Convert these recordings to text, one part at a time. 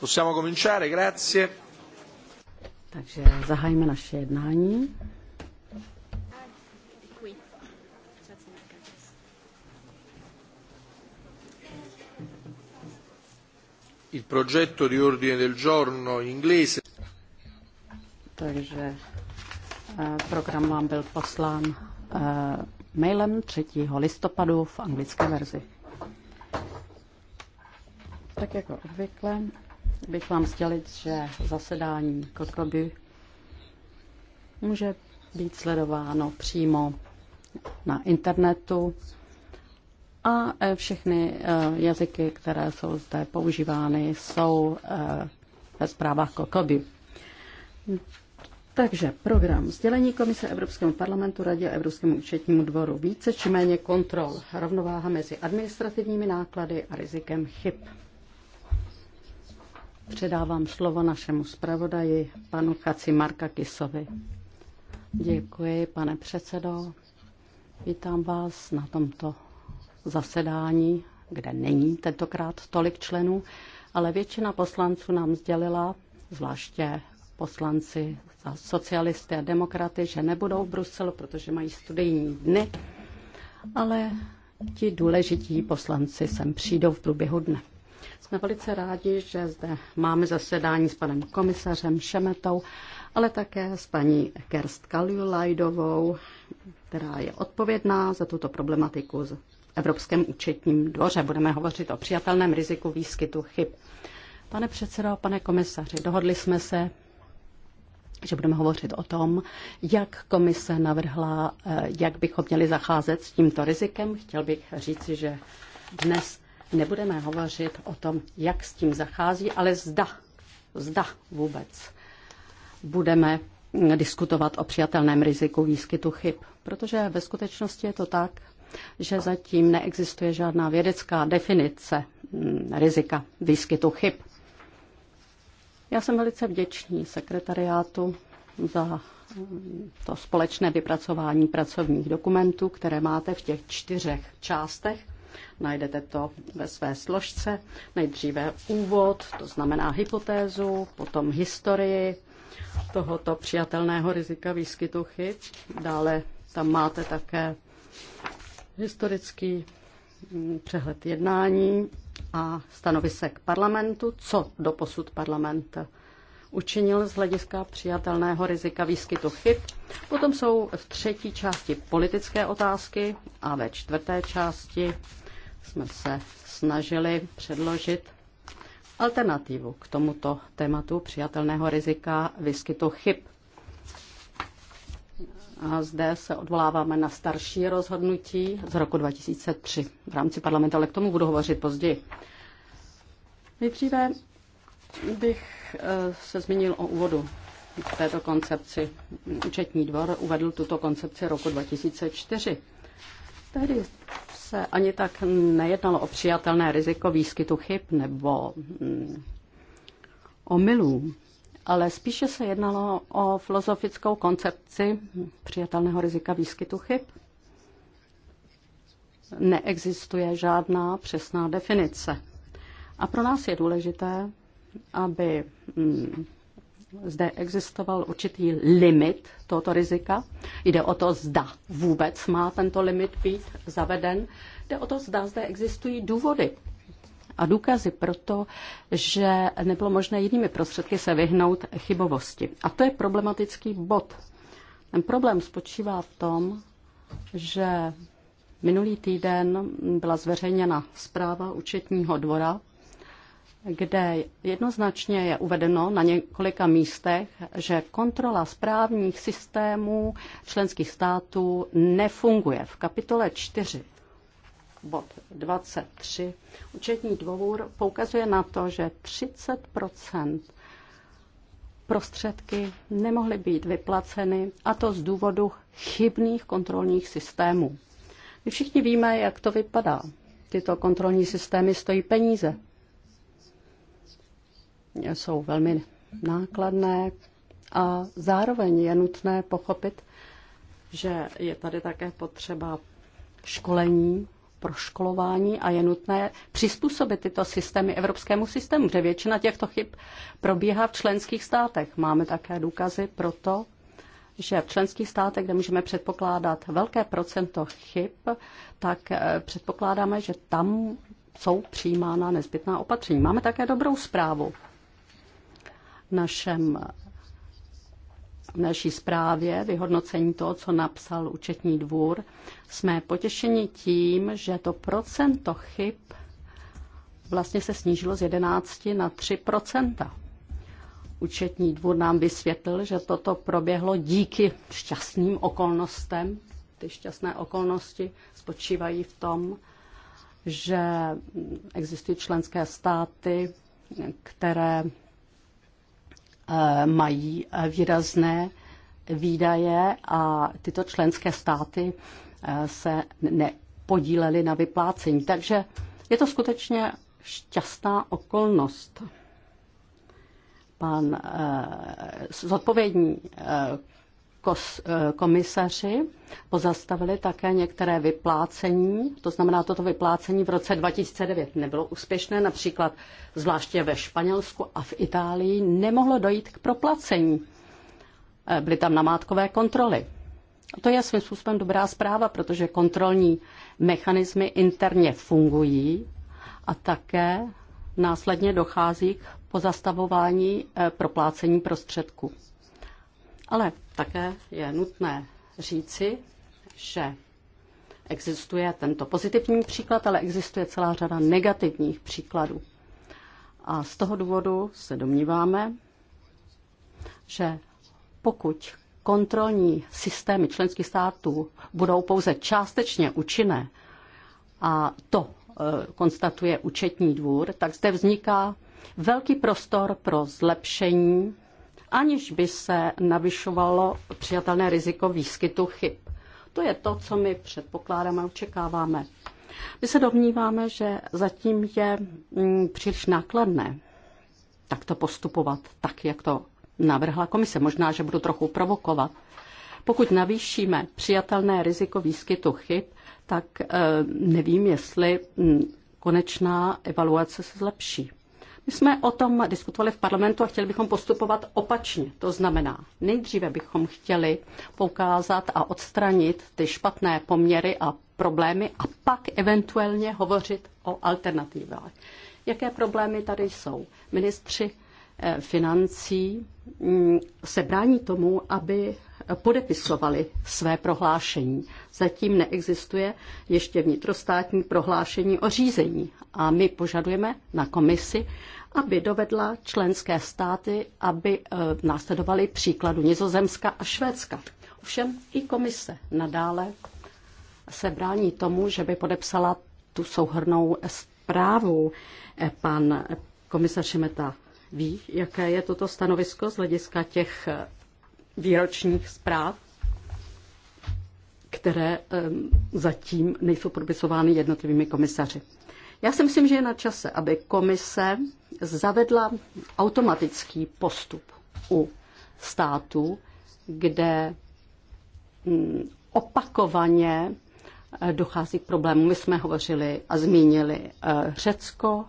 Possiamo cominciare, grazie. Takže zahajme naše jednání. Il progetto di ordine del giorno inglese. Takže eh, program vám byl poslán eh, mailem 3. listopadu v anglické verzi. Tak jako obvykle bych vám sdělit, že zasedání Kokoby může být sledováno přímo na internetu a e, všechny e, jazyky, které jsou zde používány, jsou e, ve zprávách Kokoby. Takže program sdělení Komise Evropskému parlamentu, Radě a Evropskému účetnímu dvoru více či méně kontrol, rovnováha mezi administrativními náklady a rizikem chyb. Předávám slovo našemu zpravodaji, panu Kaci Marka Kisovi. Děkuji, pane předsedo. Vítám vás na tomto zasedání, kde není tentokrát tolik členů, ale většina poslanců nám sdělila, zvláště poslanci za socialisty a demokraty, že nebudou v Bruselu, protože mají studijní dny, ale ti důležití poslanci sem přijdou v průběhu dne. Jsme velice rádi, že zde máme zasedání s panem komisařem Šemetou, ale také s paní Kerst Kaljulajdovou, která je odpovědná za tuto problematiku z Evropském účetním dvoře. Budeme hovořit o přijatelném riziku výskytu chyb. Pane předsedo, pane komisaři, dohodli jsme se, že budeme hovořit o tom, jak komise navrhla, eh, jak bychom měli zacházet s tímto rizikem. Chtěl bych říci, že dnes nebudeme hovořit o tom, jak s tím zachází, ale zda, zda vůbec budeme diskutovat o přijatelném riziku výskytu chyb. Protože ve skutečnosti je to tak, že zatím neexistuje žádná vědecká definice mm, rizika výskytu chyb. Já jsem velice vděčný sekretariátu za mm, to společné vypracování pracovních dokumentů, které máte v těch čtyřech částech. Najdete to ve své složce. Nejdříve úvod, to znamená hypotézu, potom historii tohoto přijatelného rizika výskytu chyb. Dále tam máte také historický mm, přehled jednání a stanovisek parlamentu, co doposud parlament učinil z hlediska přijatelného rizika výskytu chyb. Potom jsou v třetí části politické otázky a ve čtvrté části jsme se snažili předložit alternativu k tomuto tématu přijatelného rizika vyskytu chyb. A zde se odvoláváme na starší rozhodnutí z roku 2003 v rámci parlamentu, ale k tomu budu hovořit později. Nejdříve bych eh, se zmínil o úvodu v této koncepci. Účetní dvor uvedl tuto koncepci roku 2004. Tehdy se ani tak nejednalo o přijatelné riziko výskytu chyb nebo mm, omylů, ale spíše se jednalo o filozofickou koncepci přijatelného rizika výskytu chyb. Neexistuje žádná přesná definice. A pro nás je důležité, aby mm, zde existoval určitý limit tohoto rizika. Jde o to, zda vůbec má tento limit být zaveden. Jde o to, zda zde existují důvody a důkazy pro to, že nebylo možné jinými prostředky se vyhnout chybovosti. A to je problematický bod. Ten problém spočívá v tom, že minulý týden byla zveřejněna zpráva účetního dvora kde jednoznačně je uvedeno na několika místech, že kontrola správních systémů členských států nefunguje. V kapitole 4 bod 23 účetní dvůr poukazuje na to, že 30 prostředky nemohly být vyplaceny, a to z důvodu chybných kontrolních systémů. My všichni víme, jak to vypadá. Tyto kontrolní systémy stojí peníze jsou velmi nákladné a zároveň je nutné pochopit, že je tady také potřeba školení, proškolování a je nutné přizpůsobit tyto systémy evropskému systému, protože většina těchto chyb probíhá v členských státech. Máme také důkazy pro to, že v členských státech, kde můžeme předpokládat velké procento chyb, tak eh, předpokládáme, že tam jsou přijímána nezbytná opatření. Máme také dobrou zprávu našem naší zprávě vyhodnocení toho, co napsal účetní dvůr, jsme potěšeni tím, že to procento chyb vlastně se snížilo z 11 na 3 Účetní dvůr nám vysvětlil, že toto proběhlo díky šťastným okolnostem. Ty šťastné okolnosti spočívají v tom, že existují členské státy, které Eh, mají eh, výrazné výdaje a tyto členské státy eh, se nepodílely na vyplácení. Takže je to skutečně šťastná okolnost. Pan zodpovědní Eh, komisaři pozastavili také některé vyplácení, to znamená, toto vyplácení v roce 2009 nebylo úspěšné, například zvláště ve Španělsku a v Itálii nemohlo dojít k proplacení. Eh, byly tam namátkové kontroly. A to je svým způsobem dobrá zpráva, protože kontrolní mechanismy interně fungují a také následně dochází k pozastavování eh, proplácení prostředků. Ale také je nutné říci, že existuje tento pozitivní příklad, ale existuje celá řada negativních příkladů. A z toho důvodu se domníváme, že pokud kontrolní systémy členských států budou pouze částečně účinné, a to e, konstatuje účetní dvůr, tak zde vzniká velký prostor pro zlepšení aniž by se navyšovalo přijatelné riziko výskytu chyb. To je to, co my předpokládáme a očekáváme. My se domníváme, že zatím je mm, příliš nákladné takto postupovat, tak jak to navrhla komise. Možná, že budu trochu provokovat. Pokud navýšíme přijatelné riziko výskytu chyb, tak eh, nevím, jestli mm, konečná evaluace se zlepší. My jsme o tom diskutovali v parlamentu a chtěli bychom postupovat opačně. To znamená, nejdříve bychom chtěli poukázat a odstranit ty špatné poměry a problémy a pak eventuálně hovořit o alternativách. Jaké problémy tady jsou? Ministři eh, financí mm, se brání tomu, aby podepisovali své prohlášení. Zatím neexistuje ještě vnitrostátní prohlášení o řízení a my požadujeme na komisi, aby dovedla členské státy, aby eh, následovali příkladu Nizozemska a Švédska. Ovšem i komise nadále se brání tomu, že by podepsala tu souhrnou zprávu. Eh, pan komisař Šemeta ví, jaké je toto stanovisko z hlediska těch výročních zpráv, které zatím nejsou podpisovány jednotlivými komisaři. Já si myslím, že je na čase, aby komise zavedla automatický postup u států, kde mm, opakovaně eh, dochází k problému. My jsme hovořili a zmínili eh, Řecko,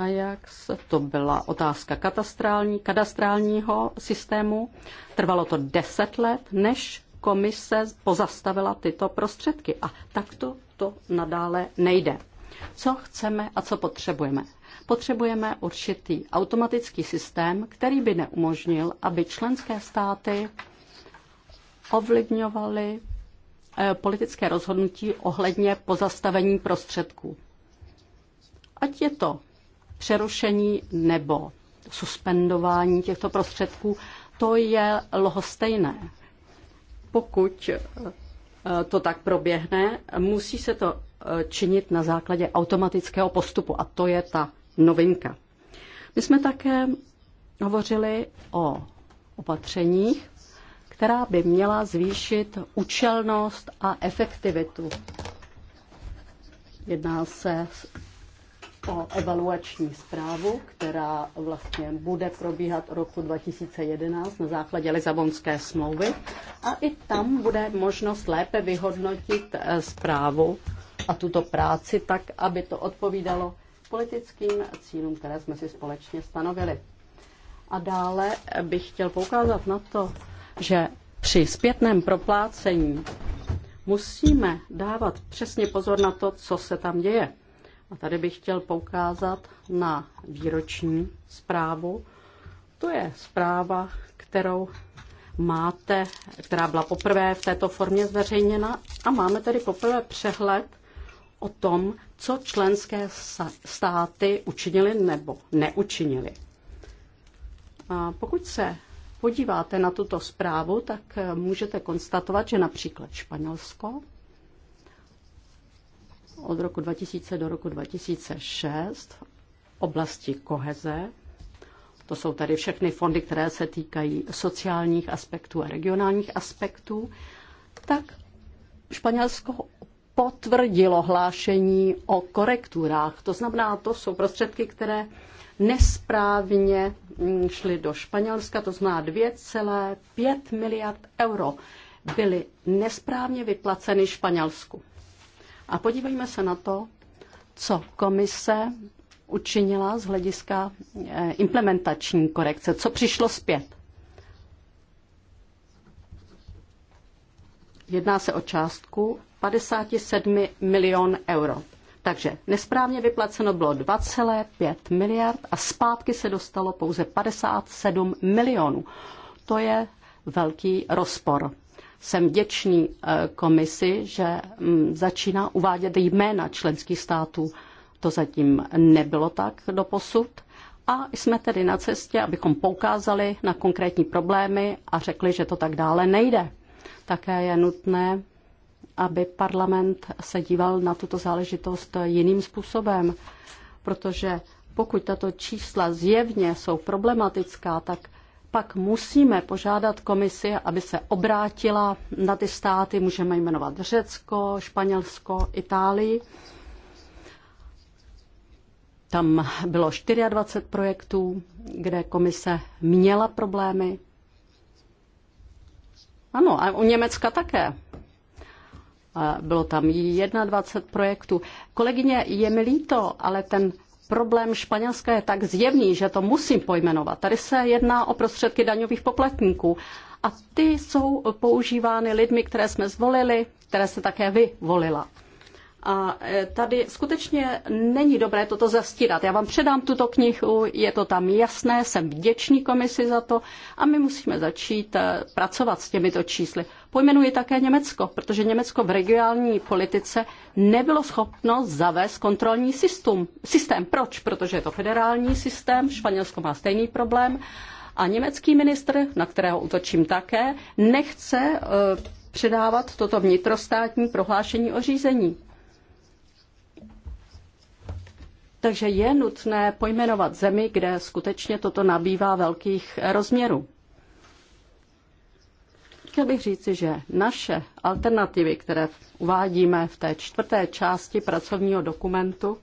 Ajax, to byla otázka katastrální, kadastrálního systému. Trvalo to deset let, než komise pozastavila tyto prostředky. A takto to nadále nejde. Co chceme a co potřebujeme? Potřebujeme určitý automatický systém, který by neumožnil, aby členské státy ovlivňovaly eh, politické rozhodnutí ohledně pozastavení prostředků. Ať je to přerušení nebo suspendování těchto prostředků, to je lhostejné. Pokud eh, to tak proběhne, musí se to eh, činit na základě automatického postupu a to je ta novinka. My jsme také hovořili o opatřeních, která by měla zvýšit účelnost a efektivitu. Jedná se o evaluační zprávu, která vlastně bude probíhat roku 2011 na základě Lizabonské smlouvy a i tam bude možnost lépe vyhodnotit eh, zprávu a tuto práci tak, aby to odpovídalo politickým cílům, které jsme si společně stanovili. A dále bych chtěl poukázat na to, že při zpětném proplácení musíme dávat přesně pozor na to, co se tam děje. A tady bych chtěl poukázat na výroční zprávu. To je zpráva, kterou máte, která byla poprvé v této formě zveřejněna a máme tedy poprvé přehled o tom, co členské státy učinili nebo neučinili. A pokud se podíváte na tuto zprávu, tak můžete konstatovat, že například Španělsko od roku 2000 do roku 2006 oblasti koheze. To jsou tady všechny fondy, které se týkají sociálních aspektů a regionálních aspektů. Tak Španělsko potvrdilo hlášení o korekturách. To znamená, to jsou prostředky, které nesprávně šly do Španělska, to znamená 2,5 miliard euro byly nesprávně vyplaceny Španělsku. A podívejme se na to, co komise učinila z hlediska eh, implementační korekce, co přišlo zpět. Jedná se o částku 57 milion euro. Takže nesprávně vyplaceno bylo 2,5 miliard a zpátky se dostalo pouze 57 milionů. To je velký rozpor. Jsem vděčný eh, komisi, že mm, začíná uvádět jména členských států. To zatím nebylo tak do posud. A jsme tedy na cestě, abychom poukázali na konkrétní problémy a řekli, že to tak dále nejde. Také je nutné, aby parlament se díval na tuto záležitost jiným způsobem, protože pokud tato čísla zjevně jsou problematická, tak pak musíme požádat komisi, aby se obrátila na ty státy, můžeme jmenovat Řecko, Španělsko, Itálii. Tam bylo 24 projektů, kde komise měla problémy. Ano, a u Německa také. Bylo tam 21 projektů. Kolegyně, je mi líto, ale ten problém Španělska je tak zjevný, že to musím pojmenovat. Tady se jedná o prostředky daňových poplatníků a ty jsou používány lidmi, které jsme zvolili, které se také vy volila. A e, tady skutečně není dobré toto zastírat. Já vám předám tuto knihu, je to tam jasné, jsem vděčný komisi za to a my musíme začít e, pracovat s těmito čísly. Pojmenuji také Německo, protože Německo v regionální politice nebylo schopno zavést kontrolní systém. systém. Proč? Protože je to federální systém, Španělsko má stejný problém a německý ministr, na kterého utočím také, nechce e, předávat toto vnitrostátní prohlášení o řízení. Takže je nutné pojmenovat zemi, kde skutečně toto nabývá velkých rozměrů. Chtěl bych říci, že naše alternativy, které uvádíme v té čtvrté části pracovního dokumentu,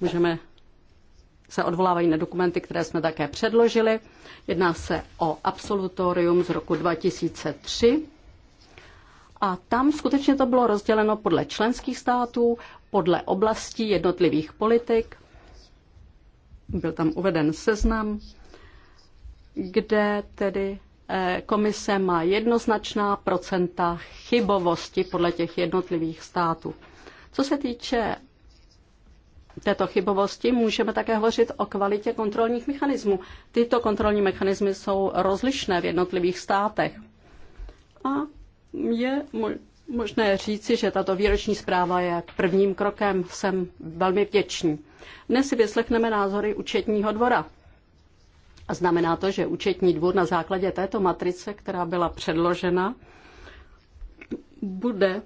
můžeme se odvolávají na dokumenty, které jsme také předložili. Jedná se o absolutorium z roku 2003 a tam skutečně to bylo rozděleno podle členských států, podle oblastí jednotlivých politik. Byl tam uveden seznam, kde tedy eh, komise má jednoznačná procenta chybovosti podle těch jednotlivých států. Co se týče této chybovosti můžeme také hovořit o kvalitě kontrolních mechanismů. Tyto kontrolní mechanismy jsou rozlišné v jednotlivých státech. A je možné říci, že tato výroční zpráva je prvním krokem. Jsem velmi vděčný. Dnes si vyslechneme názory účetního dvora. A znamená to, že účetní dvůr na základě této matrice, která byla předložena, bude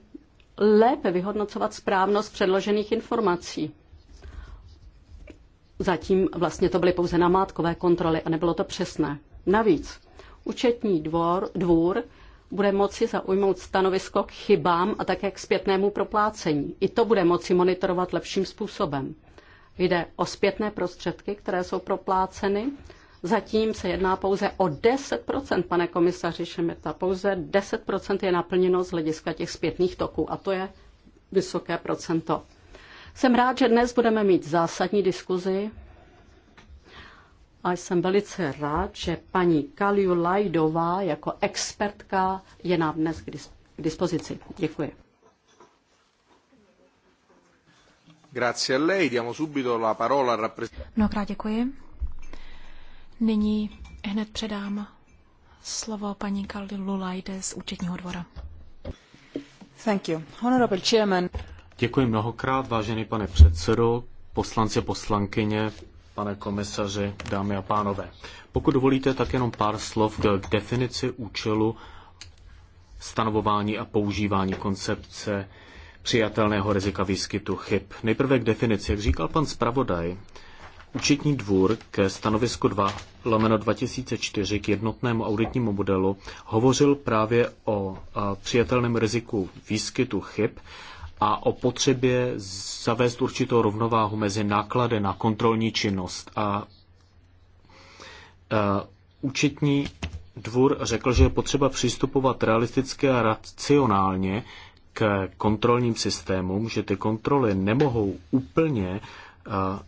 lépe vyhodnocovat správnost předložených informací. Zatím vlastně to byly pouze namátkové kontroly a nebylo to přesné. Navíc účetní dvor, dvůr bude moci zaujmout stanovisko k chybám a také k zpětnému proplácení. I to bude moci monitorovat lepším způsobem. Jde o zpětné prostředky, které jsou propláceny. Zatím se jedná pouze o 10%, pane komisaři Šemeta, pouze 10% je naplněno z hlediska těch zpětných toků a to je vysoké procento. Jsem rád, že dnes budeme mít zásadní diskuzi a jsem velice rád, že paní Kaliu Lajdová jako expertka je nám dnes k, dispozici. Děkuji. Grazie a lei, diamo subito la parola al Mnohokrát děkuji. Nyní hned předám slovo paní Kalilu Lajde z účetního dvora. Thank you. Honorable Chairman. Děkuji mnohokrát, vážený pane předsedo, poslanci, a poslankyně, pane komisaři, dámy a pánové. Pokud dovolíte, tak jenom pár slov k definici účelu stanovování a používání koncepce přijatelného rizika výskytu chyb. Nejprve k definici. Jak říkal pan zpravodaj, Účetní dvůr ke stanovisku 2 lomeno 2004 k jednotnému auditnímu modelu hovořil právě o přijatelném riziku výskytu chyb a o potřebě zavést určitou rovnováhu mezi náklady na kontrolní činnost. A účetní dvůr řekl, že je potřeba přistupovat realisticky a racionálně k kontrolním systémům, že ty kontroly nemohou úplně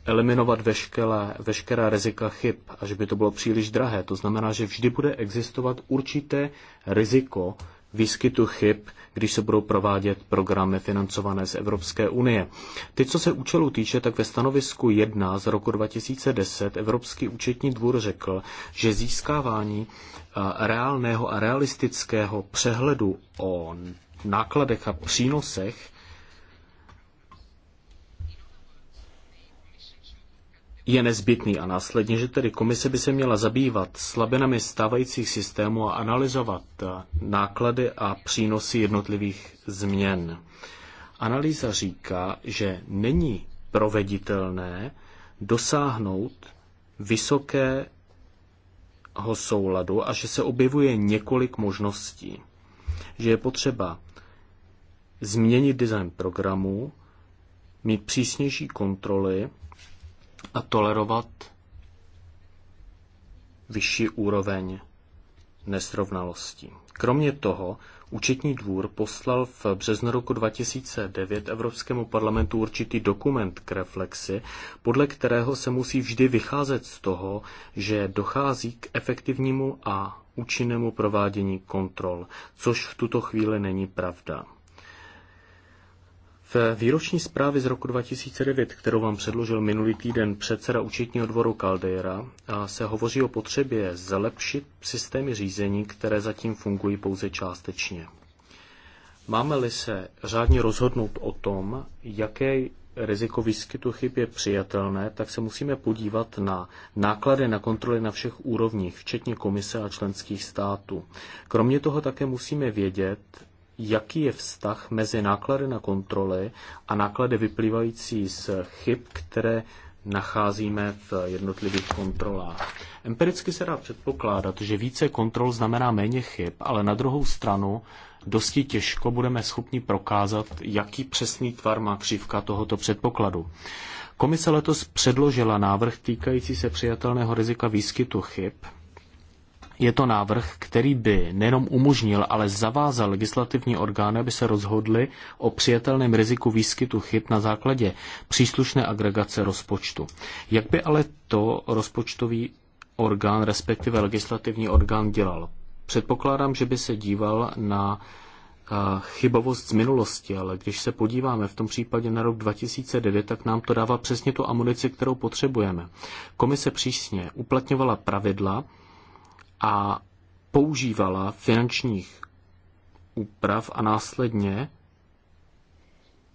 eliminovat veškeré, veškerá rizika chyb a že by to bylo příliš drahé. To znamená, že vždy bude existovat určité riziko výskytu chyb, když se budou provádět programy financované z Evropské unie. Ty, co se účelu týče, tak ve stanovisku 1 z roku 2010 Evropský účetní dvůr řekl, že získávání eh, reálného a realistického přehledu o nákladech a přínosech je nezbytný a následně, že tedy komise by se měla zabývat slabinami stávajících systémů a analyzovat eh, náklady a přínosy jednotlivých změn. Analýza říká, že není proveditelné dosáhnout vysokého souladu a že se objevuje několik možností. Že je potřeba změnit design programu, mít přísnější kontroly a tolerovat vyšší úroveň nesrovnalostí. Kromě toho, Účetní dvůr poslal v březnu roku 2009 Evropskému parlamentu určitý dokument k reflexi, podle kterého se musí vždy vycházet z toho, že dochází k efektivnímu a účinnému provádění kontrol, což v tuto chvíli není pravda. V výroční zprávě z roku 2009, kterou vám předložil minulý týden předseda účetního dvoru Caldera, se hovoří o potřebě zlepšit systémy řízení, které zatím fungují pouze částečně. Máme-li se řádně rozhodnout o tom, jaké riziko výskytu chyb je přijatelné, tak se musíme podívat na náklady na kontroly na všech úrovních, včetně komise a členských států. Kromě toho také musíme vědět, jaký je vztah mezi náklady na kontroly a náklady vyplývající z chyb, které nacházíme v jednotlivých kontrolách. Empiricky se dá předpokládat, že více kontrol znamená méně chyb, ale na druhou stranu dosti těžko budeme schopni prokázat, jaký přesný tvar má křivka tohoto předpokladu. Komise letos předložila návrh týkající se přijatelného rizika výskytu chyb, je to návrh, který by nejenom umožnil, ale zavázal legislativní orgány, aby se rozhodly o přijatelném riziku výskytu chyb na základě příslušné agregace rozpočtu. Jak by ale to rozpočtový orgán, respektive legislativní orgán dělal? Předpokládám, že by se díval na eh, chybovost z minulosti, ale když se podíváme v tom případě na rok 2009, tak nám to dává přesně tu amunici, kterou potřebujeme. Komise přísně uplatňovala pravidla, a používala finančních úprav a následně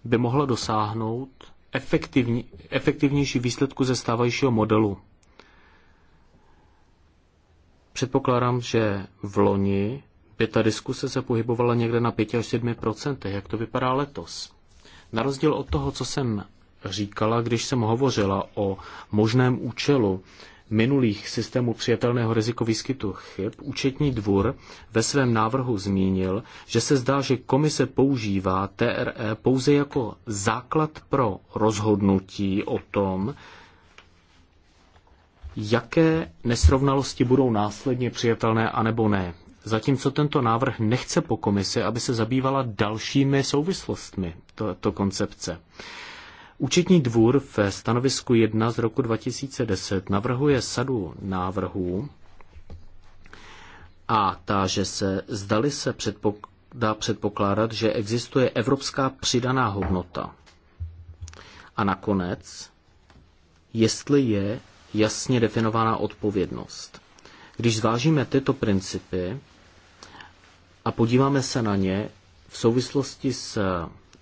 by mohla dosáhnout efektivní, efektivnější výsledku ze stávajícího modelu. Předpokládám, že v loni by ta diskuse se pohybovala někde na 5 až 7 jak to vypadá letos. Na rozdíl od toho, co jsem říkala, když jsem hovořila o možném účelu minulých systémů přijatelného riziku výskytu chyb, účetní dvůr ve svém návrhu zmínil, že se zdá, že komise používá TRE pouze jako základ pro rozhodnutí o tom, jaké nesrovnalosti budou následně přijatelné anebo ne. Zatímco tento návrh nechce po komisi, aby se zabývala dalšími souvislostmi to, to koncepce. Účetní dvůr ve stanovisku 1 z roku 2010 navrhuje sadu návrhů a táže se, zdali se předpok- dá předpokládat, že existuje evropská přidaná hodnota. A nakonec, jestli je jasně definovaná odpovědnost. Když zvážíme tyto principy a podíváme se na ně v souvislosti s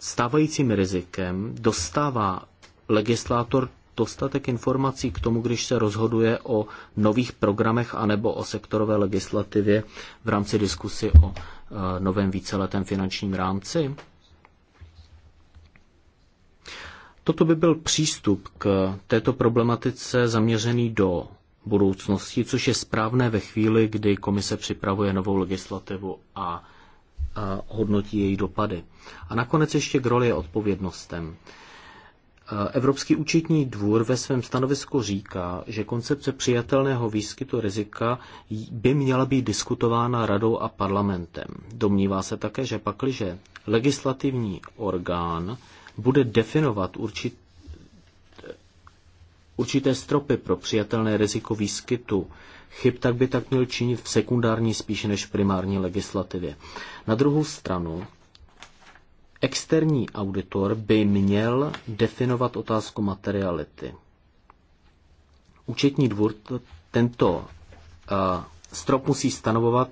stávajícím rizikem dostává legislátor dostatek informací k tomu, když se rozhoduje o nových programech anebo o sektorové legislativě v rámci diskusy o e, novém víceletém finančním rámci? Toto by byl přístup k této problematice zaměřený do budoucnosti, což je správné ve chvíli, kdy komise připravuje novou legislativu a a hodnotí její dopady. A nakonec ještě k roli odpovědnostem. E, Evropský účetní dvůr ve svém stanovisku říká, že koncepce přijatelného výskytu rizika by měla být diskutována radou a parlamentem. Domnívá se také, že pakliže legislativní orgán bude definovat určit, určité stropy pro přijatelné riziko výskytu chyb, tak by tak měl činit v sekundární spíše než primární legislativě. Na druhou stranu, externí auditor by měl definovat otázku materiality. Účetní dvůr tento strop musí stanovovat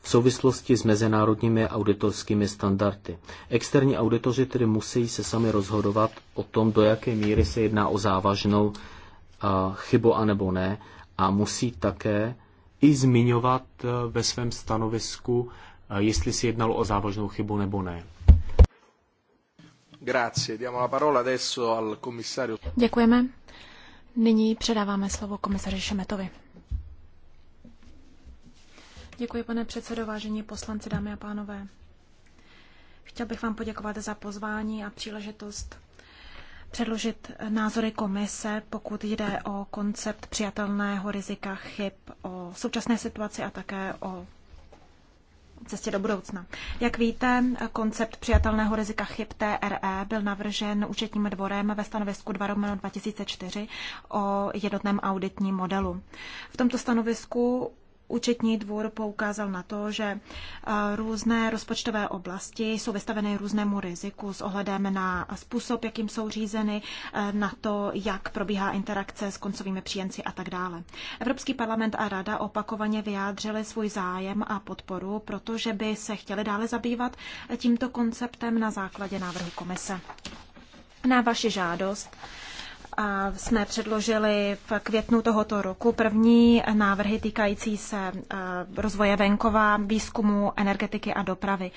v souvislosti s mezinárodními auditorskými standardy. Externí auditoři tedy musí se sami rozhodovat o tom, do jaké míry se jedná o závažnou chybu a nebo ne a musí také i zmiňovat eh, ve svém stanovisku, eh, jestli si jednalo o závažnou chybu nebo ne. Děkujeme. Nyní předáváme slovo komisaři Šemetovi. Děkuji, pane předsedo, vážení poslanci, dámy a pánové. Chtěl bych vám poděkovat za pozvání a příležitost předložit názory komise, pokud jde o koncept přijatelného rizika chyb, o současné situaci a také o cestě do budoucna. Jak víte, koncept přijatelného rizika chyb TRE byl navržen účetním dvorem ve stanovisku 2 2004 o jednotném auditním modelu. V tomto stanovisku Účetní dvůr poukázal na to, že eh, různé rozpočtové oblasti jsou vystaveny různému riziku s ohledem na způsob, jakým jsou řízeny, eh, na to, jak probíhá interakce s koncovými příjemci a tak dále. Evropský parlament a rada opakovaně vyjádřili svůj zájem a podporu, protože by se chtěli dále zabývat tímto konceptem na základě návrhu komise. Na vaši žádost jsme předložili v květnu tohoto roku první návrhy týkající se eh, rozvoje venkova, výzkumu, energetiky a dopravy.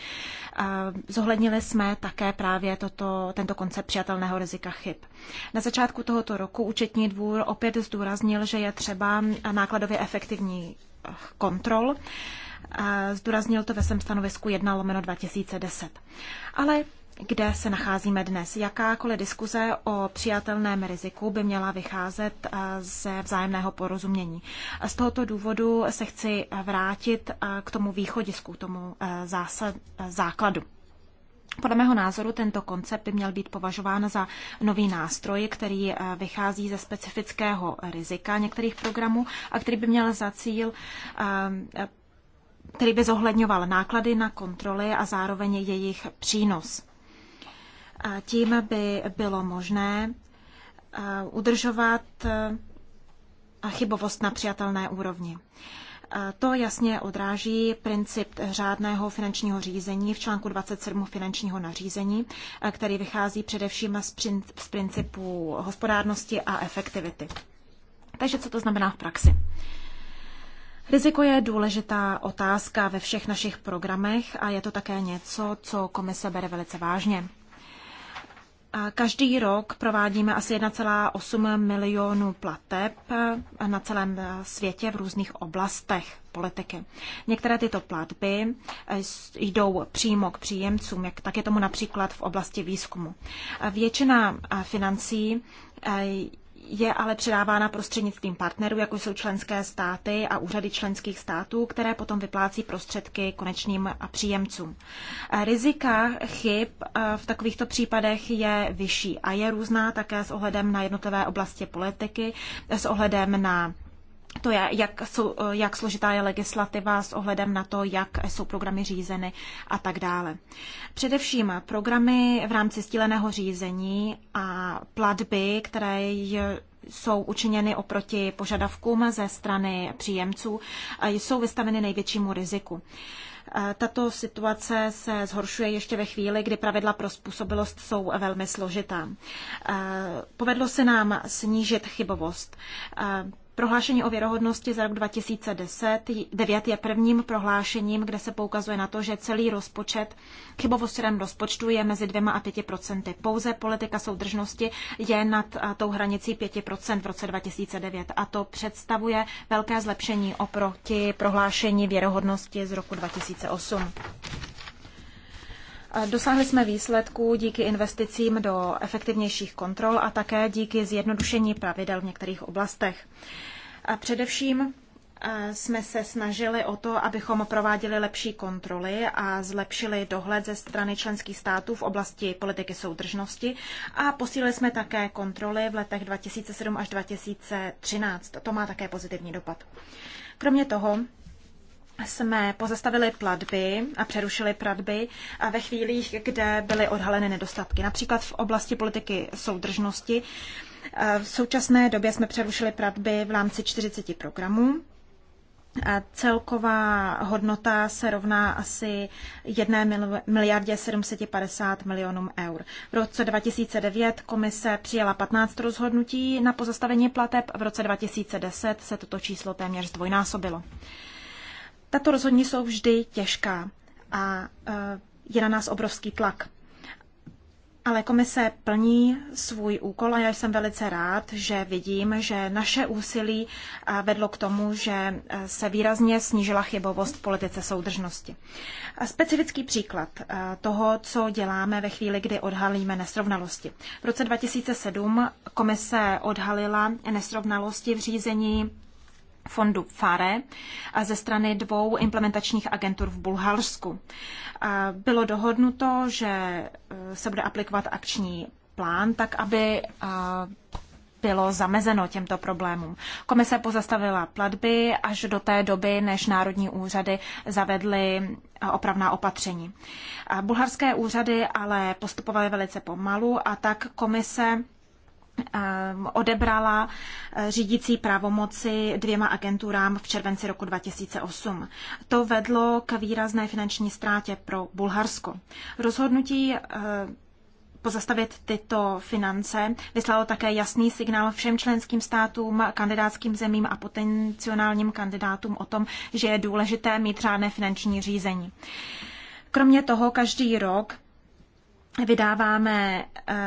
Eh, zohlednili jsme také právě toto, tento koncept přijatelného rizika chyb. Na začátku tohoto roku účetní dvůr opět zdůraznil, že je třeba nákladově efektivní eh, kontrol. Zdůraznil to ve svém stanovisku 1 lomeno 2010. Ale kde se nacházíme dnes. Jakákoliv diskuze o přijatelném riziku by měla vycházet eh, ze vzájemného porozumění. Z tohoto důvodu se chci vrátit eh, k tomu východisku, tomu eh, zásad, základu. Podle mého názoru tento koncept by měl být považován za nový nástroj, který vychází ze specifického rizika některých programů a který by měl za cíl který by zohledňoval náklady na kontroly a zároveň jejich přínos tím by bylo možné udržovat e, chybovost na přijatelné úrovni. To jasně odráží princip řádného finančního řízení v článku 27 finančního nařízení, který vychází především z principu hospodárnosti a efektivity. Takže co to znamená v praxi? Riziko je důležitá otázka ve všech našich programech a je to také něco, co komise bere velice vážně. Každý rok provádíme asi 1,8 milionu plateb na celém světě v různých oblastech politiky. Některé tyto platby jdou přímo k příjemcům, jak tak je tomu například v oblasti výzkumu. Většina financí je ale předávána prostřednictvím partnerů, jako jsou členské státy a úřady členských států, které potom vyplácí prostředky konečným příjemcům. Eh, rizika chyb eh, v takovýchto případech je vyšší a je různá také s ohledem na jednotlivé oblasti politiky, s ohledem na to je, jak, jsou, jak složitá je legislativa s ohledem na to, jak jsou programy řízeny a tak dále. Především programy v rámci stíleného řízení a platby, které jsou učiněny oproti požadavkům ze strany příjemců, jsou vystaveny největšímu riziku. Tato situace se zhoršuje ještě ve chvíli, kdy pravidla pro způsobilost jsou velmi složitá. Povedlo se nám snížit chybovost. Prohlášení o věrohodnosti za rok 2009 je prvním prohlášením, kde se poukazuje na to, že celý rozpočet, chybovost čerem rozpočtu je mezi 2 a 5 procenty. Pouze politika soudržnosti je nad tou hranicí 5 v roce 2009 a to představuje velké zlepšení oproti prohlášení věrohodnosti z roku 2008. Dosáhli jsme výsledků díky investicím do efektivnějších kontrol a také díky zjednodušení pravidel v některých oblastech. A především jsme se snažili o to, abychom prováděli lepší kontroly a zlepšili dohled ze strany členských států v oblasti politiky soudržnosti a posílili jsme také kontroly v letech 2007 až 2013. To má také pozitivní dopad. Kromě toho jsme pozastavili platby a přerušili platby a ve chvílích, kde byly odhaleny nedostatky. Například v oblasti politiky soudržnosti. Eh, v současné době jsme přerušili platby v rámci 40 programů. A eh, celková hodnota se rovná asi 1 miliardě 750 milionům eur. V roce 2009 komise přijala 15 rozhodnutí na pozastavení plateb, v roce 2010 se toto číslo téměř zdvojnásobilo. Tato rozhodně jsou vždy těžká a e, je na nás obrovský tlak. Ale komise plní svůj úkol a já jsem velice rád, že vidím, že naše úsilí e, vedlo k tomu, že e, se výrazně snížila chybovost v politice soudržnosti. Specifický příklad toho, co děláme ve chvíli, kdy odhalíme nesrovnalosti. V roce 2007 komise odhalila nesrovnalosti v řízení fondu FARE a ze strany dvou implementačních agentur v Bulharsku. Bylo dohodnuto, že eh, se bude aplikovat akční plán, tak aby eh, bylo zamezeno těmto problémům. Komise pozastavila platby až do té doby, než národní úřady zavedly eh, opravná opatření. Bulharské úřady ale postupovaly velice pomalu a tak komise Ehm, odebrala eh, řídící pravomoci dvěma agenturám v červenci roku 2008. To vedlo k výrazné finanční ztrátě pro Bulharsko. Rozhodnutí eh, pozastavit tyto finance vyslalo také jasný signál všem členským státům, kandidátským zemím a potenciálním kandidátům o tom, že je důležité mít řádné finanční řízení. Kromě toho každý rok vydáváme eh,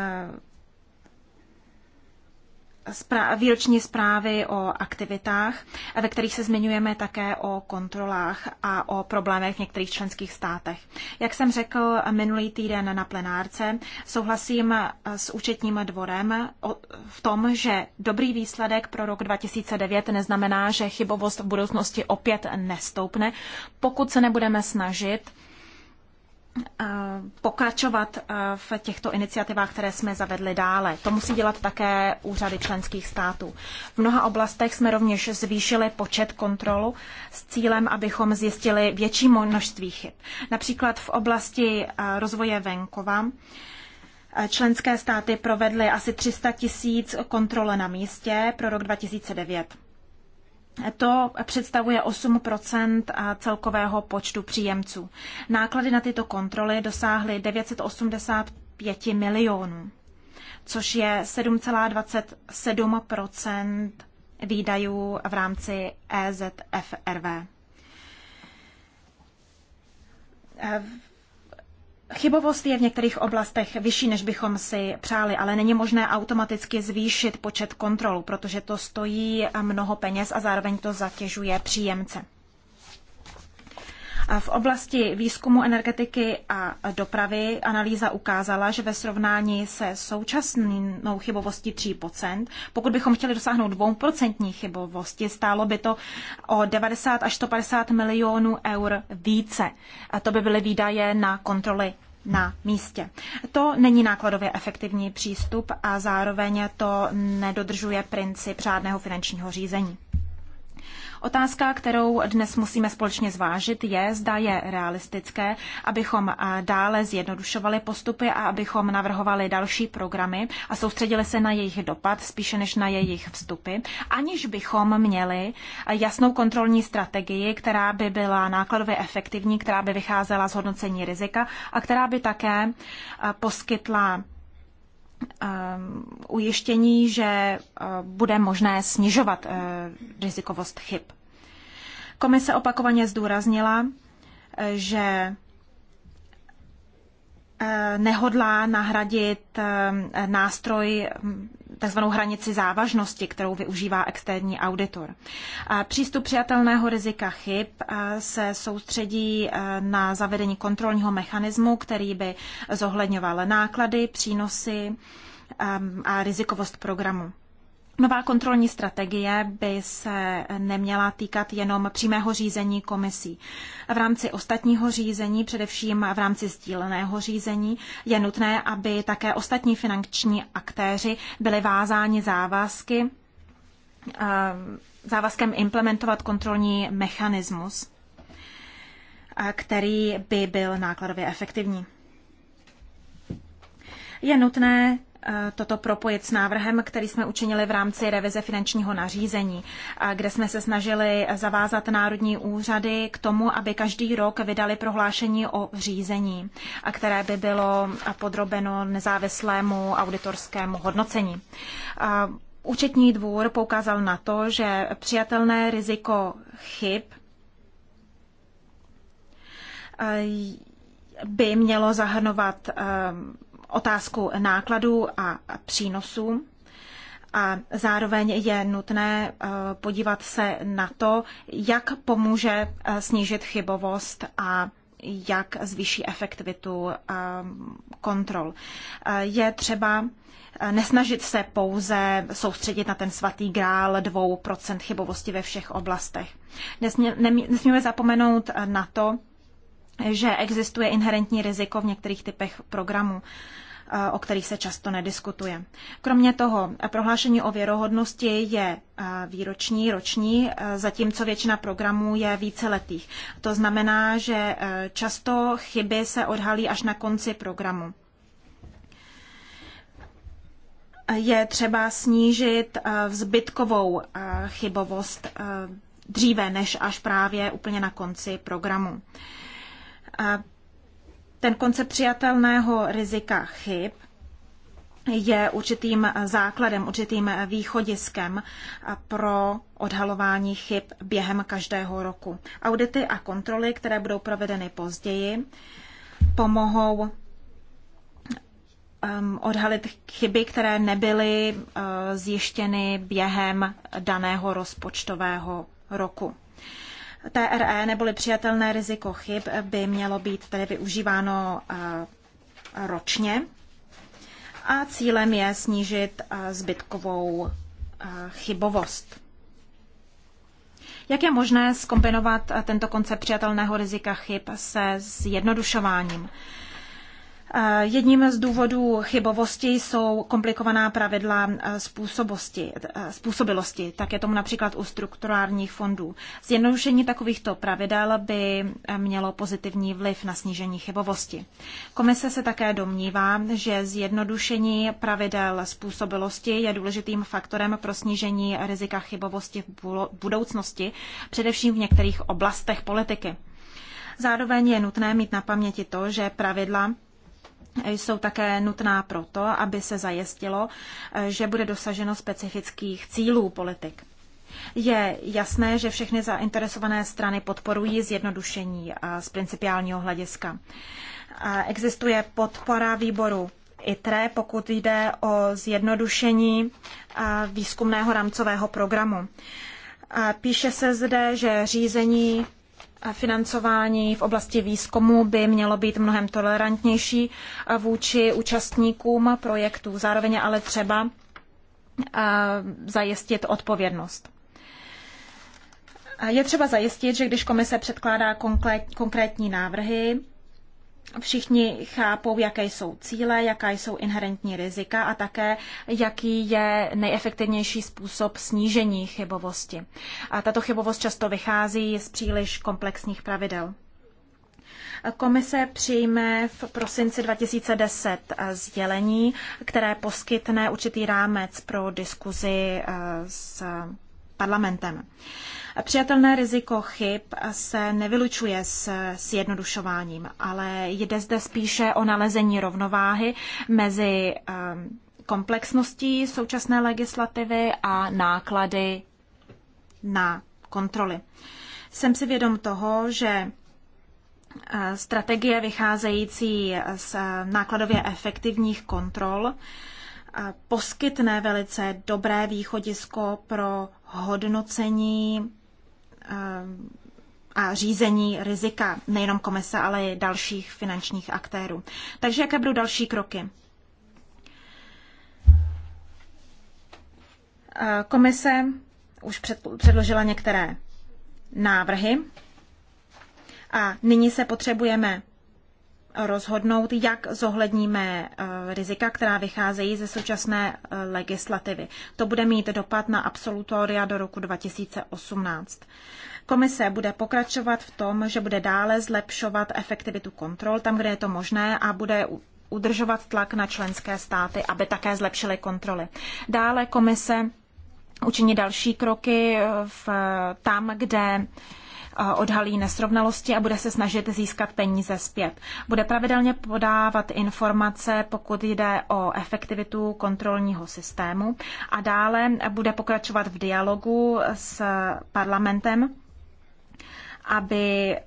výroční zprávy o aktivitách, ve kterých se zmiňujeme také o kontrolách a o problémech v některých členských státech. Jak jsem řekl minulý týden na plenárce, souhlasím eh, s účetním dvorem v tom, že dobrý výsledek pro rok 2009 neznamená, že chybovost v budoucnosti opět nestoupne, pokud se nebudeme snažit pokračovat v těchto iniciativách, které jsme zavedli dále. To musí dělat také úřady členských států. V mnoha oblastech jsme rovněž zvýšili počet kontrolu s cílem, abychom zjistili větší množství chyb. Například v oblasti rozvoje venkova členské státy provedly asi 300 tisíc kontrol na místě pro rok 2009. To představuje 8 celkového počtu příjemců. Náklady na tyto kontroly dosáhly 985 milionů, což je 7,27 výdajů v rámci EZFRV. Chybovost je v některých oblastech vyšší, než bychom si přáli, ale není možné automaticky zvýšit počet kontrol, protože to stojí mnoho peněz a zároveň to zatěžuje příjemce. V oblasti výzkumu energetiky a dopravy analýza ukázala, že ve srovnání se současnou chybovostí 3%, pokud bychom chtěli dosáhnout 2% chybovosti, stálo by to o 90 až 150 milionů eur více. A to by byly výdaje na kontroly na místě. To není nákladově efektivní přístup a zároveň to nedodržuje princip řádného finančního řízení. Otázka, kterou dnes musíme společně zvážit, je, zda je realistické, abychom dále zjednodušovali postupy a abychom navrhovali další programy a soustředili se na jejich dopad spíše než na jejich vstupy, aniž bychom měli jasnou kontrolní strategii, která by byla nákladově efektivní, která by vycházela z hodnocení rizika a která by také poskytla Ehm, ujištění, že eh, bude možné snižovat eh, rizikovost chyb. Komise opakovaně zdůraznila, eh, že nehodlá nahradit ehm, nástroj ehm, takzvanou hranici závažnosti, kterou využívá externí auditor. Přístup přijatelného rizika chyb se soustředí na zavedení kontrolního mechanismu, který by zohledňoval náklady, přínosy a rizikovost programu. Nová kontrolní strategie by se neměla týkat jenom přímého řízení komisí. V rámci ostatního řízení, především v rámci sdíleného řízení, je nutné, aby také ostatní finanční aktéři byli vázáni závazky, eh, závazkem implementovat kontrolní mechanismus, eh, který by byl nákladově efektivní. Je nutné Eh, toto propojit s návrhem, který jsme učinili v rámci revize finančního nařízení, eh, kde jsme se snažili zavázat národní úřady k tomu, aby každý rok vydali prohlášení o řízení, a které by bylo podrobeno nezávislému auditorskému hodnocení. Eh, účetní dvůr poukázal na to, že přijatelné riziko chyb by mělo zahrnovat otázku nákladů a přínosů. A zároveň je nutné eh, podívat se na to, jak pomůže eh, snížit chybovost a jak zvýší efektivitu eh, kontrol. Je třeba nesnažit se pouze soustředit na ten svatý grál 2% chybovosti ve všech oblastech. Nesmíme zapomenout na to, že existuje inherentní riziko v některých typech programů eh, o kterých se často nediskutuje. Kromě toho, prohlášení o věrohodnosti je eh, výroční, roční, eh, zatímco většina programů je víceletých. To znamená, že často chyby se odhalí až na konci programu. Je třeba snížit vzbytkovou chybovost dříve než až právě úplně na konci programu. Ten koncept přijatelného rizika chyb je určitým základem, určitým východiskem pro odhalování chyb během každého roku. Audity a kontroly, které budou provedeny později, pomohou um, odhalit chyby, které nebyly uh, zjištěny během daného rozpočtového roku. TRE neboli přijatelné riziko chyb by mělo být tedy využíváno eh, ročně a cílem je snížit eh, zbytkovou eh, chybovost. Jak je možné skombinovat tento koncept přijatelného rizika chyb se zjednodušováním? Jedním z důvodů chybovosti jsou komplikovaná pravidla eh, způsobosti, eh, způsobilosti, tak je tomu například u strukturálních fondů. Zjednodušení takovýchto pravidel by eh, mělo pozitivní vliv na snížení chybovosti. Komise se také domnívá, že zjednodušení pravidel způsobilosti je důležitým faktorem pro snížení rizika chybovosti v budoucnosti, především v některých oblastech politiky. Zároveň je nutné mít na paměti to, že pravidla jsou také nutná proto, aby se zajistilo, že bude dosaženo specifických cílů politik. Je jasné, že všechny zainteresované strany podporují zjednodušení z principiálního hlediska. Existuje podpora výboru ITRE, pokud jde o zjednodušení výzkumného rámcového programu. Píše se zde, že řízení financování v oblasti výzkumu by mělo být mnohem tolerantnější vůči účastníkům projektů. Zároveň ale třeba zajistit odpovědnost. Je třeba zajistit, že když komise předkládá konkrétní návrhy, všichni chápou, jaké jsou cíle, jaká jsou inherentní rizika a také, jaký je nejefektivnější způsob snížení chybovosti. A tato chybovost často vychází z příliš komplexních pravidel. Komise přijme v prosinci 2010 sdělení, které poskytne určitý rámec pro diskuzi eh, s parlamentem. Přijatelné riziko chyb se nevylučuje s jednodušováním, ale jde zde spíše o nalezení rovnováhy mezi ehm, komplexností současné legislativy a náklady na kontroly. Jsem si vědom toho, že eh, strategie vycházející z eh, nákladově efektivních kontrol eh, poskytne velice dobré východisko pro hodnocení a řízení rizika nejenom komise, ale i dalších finančních aktérů. Takže jaké budou další kroky? Komise už předložila některé návrhy a nyní se potřebujeme rozhodnout, jak zohledníme eh, rizika, která vycházejí ze současné eh, legislativy. To bude mít dopad na absolutoria do roku 2018. Komise bude pokračovat v tom, že bude dále zlepšovat efektivitu kontrol tam, kde je to možné a bude udržovat tlak na členské státy, aby také zlepšily kontroly. Dále komise učiní další kroky eh, v tam, kde Eh, odhalí nesrovnalosti a bude se snažit získat peníze zpět. Bude pravidelně podávat informace, pokud jde o efektivitu kontrolního systému a dále bude pokračovat v dialogu s parlamentem aby eh,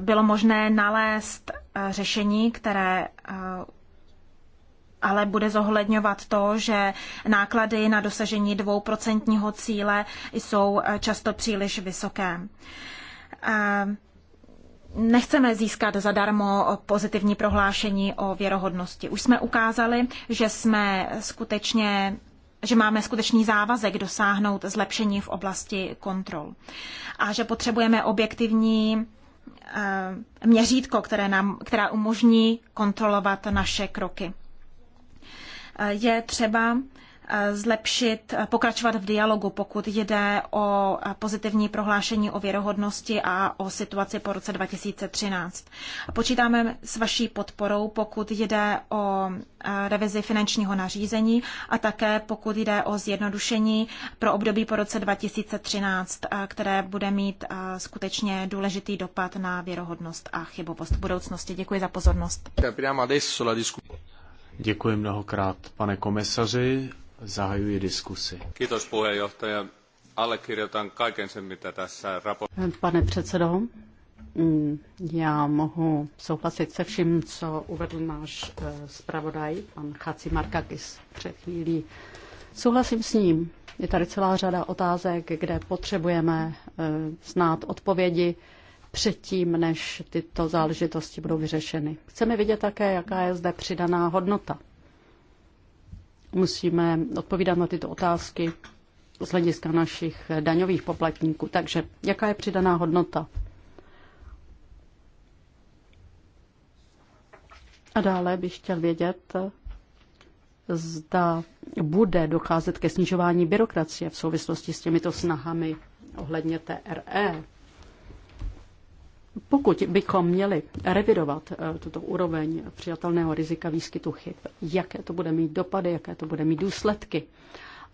bylo možné nalézt eh, řešení, které ale bude zohledňovat to, že náklady na dosažení dvouprocentního cíle jsou často příliš vysoké nechceme získat zadarmo pozitivní prohlášení o věrohodnosti. Už jsme ukázali, že jsme skutečně že máme skutečný závazek dosáhnout zlepšení v oblasti kontrol a že potřebujeme objektivní eh, měřítko, které nám, která umožní kontrolovat naše kroky. Eh, je třeba zlepšit, pokračovat v dialogu, pokud jde o pozitivní prohlášení o věrohodnosti a o situaci po roce 2013. Počítáme s vaší podporou, pokud jde o eh, revizi finančního nařízení a také pokud jde o zjednodušení pro období po roce 2013, eh, které bude mít eh, skutečně důležitý dopad na věrohodnost a chybovost v budoucnosti. Děkuji za pozornost. Děkuji mnohokrát, pane komisaři zahajuji diskusi. kaiken sen, mitä tässä Pane předsedo, mm, já mohu souhlasit se vším, co uvedl náš eh, zpravodaj, pan Chaci Markakis před chvílí. Souhlasím s ním. Je tady celá řada otázek, kde potřebujeme eh, znát odpovědi předtím, než tyto záležitosti budou vyřešeny. Chceme vidět také, jaká je zde přidaná hodnota musíme odpovídat na tyto otázky z hlediska našich daňových poplatníků. Takže jaká je přidaná hodnota? A dále bych chtěl vědět, zda bude docházet ke snižování byrokracie v souvislosti s těmito snahami ohledně TRE. Pokud bychom měli revidovat eh, tuto úroveň přijatelného rizika výskytu chyb, jaké to bude mít dopady, jaké to bude mít důsledky,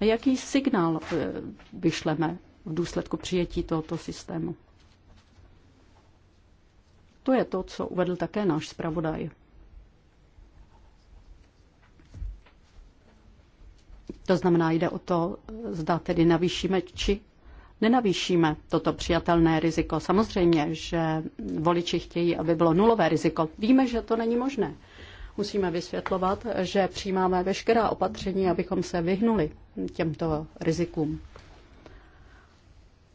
a jaký signál eh, vyšleme v důsledku přijetí tohoto systému? To je to, co uvedl také náš zpravodaj. To znamená, jde o to, zda tedy navýšíme či nenavýšíme toto přijatelné riziko. Samozřejmě, že voliči chtějí, aby bylo nulové riziko. Víme, že to není možné. Musíme vysvětlovat, že přijímáme veškerá opatření, abychom se vyhnuli těmto rizikům.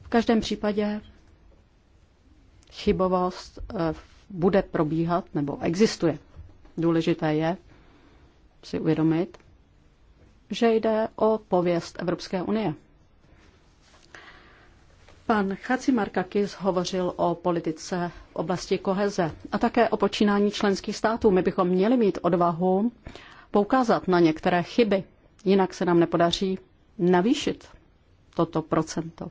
V každém případě chybovost eh, bude probíhat nebo existuje. Důležité je si uvědomit, že jde o pověst Evropské unie. Pan Markakis hovořil o politice v oblasti koheze a také o počínání členských států. My bychom měli mít odvahu poukázat na některé chyby, jinak se nám nepodaří navýšit toto procento.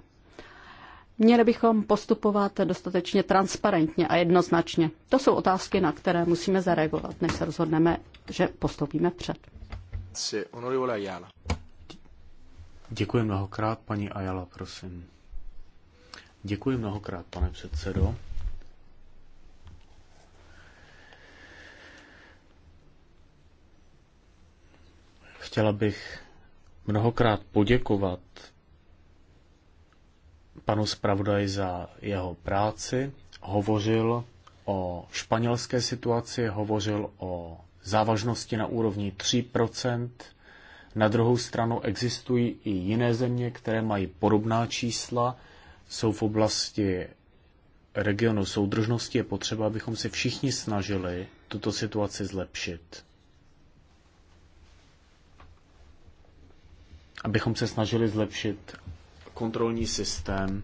Měli bychom postupovat dostatečně transparentně a jednoznačně. To jsou otázky, na které musíme zareagovat, než se rozhodneme, že postoupíme před. Děkuji mnohokrát, paní Ayala, prosím. Děkuji mnohokrát, pane předsedo. Chtěla bych mnohokrát poděkovat panu zpravodaji za jeho práci. Hovořil o španělské situaci, hovořil o závažnosti na úrovni 3 Na druhou stranu existují i jiné země, které mají podobná čísla jsou v oblasti regionu soudržnosti, je potřeba, abychom se všichni snažili tuto situaci zlepšit. Abychom se snažili zlepšit kontrolní systém.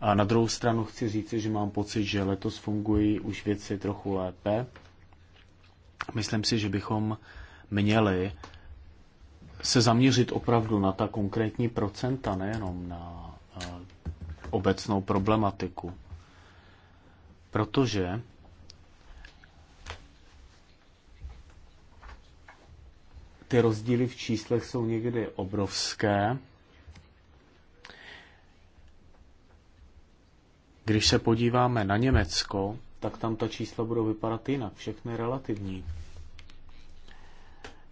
A na druhou stranu chci říct, že mám pocit, že letos fungují už věci trochu lépe. Myslím si, že bychom měli se zaměřit opravdu na ta konkrétní procenta, nejenom na eh, obecnou problematiku. Protože ty rozdíly v číslech jsou někdy obrovské. Když se podíváme na Německo, tak tam ta čísla budou vypadat jinak, všechny relativní.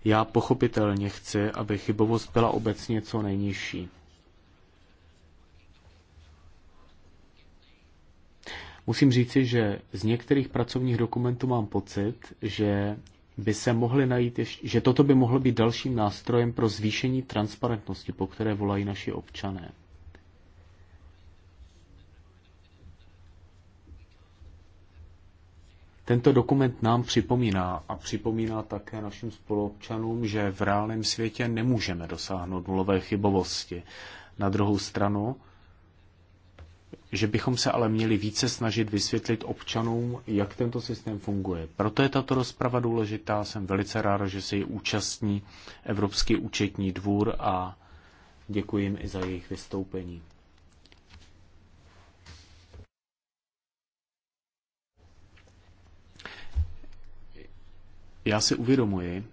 Já pochopitelně chci, aby chybovost byla obecně co nejnižší. Musím říci, že z některých pracovních dokumentů mám pocit, že by se mohly najít, ještě, že toto by mohlo být dalším nástrojem pro zvýšení transparentnosti, po které volají naši občané. Tento dokument nám připomíná a připomíná také našim spoluobčanům, že v reálném světě nemůžeme dosáhnout nulové chybovosti. Na druhou stranu, že bychom se ale měli více snažit vysvětlit občanům, jak tento systém funguje. Proto je tato rozprava důležitá. Jsem velice rád, že se ji účastní Evropský účetní dvůr a děkuji jim i za jejich vystoupení. Já si uvědomuji,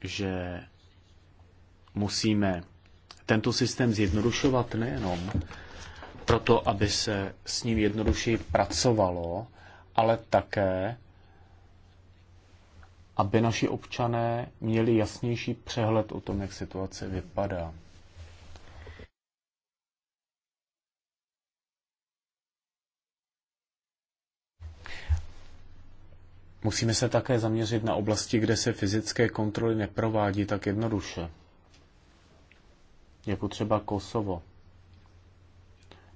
že musíme tento systém zjednodušovat nejenom proto, aby se s ním jednodušeji pracovalo, ale také, aby naši občané měli jasnější přehled o tom, jak situace vypadá. Musíme se také zaměřit na oblasti, kde se fyzické kontroly neprovádí tak jednoduše. Jako třeba Kosovo.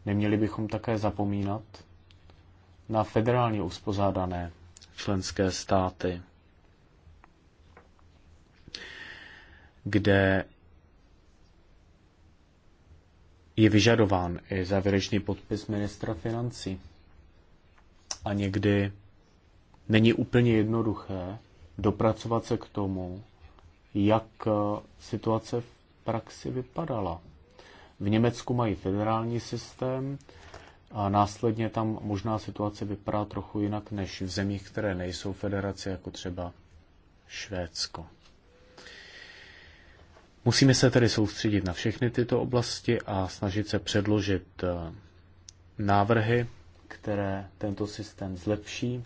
Neměli bychom také zapomínat na federálně uspořádané členské státy, kde je vyžadován i závěrečný podpis ministra financí. A někdy není úplně jednoduché dopracovat se k tomu, jak eh, situace v praxi vypadala. V Německu mají federální systém a následně tam možná situace vypadá trochu jinak než v zemích, které nejsou federace, jako třeba Švédsko. Musíme se tedy soustředit na všechny tyto oblasti a snažit se předložit eh, návrhy, které tento systém zlepší.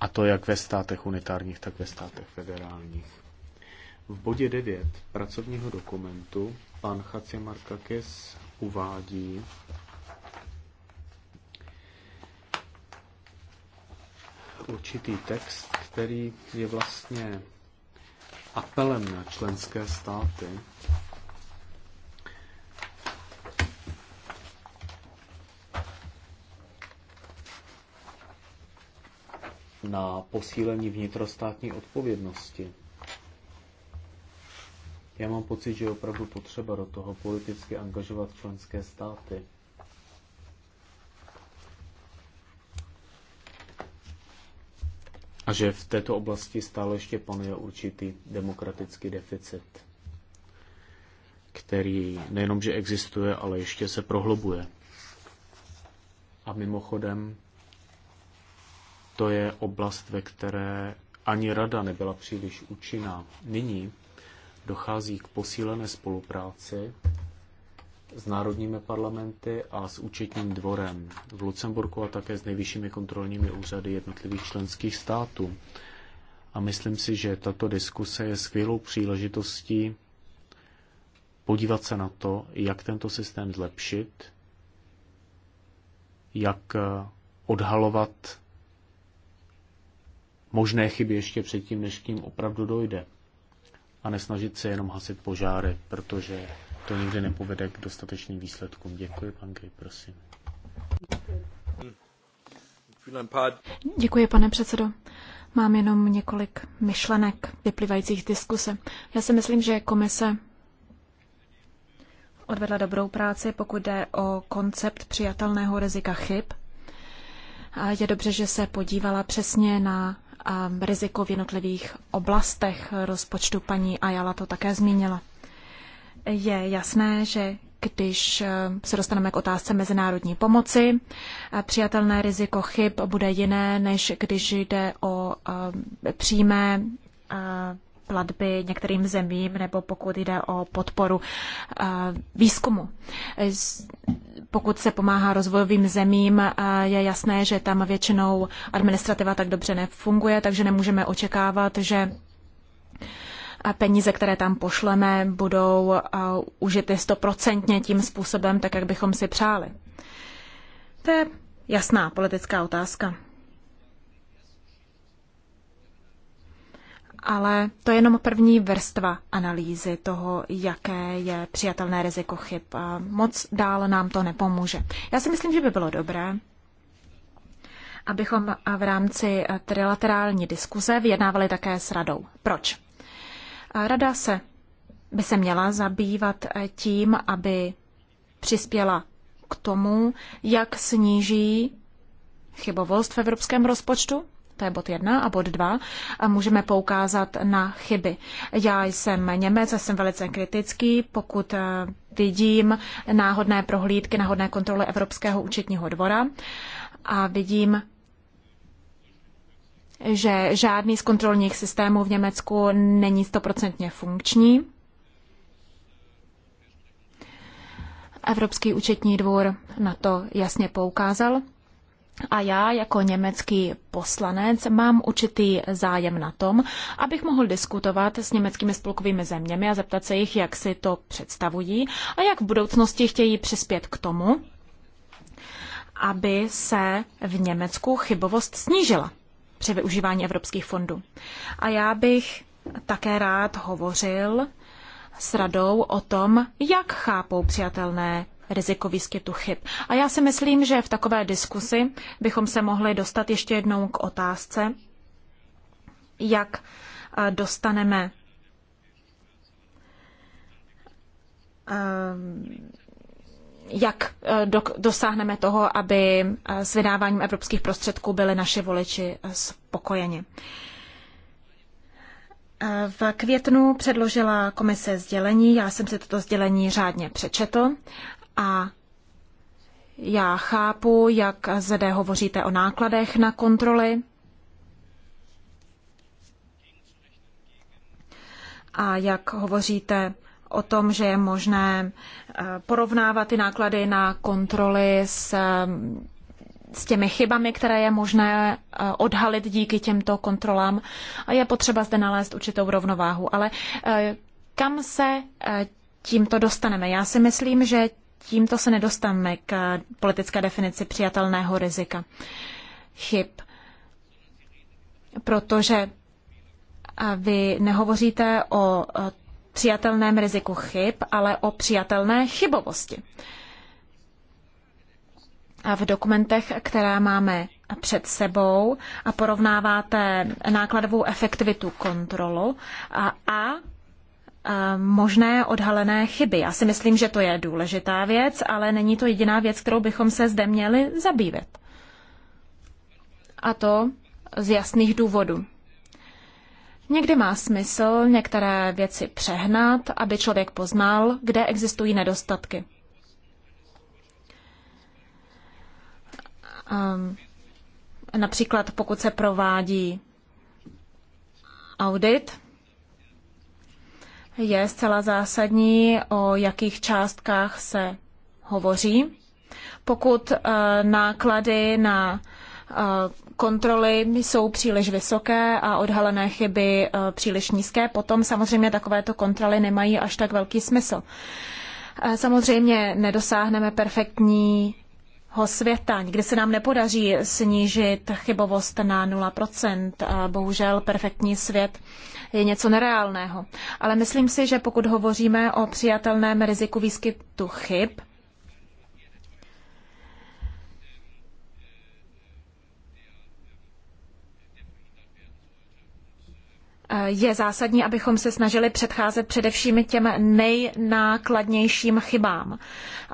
A to jak ve státech unitárních, tak ve státech federálních. V bodě 9 pracovního dokumentu pan Chaciamarkakis uvádí, určitý text, který je vlastně apelem na členské státy. na posílení vnitrostátní odpovědnosti já mám pocit, že je opravdu potřeba do toho politicky angažovat členské státy. A že v této oblasti stále ještě panuje určitý demokratický deficit, který nejenom, že existuje, ale ještě se prohlubuje. A mimochodem, to je oblast, ve které ani rada nebyla příliš účinná. Nyní dochází k posílené spolupráci s národními parlamenty a s účetním dvorem v Lucemburku a také s nejvyššími kontrolními úřady jednotlivých členských států. A myslím si, že tato diskuse je skvělou příležitostí podívat se na to, jak tento systém zlepšit, jak odhalovat možné chyby ještě předtím, než k ním opravdu dojde a nesnažit se jenom hasit požáry, protože to nikdy nepovede k dostatečným výsledkům. Děkuji, pan Gry, prosím. Děkuji, pane předsedo. Mám jenom několik myšlenek vyplývajících z diskuse. Já si myslím, že komise odvedla dobrou práci, pokud jde o koncept přijatelného rizika chyb. A je dobře, že se podívala přesně na riziko v jednotlivých oblastech rozpočtu. Paní Ajala to také zmínila. Je jasné, že když eh, se dostaneme k otázce mezinárodní pomoci, eh, přijatelné riziko chyb bude jiné, než když jde o eh, přímé platby některým zemím nebo pokud jde o podporu výzkumu pokud se pomáhá rozvojovým zemím, eh, je jasné, že tam většinou administrativa tak dobře nefunguje, takže nemůžeme očekávat, že eh, peníze, které tam pošleme, budou eh, užity stoprocentně tím způsobem, tak jak bychom si přáli. To je jasná politická otázka. ale to je jenom první vrstva analýzy toho, jaké je přijatelné riziko chyb. Moc dál nám to nepomůže. Já si myslím, že by bylo dobré, abychom v rámci trilaterální diskuze vyjednávali také s radou. Proč? Rada se by se měla zabývat tím, aby přispěla k tomu, jak sníží chybovost v evropském rozpočtu, to je bod jedna, a bod dva, a můžeme poukázat na chyby. Já jsem Němec a jsem velice kritický, pokud eh, vidím náhodné prohlídky, náhodné kontroly Evropského účetního dvora a vidím že žádný z kontrolních systémů v Německu není stoprocentně funkční. Evropský účetní dvůr na to jasně poukázal. A já jako německý poslanec mám určitý zájem na tom, abych mohl diskutovat s německými spolkovými zeměmi a zeptat se jich, jak si to představují a jak v budoucnosti chtějí přispět k tomu, aby se v Německu chybovost snížila při využívání evropských fondů. A já bych také rád hovořil s radou o tom, jak chápou přijatelné riziko výskytu chyb. A já si myslím, že v takové diskusi bychom se mohli dostat ještě jednou k otázce, jak eh, dostaneme eh, jak eh, dosáhneme toho, aby s vydáváním evropských prostředků byli naši voliči spokojeni. V květnu předložila komise sdělení, já jsem si toto sdělení řádně přečetl a já chápu, jak zde hovoříte o nákladech na kontroly. A jak hovoříte o tom, že je možné eh, porovnávat ty náklady na kontroly s, s těmi chybami, které je možné eh, odhalit díky těmto kontrolám. A je potřeba zde nalézt určitou rovnováhu. Ale eh, kam se tímto dostaneme? Já si myslím, že tímto se nedostaneme k politické definici přijatelného rizika chyb, protože vy nehovoříte o e, přijatelném riziku chyb, ale o přijatelné chybovosti. A v dokumentech, které máme před sebou, a porovnáváte nákladovou efektivitu kontrolu a, a Eh, možné odhalené chyby. Já si myslím, že to je důležitá věc, ale není to jediná věc, kterou bychom se zde měli zabývat. A to z jasných důvodů. Někdy má smysl některé věci přehnat, aby člověk poznal, kde existují nedostatky. Ehm, například pokud se provádí audit, je zcela zásadní, o jakých částkách se hovoří. Pokud eh, náklady na eh, kontroly jsou příliš vysoké a odhalené chyby eh, příliš nízké, potom samozřejmě takovéto kontroly nemají až tak velký smysl. Samozřejmě nedosáhneme perfektní světa. Nikdy se nám nepodaří snížit chybovost na 0%. Bohužel perfektní svět je něco nereálného. Ale myslím si, že pokud hovoříme o přijatelném riziku výskytu chyb, je zásadní, abychom se snažili předcházet především těm nejnákladnějším chybám.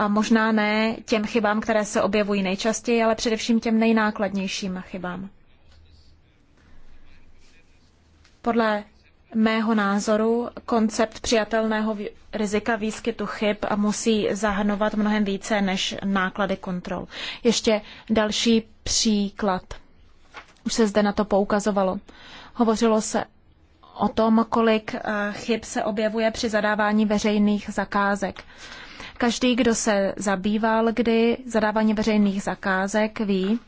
Možná ne těm chybám, které se objevují nejčastěji, ale především těm nejnákladnějším chybám. Podle mého názoru koncept přijatelného rizika výskytu chyb musí zahrnovat mnohem více než náklady kontrol. Ještě další příklad. Už se zde na to poukazovalo. Hovořilo se o tom, kolik eh, chyb se objevuje při zadávání veřejných zakázek. Každý, kdo se zabýval kdy zadávání veřejných zakázek, ví,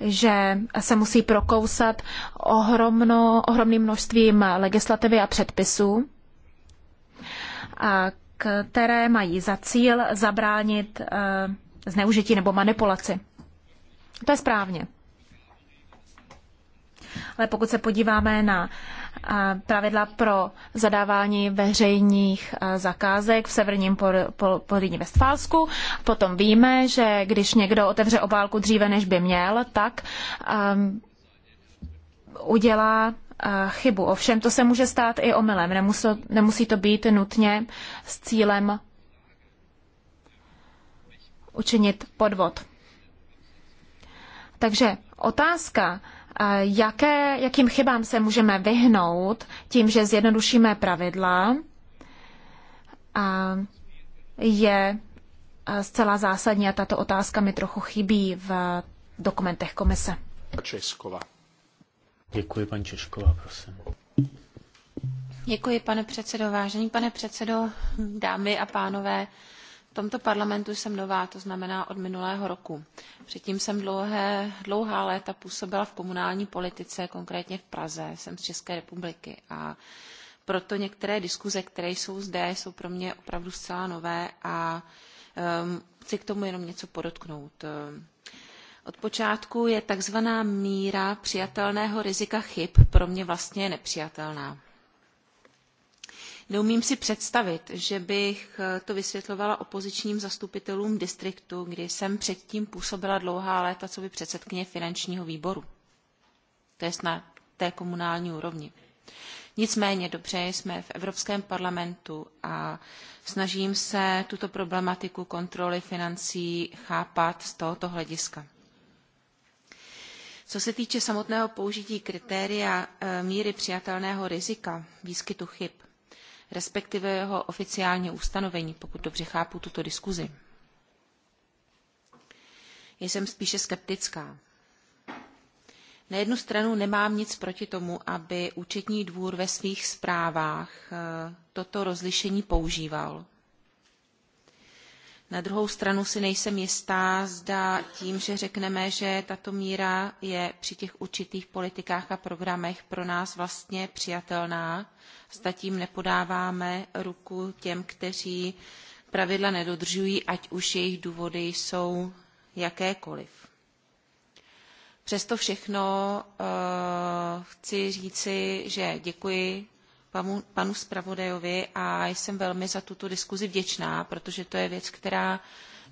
že se musí prokousat ohromno, ohromným množstvím legislativy a předpisů, a které mají za cíl zabránit eh, zneužití nebo manipulaci. To je správně. Ale pokud se podíváme na pravidla pro zadávání veřejných zakázek v severním Políně Vestfálsku, potom víme, že když někdo otevře obálku dříve, než by měl, tak um, udělá chybu. Ovšem to se může stát i omylem. Nemuso, nemusí to být nutně s cílem učinit podvod. Takže otázka, jaké, jakým chybám se můžeme vyhnout tím, že zjednodušíme pravidla, a je zcela zásadní a tato otázka mi trochu chybí v dokumentech komise. Česková. Děkuji, paní Češková, prosím. Děkuji, pane předsedo. Vážený pane předsedo, dámy a pánové, v tomto parlamentu jsem nová, to znamená od minulého roku. Předtím jsem dlouhé, dlouhá léta působila v komunální politice, konkrétně v Praze, jsem z České republiky a proto některé diskuze, které jsou zde, jsou pro mě opravdu zcela nové a um, chci k tomu jenom něco podotknout. Ehm, od počátku je takzvaná míra přijatelného rizika chyb pro mě vlastně nepřijatelná Neumím si představit, že bych eh, to vysvětlovala opozičním zastupitelům distriktu, kdy jsem předtím působila dlouhá léta co by předsedkyně finančního výboru. To je na té komunální úrovni. Nicméně dobře jsme v Evropském parlamentu a snažím se tuto problematiku kontroly financí chápat z tohoto hlediska. Co se týče samotného použití kritéria eh, míry přijatelného rizika výskytu chyb, respektive jeho oficiální ustanovení, pokud dobře chápu tuto diskuzi. Jsem spíše skeptická. Na jednu stranu nemám nic proti tomu, aby účetní dvůr ve svých zprávách eh, toto rozlišení používal, na druhou stranu si nejsem jistá, zda tím, že řekneme, že tato míra je při těch určitých politikách a programech pro nás vlastně přijatelná, zda tím nepodáváme ruku těm, kteří pravidla nedodržují, ať už jejich důvody jsou jakékoliv. Přesto všechno uh, chci říci, že děkuji panu, zpravodajovi a jsem velmi za tuto diskuzi vděčná, protože to je věc, která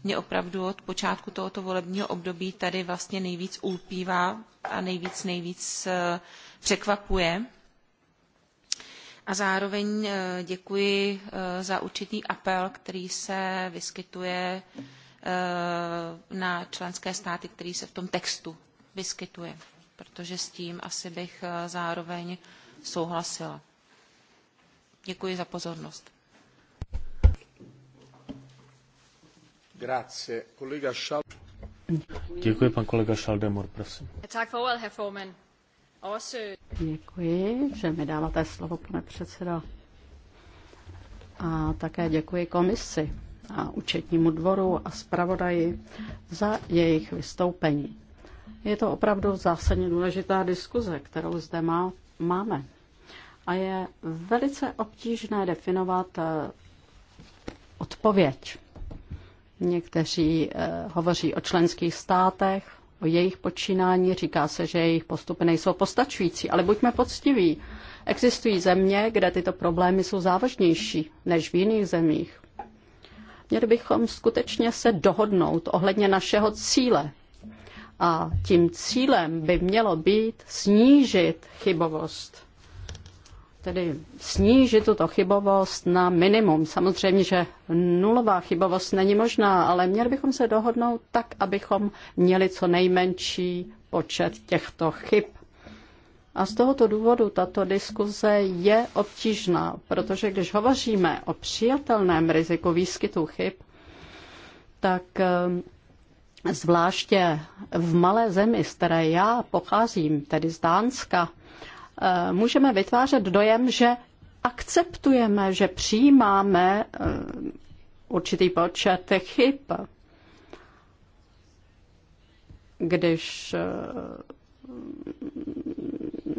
mě opravdu od počátku tohoto volebního období tady vlastně nejvíc ulpívá a nejvíc nejvíc eh, překvapuje. A zároveň eh, děkuji eh, za určitý apel, který se vyskytuje na členské státy, který se v tom textu vyskytuje, protože s tím asi bych zároveň souhlasila. Děkuji za pozornost. Děkuji, pan kolega Šaldemor, prosím. Tak for ordet, herr formand. Děkuji, že mi dáváte slovo, pane předsedo. A také děkuji komisi a účetnímu dvoru a zpravodaji za jejich vystoupení. Je to opravdu zásadně důležitá diskuze, kterou zde má, máme a je velice obtížné definovat eh, odpověď. Někteří eh, hovoří o členských státech, o jejich počínání, říká se, že jejich postupy nejsou postačující, ale buďme poctiví. Existují země, kde tyto problémy jsou závažnější než v jiných zemích. Měli bychom skutečně se dohodnout ohledně našeho cíle. A tím cílem by mělo být snížit chybovost tedy snížit tuto chybovost na minimum. Samozřejmě, že nulová chybovost není možná, ale měli bychom se dohodnout tak, abychom měli co nejmenší počet těchto chyb. A z tohoto důvodu tato diskuze je obtížná, protože když hovoříme o přijatelném riziku výskytu chyb, tak eh, zvláště v malé zemi, z které já pocházím, tedy z Dánska, Eh, můžeme vytvářet dojem, že akceptujeme, že přijímáme eh, určitý počet chyb. Když eh,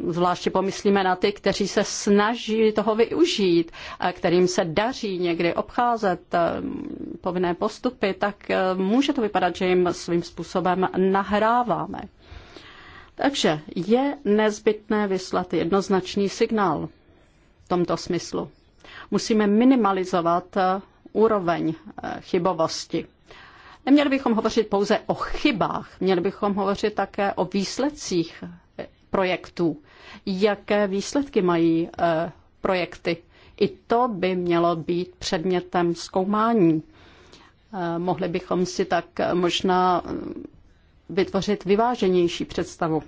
zvláště pomyslíme na ty, kteří se snaží toho využít, a kterým se daří někdy obcházet povinné postupy, tak může to vypadat, že jim svým způsobem nahráváme. Takže je nezbytné vyslat jednoznačný signál v tomto smyslu. Musíme minimalizovat eh, úroveň eh, chybovosti. Neměli bychom hovořit pouze o chybách, měli bychom hovořit také o výsledcích eh, projektů. Jaké výsledky mají projekty? I to by mělo být předmětem zkoumání. Mohli bychom si tak možná vytvořit vyváženější představu.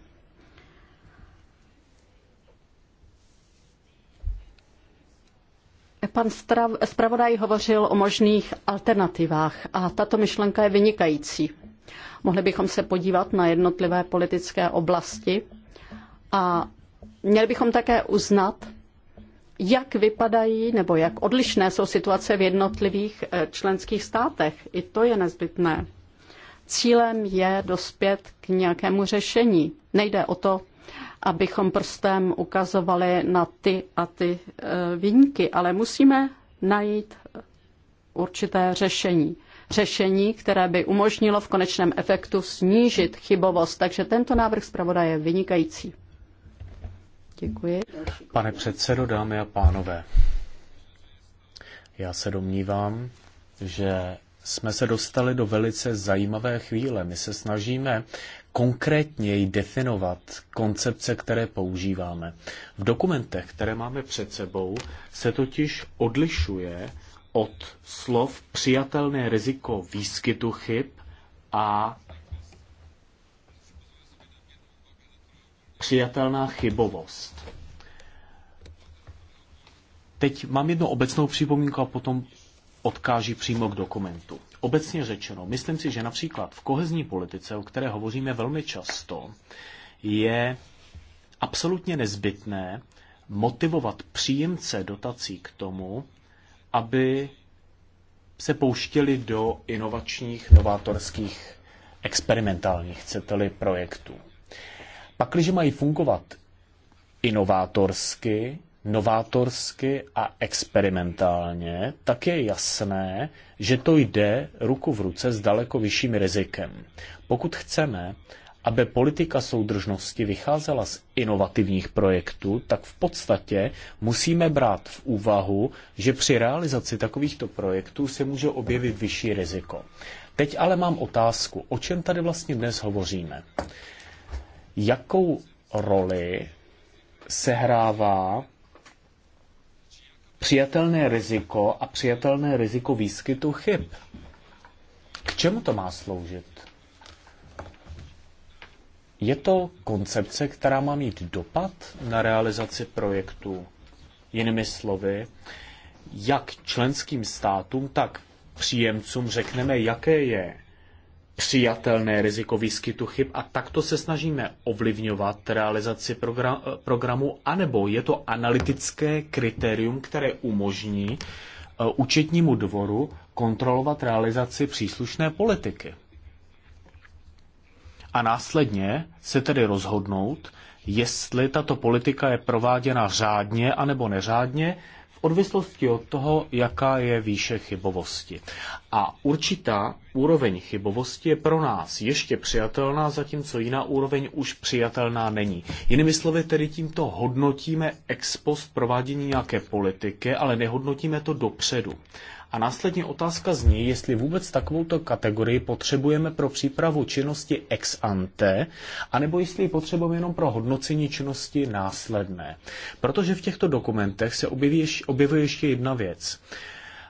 Pan strav, zpravodaj hovořil o možných alternativách a tato myšlenka je vynikající. Mohli bychom se podívat na jednotlivé politické oblasti a měli bychom také uznat, jak vypadají nebo jak odlišné jsou situace v jednotlivých eh, členských státech. I to je nezbytné. Cílem je dospět k nějakému řešení. Nejde o to, abychom prstem ukazovali na ty a ty e, výjimky, ale musíme najít určité řešení. Řešení, které by umožnilo v konečném efektu snížit chybovost. Takže tento návrh zpravodaje je vynikající. Děkuji. Pane předsedo, dámy a pánové, já se domnívám, že jsme se dostali do velice zajímavé chvíle. My se snažíme konkrétněji definovat koncepce, které používáme. V dokumentech, které máme před sebou, se totiž odlišuje od slov přijatelné riziko výskytu chyb a přijatelná chybovost. Teď mám jednu obecnou připomínku a potom odkáží přímo k dokumentu. Obecně řečeno, myslím si, že například v kohezní politice, o které hovoříme velmi často, je absolutně nezbytné motivovat příjemce dotací k tomu, aby se pouštěli do inovačních, novátorských, experimentálních, chcete-li, projektů. Pakliže mají fungovat inovátorsky, novátorsky a experimentálně, tak je jasné, že to jde ruku v ruce s daleko vyšším rizikem. Pokud chceme, aby politika soudržnosti vycházela z inovativních projektů, tak v podstatě musíme brát v úvahu, že při realizaci takovýchto projektů se může objevit vyšší riziko. Teď ale mám otázku, o čem tady vlastně dnes hovoříme? Jakou roli sehrává přijatelné riziko a přijatelné riziko výskytu chyb. K čemu to má sloužit? Je to koncepce, která má mít dopad na realizaci projektu. Jinými slovy, jak členským státům, tak příjemcům řekneme, jaké je přijatelné riziko výskytu chyb a takto se snažíme ovlivňovat realizaci program, programu, anebo je to analytické kritérium, které umožní eh, účetnímu dvoru kontrolovat realizaci příslušné politiky. A následně se tedy rozhodnout, jestli tato politika je prováděna řádně anebo neřádně, odvislosti od toho, jaká je výše chybovosti. A určitá úroveň chybovosti je pro nás ještě přijatelná, zatímco jiná úroveň už přijatelná není. Jinými slovy, tedy tímto hodnotíme ex post provádění nějaké politiky, ale nehodnotíme to dopředu. A následně otázka zní, jestli vůbec takovouto kategorii potřebujeme pro přípravu činnosti ex ante, anebo jestli ji potřebujeme jenom pro hodnocení činnosti následné. Protože v těchto dokumentech se objeví, objevuje ještě jedna věc.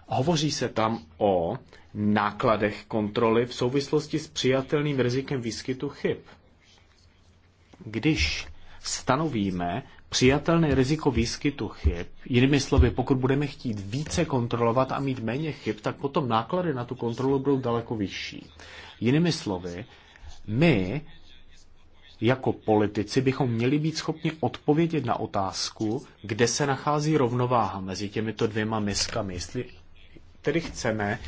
Hovoří se tam o nákladech kontroly v souvislosti s přijatelným rizikem výskytu chyb. Když stanovíme přijatelné riziko výskytu chyb, jinými slovy, pokud budeme chtít více kontrolovat a mít méně chyb, tak potom náklady na tu kontrolu budou daleko vyšší. Jinými slovy, my jako politici bychom měli být schopni odpovědět na otázku, kde se nachází rovnováha mezi těmito dvěma miskami. Jestli tedy chceme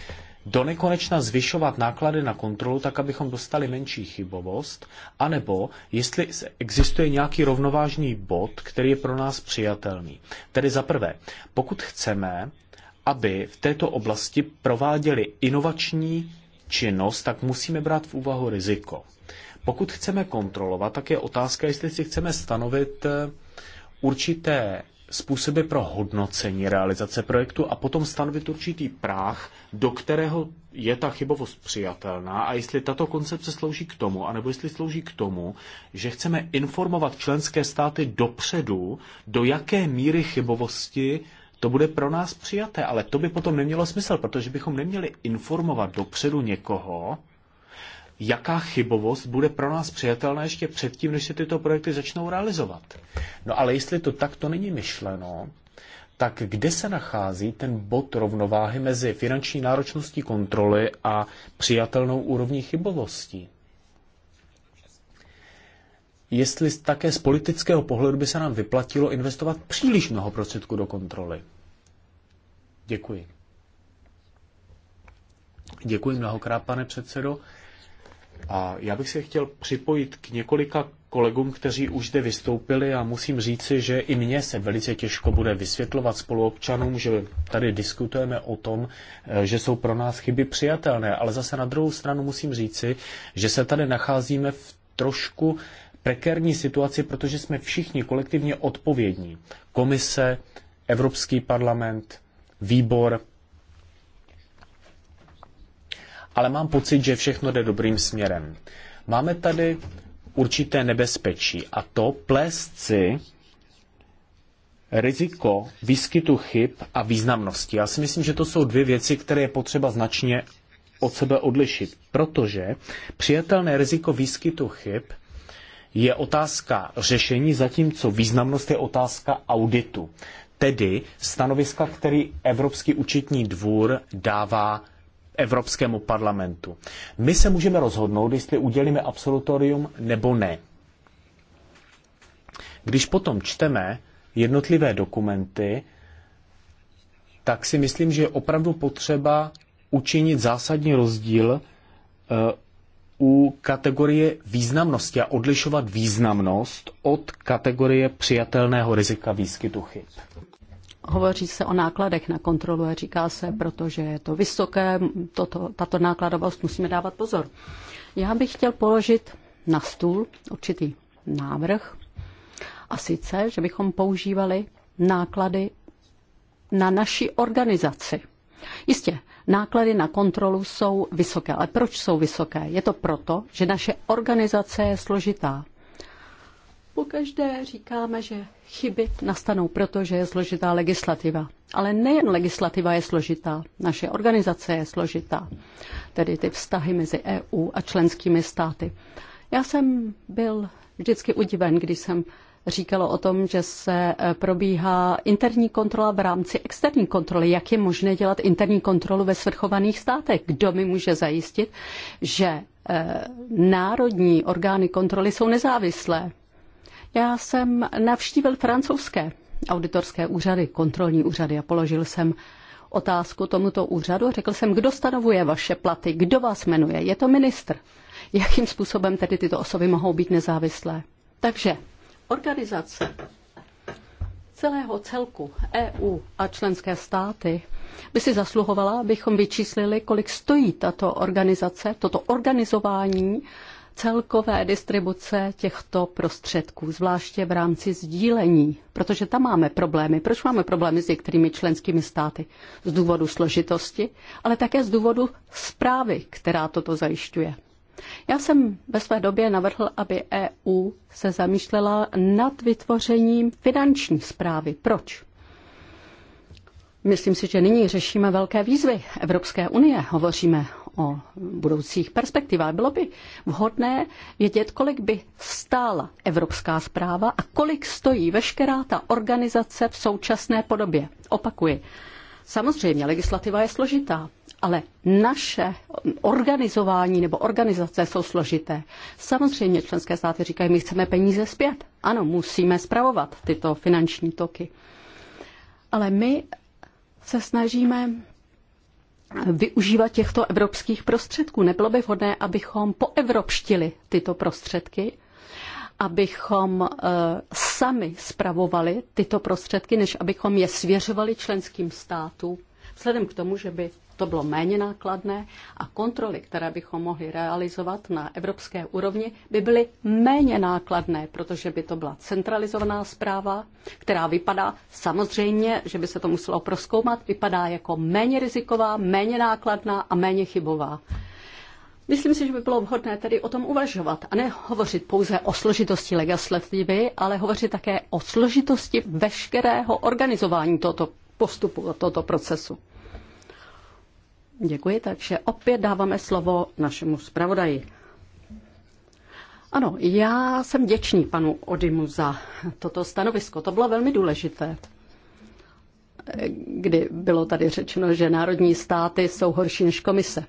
donekonečna zvyšovat náklady na kontrolu, tak abychom dostali menší chybovost, anebo jestli existuje nějaký rovnovážný bod, který je pro nás přijatelný. Tedy za prvé, pokud chceme, aby v této oblasti prováděli inovační činnost, tak musíme brát v úvahu riziko. Pokud chceme kontrolovat, tak je otázka, jestli si chceme stanovit eh, určité způsoby pro hodnocení realizace projektu a potom stanovit určitý práh, do kterého je ta chybovost přijatelná a jestli tato koncepce slouží k tomu, anebo jestli slouží k tomu, že chceme informovat členské státy dopředu, do jaké míry chybovosti to bude pro nás přijaté, ale to by potom nemělo smysl, protože bychom neměli informovat dopředu někoho, jaká chybovost bude pro nás přijatelná ještě předtím, než se tyto projekty začnou realizovat. No ale jestli to takto není myšleno, tak kde se nachází ten bod rovnováhy mezi finanční náročností kontroly a přijatelnou úrovní chybovosti? Jestli také z politického pohledu by se nám vyplatilo investovat příliš mnoho prostředků do kontroly. Děkuji. Děkuji mnohokrát, pane předsedo. A já bych se chtěl připojit k několika kolegům, kteří už zde vystoupili a musím říci, že i mně se velice těžko bude vysvětlovat spoluobčanům, že tady diskutujeme o tom, eh, že jsou pro nás chyby přijatelné, ale zase na druhou stranu musím říci, že se tady nacházíme v trošku prekérní situaci, protože jsme všichni kolektivně odpovědní. Komise, Evropský parlament, výbor ale mám pocit, že všechno jde dobrým směrem. Máme tady určité nebezpečí a to plést si riziko výskytu chyb a významnosti. Já si myslím, že to jsou dvě věci, které je potřeba značně od sebe odlišit, protože přijatelné riziko výskytu chyb je otázka řešení, zatímco významnost je otázka auditu, tedy stanoviska, který Evropský účetní dvůr dává Evropskému parlamentu. My se můžeme rozhodnout, jestli udělíme absolutorium nebo ne. Když potom čteme jednotlivé dokumenty, tak si myslím, že je opravdu potřeba učinit zásadní rozdíl eh, u kategorie významnosti a odlišovat významnost od kategorie přijatelného rizika výskytu chyb. Hovoří se o nákladech na kontrolu a říká se, protože je to vysoké, toto, tato nákladovost musíme dávat pozor. Já bych chtěl položit na stůl určitý návrh, a sice, že bychom používali náklady na naši organizaci. Jistě, náklady na kontrolu jsou vysoké, ale proč jsou vysoké? Je to proto, že naše organizace je složitá. Pokaždé říkáme, že chyby nastanou, protože je složitá legislativa. Ale nejen legislativa je složitá, naše organizace je složitá, tedy ty vztahy mezi EU a členskými státy. Já jsem byl vždycky udiven, když jsem říkalo o tom, že se e, probíhá interní kontrola v rámci externí kontroly. Jak je možné dělat interní kontrolu ve svrchovaných státech? Kdo mi může zajistit, že e, národní orgány kontroly jsou nezávislé? Já jsem navštívil francouzské auditorské úřady, kontrolní úřady a položil jsem otázku tomuto úřadu. Řekl jsem, kdo stanovuje vaše platy, kdo vás jmenuje, je to ministr. Jakým způsobem tedy tyto osoby mohou být nezávislé? Takže organizace celého celku EU a členské státy by si zasluhovala, abychom vyčíslili, kolik stojí tato organizace, toto organizování celkové distribuce těchto prostředků, zvláště v rámci sdílení, protože tam máme problémy. Proč máme problémy s některými členskými státy? Z důvodu složitosti, ale také z důvodu zprávy, která toto zajišťuje. Já jsem ve své době navrhl, aby EU se zamýšlela nad vytvořením finanční zprávy. Proč? Myslím si, že nyní řešíme velké výzvy Evropské unie. Hovoříme o budoucích perspektivách. Bylo by vhodné vědět, kolik by stála evropská zpráva a kolik stojí veškerá ta organizace v současné podobě. Opakuji. Samozřejmě, legislativa je složitá, ale naše organizování nebo organizace jsou složité. Samozřejmě členské státy říkají, my chceme peníze zpět. Ano, musíme spravovat tyto finanční toky. Ale my se snažíme využívat těchto evropských prostředků. Nebylo by vhodné, abychom poevropštili tyto prostředky, abychom eh, sami spravovali tyto prostředky, než abychom je svěřovali členským státům, vzhledem k tomu, že by to bylo méně nákladné a kontroly, které bychom mohli realizovat na evropské úrovni, by byly méně nákladné, protože by to byla centralizovaná zpráva, která vypadá samozřejmě, že by se to muselo proskoumat, vypadá jako méně riziková, méně nákladná a méně chybová. Myslím si, že by bylo vhodné tedy o tom uvažovat a ne hovořit pouze o složitosti legislativy, ale hovořit také o složitosti veškerého organizování tohoto postupu, tohoto procesu. Děkuji, takže opět dáváme slovo našemu zpravodaji. Ano, já jsem děčný panu Odimu za toto stanovisko. To bylo velmi důležité kdy bylo tady řečeno, že národní státy jsou horší než komise.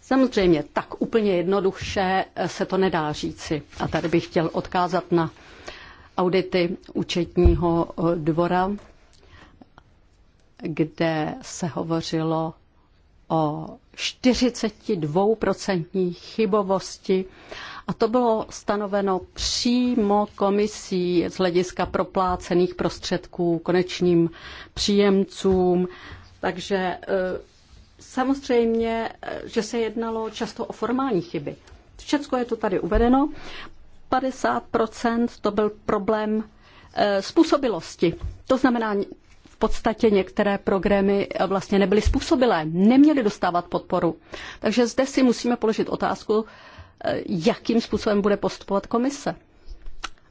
Samozřejmě, tak úplně jednoduše se to nedá říci. A tady bych chtěl odkázat na audity účetního dvora, kde se hovořilo o 42% chybovosti a to bylo stanoveno přímo komisí z hlediska proplácených prostředků konečným příjemcům. Takže e, samozřejmě, e, že se jednalo často o formální chyby. Všecko je to tady uvedeno. 50% to byl problém e, způsobilosti. To znamená, podstatě některé programy eh, vlastně nebyly způsobilé, neměly dostávat podporu. Takže zde si musíme položit otázku, eh, jakým způsobem bude postupovat komise.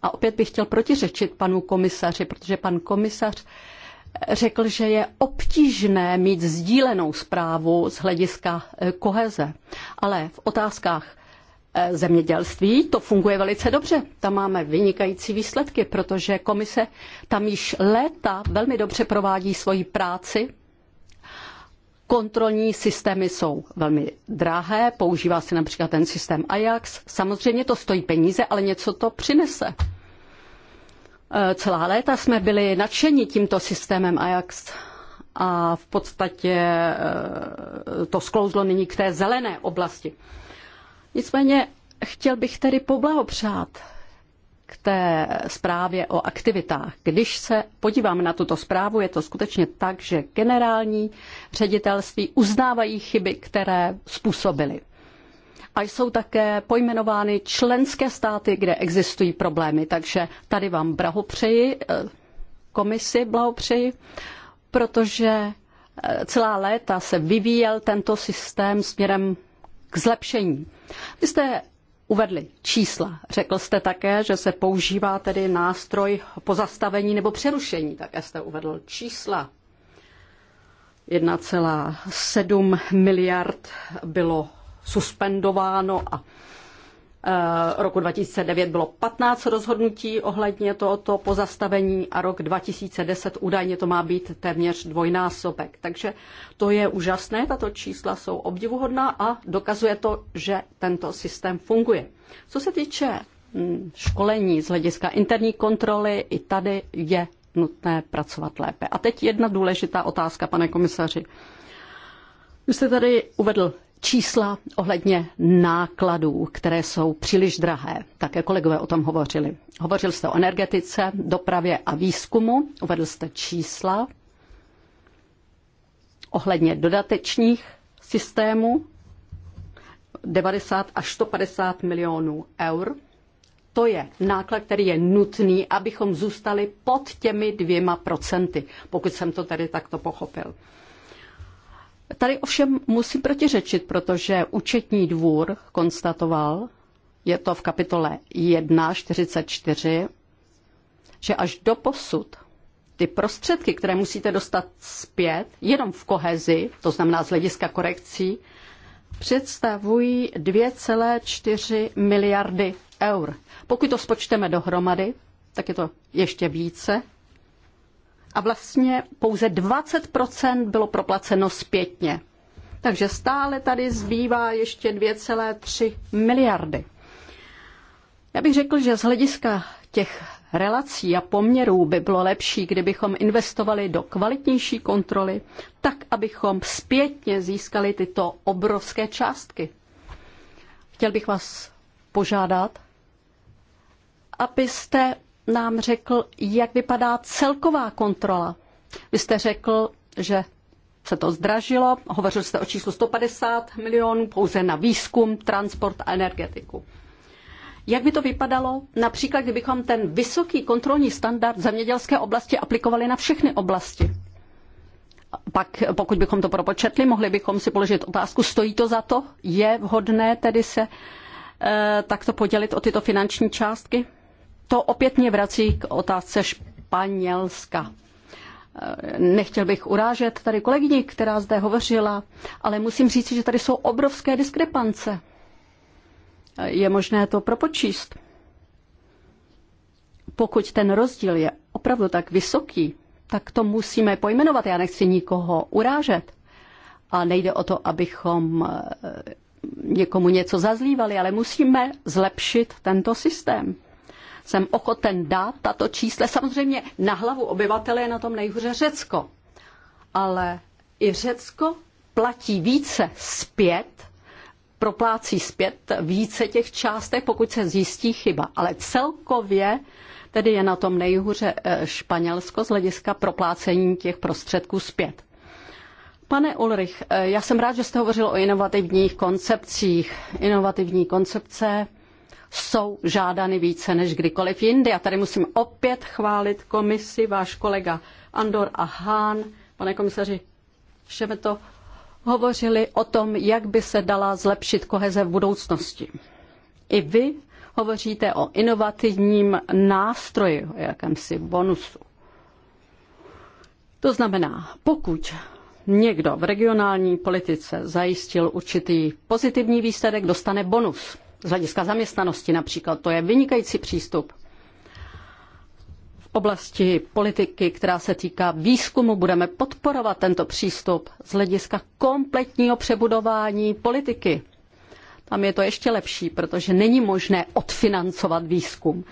A opět bych chtěl protiřečit panu komisaři, protože pan komisař eh, řekl, že je obtížné mít sdílenou zprávu z hlediska koheze. Ale v otázkách Eh, zemědělství, to funguje velice dobře. Tam máme vynikající výsledky, protože komise tam již léta velmi dobře provádí svoji práci. Kontrolní systémy jsou velmi drahé, používá se například ten systém Ajax. Samozřejmě to stojí peníze, ale něco to přinese. Eh, celá léta jsme byli nadšeni tímto systémem Ajax a v podstatě eh, to sklouzlo nyní k té zelené oblasti. Nicméně chtěl bych tedy poblahopřát k té zprávě o aktivitách. Když se podívám na tuto zprávu, je to skutečně tak, že generální ředitelství uznávají chyby, které způsobily. A jsou také pojmenovány členské státy, kde existují problémy. Takže tady vám blahopřeji, eh, komisi blahopřeji, protože eh, celá léta se vyvíjel tento systém směrem k zlepšení. Vy jste uvedli čísla. Řekl jste také, že se používá tedy nástroj pozastavení nebo přerušení. Také jste uvedl čísla. 1,7 miliard bylo suspendováno a Eh, roku 2009 bylo 15 rozhodnutí ohledně tohoto pozastavení a rok 2010 údajně to má být téměř dvojnásobek. Takže to je úžasné, tato čísla jsou obdivuhodná a dokazuje to, že tento systém funguje. Co se týče hm, školení z hlediska interní kontroly, i tady je nutné pracovat lépe. A teď jedna důležitá otázka, pane komisaři. Vy jste tady uvedl čísla ohledně nákladů, které jsou příliš drahé. Také kolegové o tom hovořili. Hovořil jste o energetice, dopravě a výzkumu, uvedl jste čísla ohledně dodatečních systémů 90 až 150 milionů eur. To je náklad, který je nutný, abychom zůstali pod těmi dvěma procenty, pokud jsem to tedy takto pochopil. Tady ovšem musím protiřečit, protože účetní dvůr konstatoval, je to v kapitole 1.44, že až do posud ty prostředky, které musíte dostat zpět, jenom v kohezi, to znamená z hlediska korekcí, představují 2,4 miliardy eur. Pokud to spočteme dohromady, tak je to ještě více, a vlastně pouze 20 bylo proplaceno zpětně. Takže stále tady zbývá ještě 2,3 miliardy. Já bych řekl, že z hlediska těch relací a poměrů by bylo lepší, kdybychom investovali do kvalitnější kontroly, tak abychom zpětně získali tyto obrovské částky. Chtěl bych vás požádat, abyste nám řekl, jak vypadá celková kontrola. Vy jste řekl, že se to zdražilo, hovořil jste o číslu 150 milionů pouze na výzkum, transport a energetiku. Jak by to vypadalo, například kdybychom ten vysoký kontrolní standard v zemědělské oblasti aplikovali na všechny oblasti? Pak, pokud bychom to propočetli, mohli bychom si položit otázku, stojí to za to? Je vhodné tedy se e, takto podělit o tyto finanční částky? to opětně vrací k otázce Španělska. Nechtěl bych urážet tady kolegyni, která zde hovořila, ale musím říct, že tady jsou obrovské diskrepance. Je možné to propočíst. Pokud ten rozdíl je opravdu tak vysoký, tak to musíme pojmenovat. Já nechci nikoho urážet. A nejde o to, abychom eh, někomu něco zazlívali, ale musíme zlepšit tento systém. Jsem ochoten dát tato čísla. Samozřejmě na hlavu obyvatele je na tom nejhůře Řecko. Ale i Řecko platí více zpět, proplácí zpět více těch částek, pokud se zjistí chyba. Ale celkově tedy je na tom nejhůře eh, Španělsko z hlediska proplácení těch prostředků zpět. Pane Ulrich, eh, já jsem rád, že jste hovořil o inovativních koncepcích. Inovativní koncepce jsou žádány více než kdykoliv jindy. A tady musím opět chválit komisi, váš kolega Andor a Hán, pane komisaři to hovořili o tom, jak by se dala zlepšit koheze v budoucnosti. I vy hovoříte o inovativním nástroji, o jakémsi bonusu. To znamená, pokud někdo v regionální politice zajistil určitý pozitivní výsledek, dostane bonus z hlediska zaměstnanosti například. To je vynikající přístup. V oblasti politiky, která se týká výzkumu, budeme podporovat tento přístup z hlediska kompletního přebudování politiky. Tam je to ještě lepší, protože není možné odfinancovat výzkum.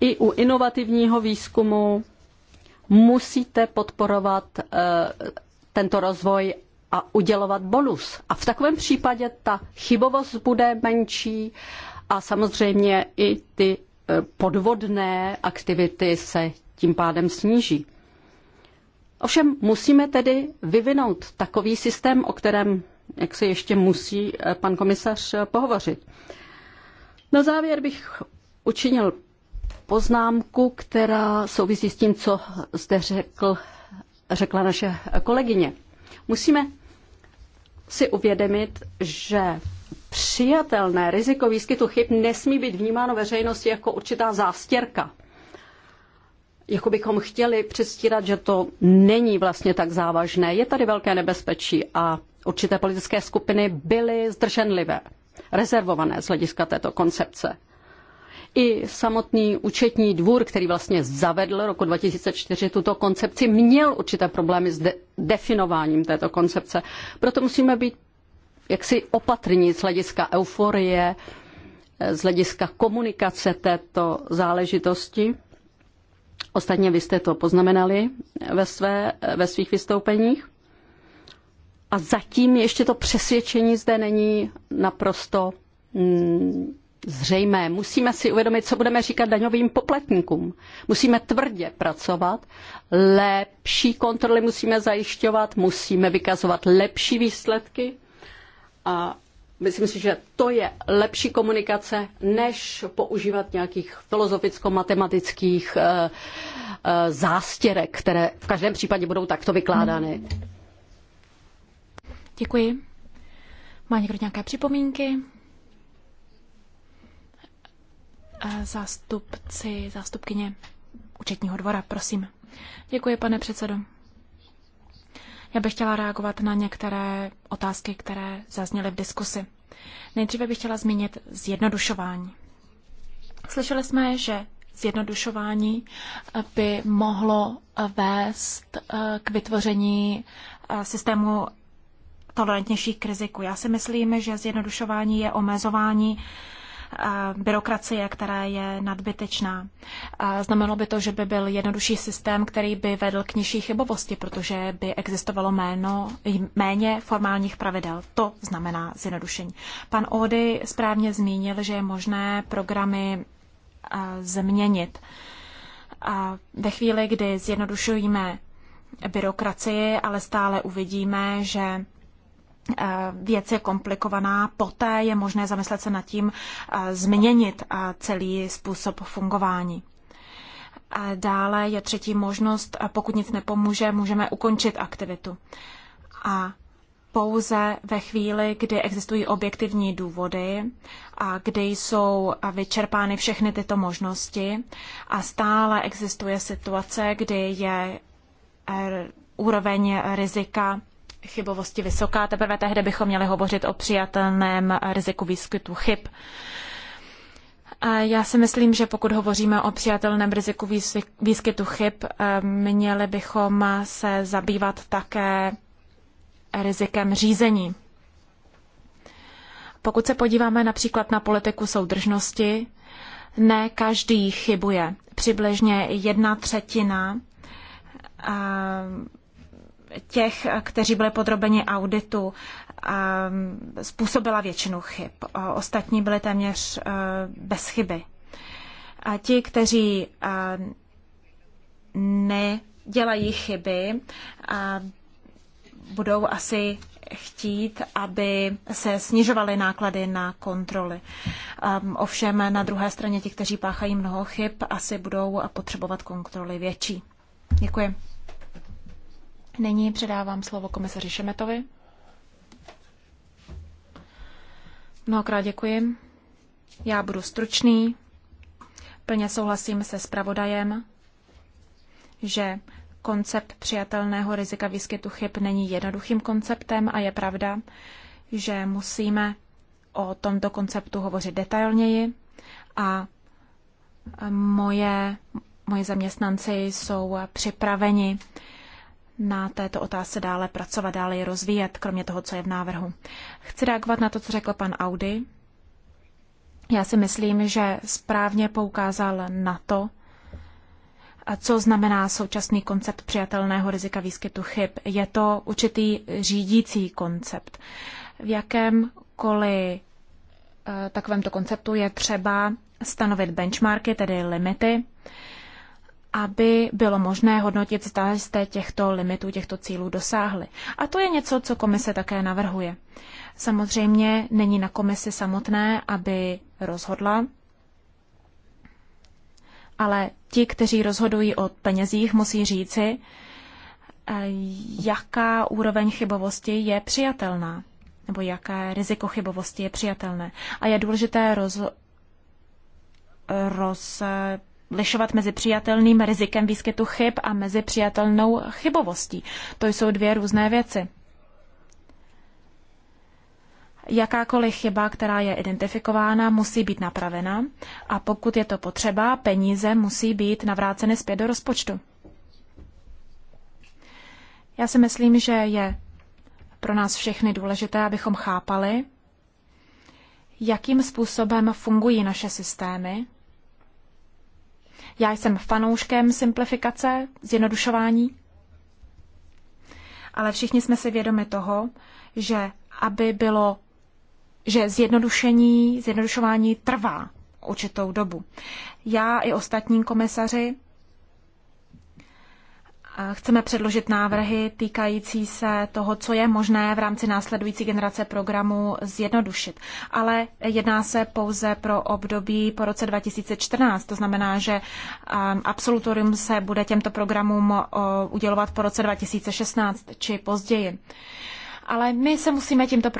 I u inovativního výzkumu musíte podporovat eh, tento rozvoj a udělovat bonus. A v takovém případě ta chybovost bude menší a samozřejmě i ty e, podvodné aktivity se tím pádem sníží. Ovšem musíme tedy vyvinout takový systém, o kterém jak se ještě musí e, pan komisař e, pohovořit. Na závěr bych učinil poznámku, která souvisí s tím, co zde řekl, řekla naše kolegyně. Musíme si uvědomit, že přijatelné riziko výskytu chyb nesmí být vnímáno veřejnosti jako určitá zástěrka. Jako bychom chtěli přestírat, že to není vlastně tak závažné. Je tady velké nebezpečí a určité politické skupiny byly zdrženlivé, rezervované z hlediska této koncepce i samotný účetní dvůr, který vlastně zavedl roku 2004 tuto koncepci, měl určité problémy s de- definováním této koncepce. Proto musíme být jaksi opatrní z hlediska euforie, z hlediska komunikace této záležitosti. Ostatně vy jste to poznamenali ve, své, ve svých vystoupeních. A zatím ještě to přesvědčení zde není naprosto mm, zřejmé. Musíme si uvědomit, co budeme říkat daňovým poplatníkům. Musíme tvrdě pracovat, lepší kontroly musíme zajišťovat, musíme vykazovat lepší výsledky a myslím si, že to je lepší komunikace, než používat nějakých filozoficko-matematických eh, eh, zástěrek, které v každém případě budou takto vykládány. Děkuji. Má někdo nějaké připomínky? zástupci, zástupkyně účetního dvora, prosím. Děkuji, pane předsedo. Já bych chtěla reagovat na některé otázky, které zazněly v diskusi. Nejdříve bych chtěla zmínit zjednodušování. Slyšeli jsme, že zjednodušování by mohlo vést eh, k vytvoření eh, systému tolerantnějších k riziku. Já si myslím, že zjednodušování je omezování byrokracie, která je nadbytečná. Znamenalo by to, že by byl jednodušší systém, který by vedl k nižší chybovosti, protože by existovalo méno, méně formálních pravidel. To znamená zjednodušení. Pan Ody správně zmínil, že je možné programy změnit. A ve chvíli, kdy zjednodušujeme byrokracii, ale stále uvidíme, že Eh, věc je komplikovaná, poté je možné zamyslet se nad tím eh, změnit eh, celý způsob fungování. Dále je třetí možnost, pokud nic nepomůže, můžeme ukončit aktivitu. A pouze ve chvíli, kdy existují objektivní důvody a kdy jsou vyčerpány všechny tyto možnosti a stále existuje situace, kdy je úroveň rizika chybovosti vysoká. Teprve tehdy bychom měli hovořit o přijatelném riziku výskytu chyb. A já si myslím, že pokud hovoříme o přijatelném riziku výskytu chyb, eh, měli bychom se zabývat také rizikem řízení. Pokud se podíváme například na politiku soudržnosti, ne každý chybuje. Přibližně jedna třetina eh, těch, kteří byli podrobeni auditu, mm, způsobila většinu chyb. Ostatní byli téměř e, bez chyby. A ti, kteří e, nedělají chyby, budou asi chtít, aby se snižovaly náklady na kontroly. Um, ovšem na druhé straně ti, kteří páchají mnoho chyb, asi budou potřebovat kontroly větší. Děkuji. Nyní předávám slovo komisaři Šemetovi. Mnohokrát děkuji. Já budu stručný. Plně souhlasím se zpravodajem, že koncept přijatelného rizika výskytu chyb není jednoduchým konceptem a je pravda, že musíme o tomto konceptu hovořit detailněji a moje, moje zaměstnanci jsou připraveni na této otázce dále pracovat, dále ji rozvíjet, kromě toho, co je v návrhu. Chci reagovat na to, co řekl pan Audi. Já si myslím, že správně poukázal na to, a co znamená současný koncept přijatelného rizika výskytu chyb. Je to určitý řídící koncept. V jakémkoliv e, takovémto konceptu je třeba stanovit benchmarky, tedy limity, aby bylo možné hodnotit, zda jste těchto limitů, těchto cílů dosáhli. A to je něco, co komise také navrhuje. Samozřejmě není na komisi samotné, aby rozhodla, ale ti, kteří rozhodují o penězích, musí říci, eh, jaká úroveň chybovosti je přijatelná, nebo jaké riziko chybovosti je přijatelné. A je důležité roz, eh, roz eh, lišovat mezi přijatelným rizikem výskytu chyb a mezi přijatelnou chybovostí. To jsou dvě různé věci. Jakákoliv chyba, která je identifikována, musí být napravena a pokud je to potřeba, peníze musí být navráceny zpět do rozpočtu. Já si myslím, že je pro nás všechny důležité, abychom chápali, jakým způsobem fungují naše systémy já jsem fanouškem simplifikace, zjednodušování, ale všichni jsme si vědomi toho, že aby bylo, že zjednodušení, zjednodušování trvá určitou dobu. Já i ostatní komisaři Chceme předložit návrhy týkající se toho, co je možné v rámci následující generace programu zjednodušit. Ale jedná se pouze pro období po roce 2014. To znamená, že um, absolutorium se bude těmto programům udělovat po roce 2016 či později. Ale my se musíme tímto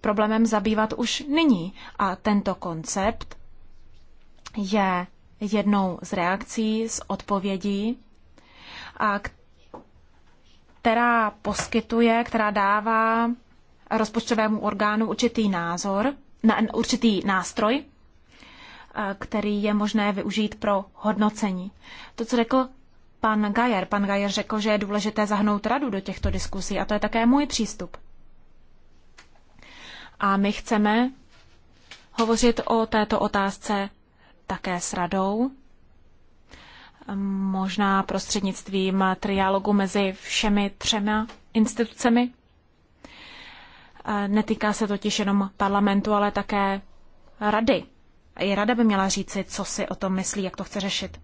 problémem zabývat už nyní. A tento koncept je jednou z reakcí, z odpovědí která poskytuje, která dává rozpočtovému orgánu určitý názor, na, určitý nástroj, eh, který je možné využít pro hodnocení. To, co řekl pan Gajer. Pan Gajer řekl, že je důležité zahnout radu do těchto diskusí a to je také můj přístup. A my chceme hovořit o této otázce také s radou možná prostřednictvím trialogu mezi všemi třema institucemi. Netýká se totiž jenom parlamentu, ale také rady. I rada by měla říci, co si o tom myslí, jak to chce řešit.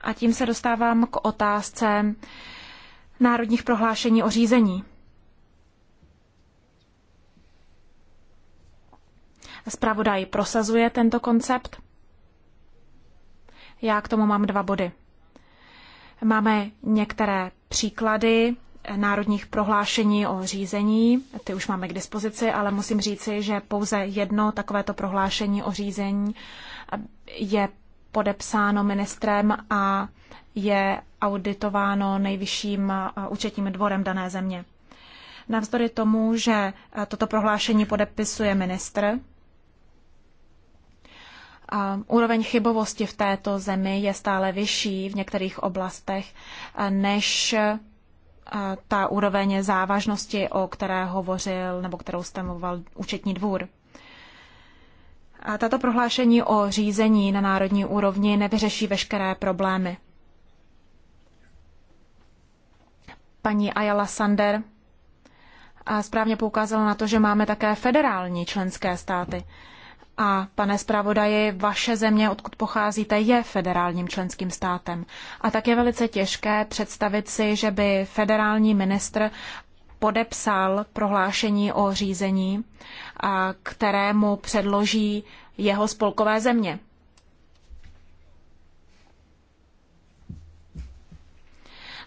A tím se dostávám k otázce národních prohlášení o řízení. Zpravodaj prosazuje tento koncept. Já k tomu mám dva body. Máme některé příklady národních prohlášení o řízení. Ty už máme k dispozici, ale musím říci, že pouze jedno takovéto prohlášení o řízení je podepsáno ministrem a je auditováno nejvyšším eh, účetním dvorem dané země. Navzdory tomu, že eh, toto prohlášení podepisuje ministr, úroveň chybovosti v této zemi je stále vyšší v některých oblastech eh, než eh, ta úroveň závažnosti, o které hovořil nebo kterou stanoval účetní dvůr. A tato prohlášení o řízení na národní úrovni nevyřeší veškeré problémy. Paní Ayala Sander a eh, správně poukázala na to, že máme také federální členské státy. A pane zpravodaji, vaše země, odkud pocházíte, je federálním členským státem. A tak je velice těžké představit si, že by federální ministr podepsal prohlášení o řízení, kterému předloží jeho spolkové země.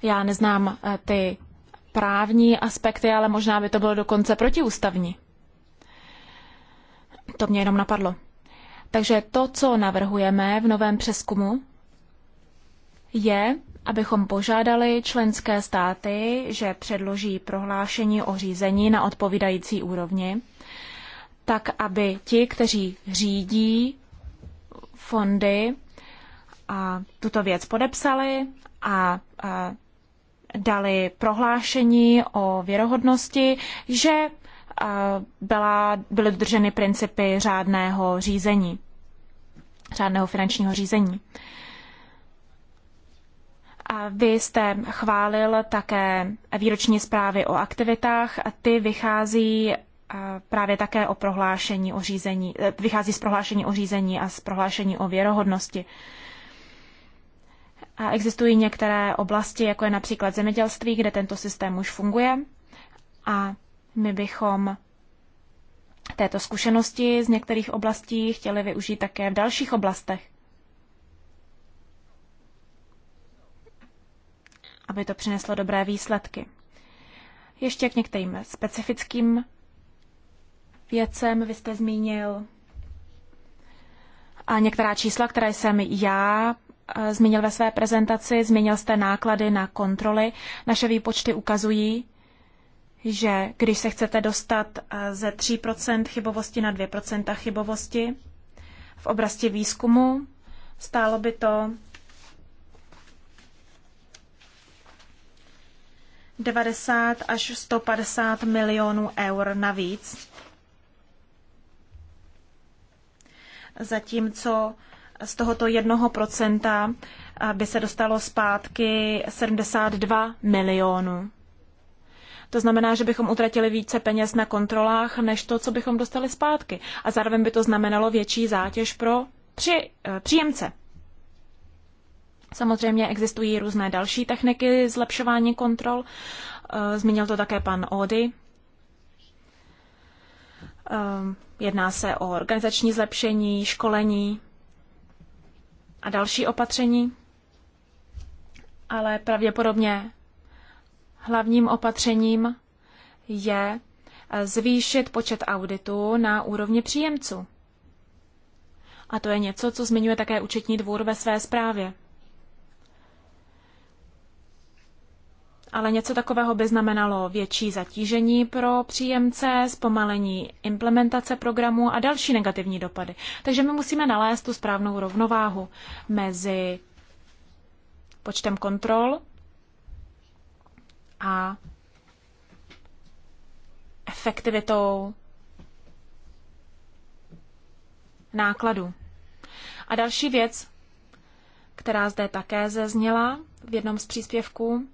Já neznám eh, ty právní aspekty, ale možná by to bylo dokonce protiústavní. To mě jenom napadlo. Takže to, co navrhujeme v novém přeskumu, je, abychom požádali členské státy, že předloží prohlášení o řízení na odpovídající úrovni, tak aby ti, kteří řídí fondy, a tuto věc podepsali a, a dali prohlášení o věrohodnosti, že byla, byly dodrženy principy řádného řízení, řádného finančního řízení. A vy jste chválil také výroční zprávy o aktivitách a ty vychází právě také o prohlášení o řízení, eh, vychází z prohlášení o řízení a z prohlášení o věrohodnosti. A existují některé oblasti, jako je například zemědělství, kde tento systém už funguje a my bychom této zkušenosti z některých oblastí chtěli využít také v dalších oblastech. aby to přineslo dobré výsledky. Ještě k některým specifickým věcem vy jste zmínil a některá čísla, které jsem já e, zmínil ve své prezentaci, zmínil jste náklady na kontroly. Naše výpočty ukazují, že když se chcete dostat eh, ze 3% chybovosti na 2% chybovosti v oblasti výzkumu, stálo by to 90 až 150 milionů eur navíc. Zatímco z tohoto jednoho procenta eh, by se dostalo zpátky 72 milionů. To znamená, že bychom utratili více peněz na kontrolách, než to, co bychom dostali zpátky. A zároveň by to znamenalo větší zátěž pro při, eh, příjemce. Samozřejmě existují různé další techniky zlepšování kontrol. Eh, zmínil to také pan Ody. Eh, jedná se o organizační zlepšení, školení a další opatření, ale pravděpodobně Hlavním opatřením je eh, zvýšit počet auditů na úrovni příjemců. A to je něco, co zmiňuje také účetní dvůr ve své zprávě. Ale něco takového by znamenalo větší zatížení pro příjemce, zpomalení implementace programu a další negativní dopady. Takže my musíme nalézt tu správnou rovnováhu mezi počtem kontrol a efektivitou nákladu. A další věc, která zde také zezněla v jednom z příspěvků,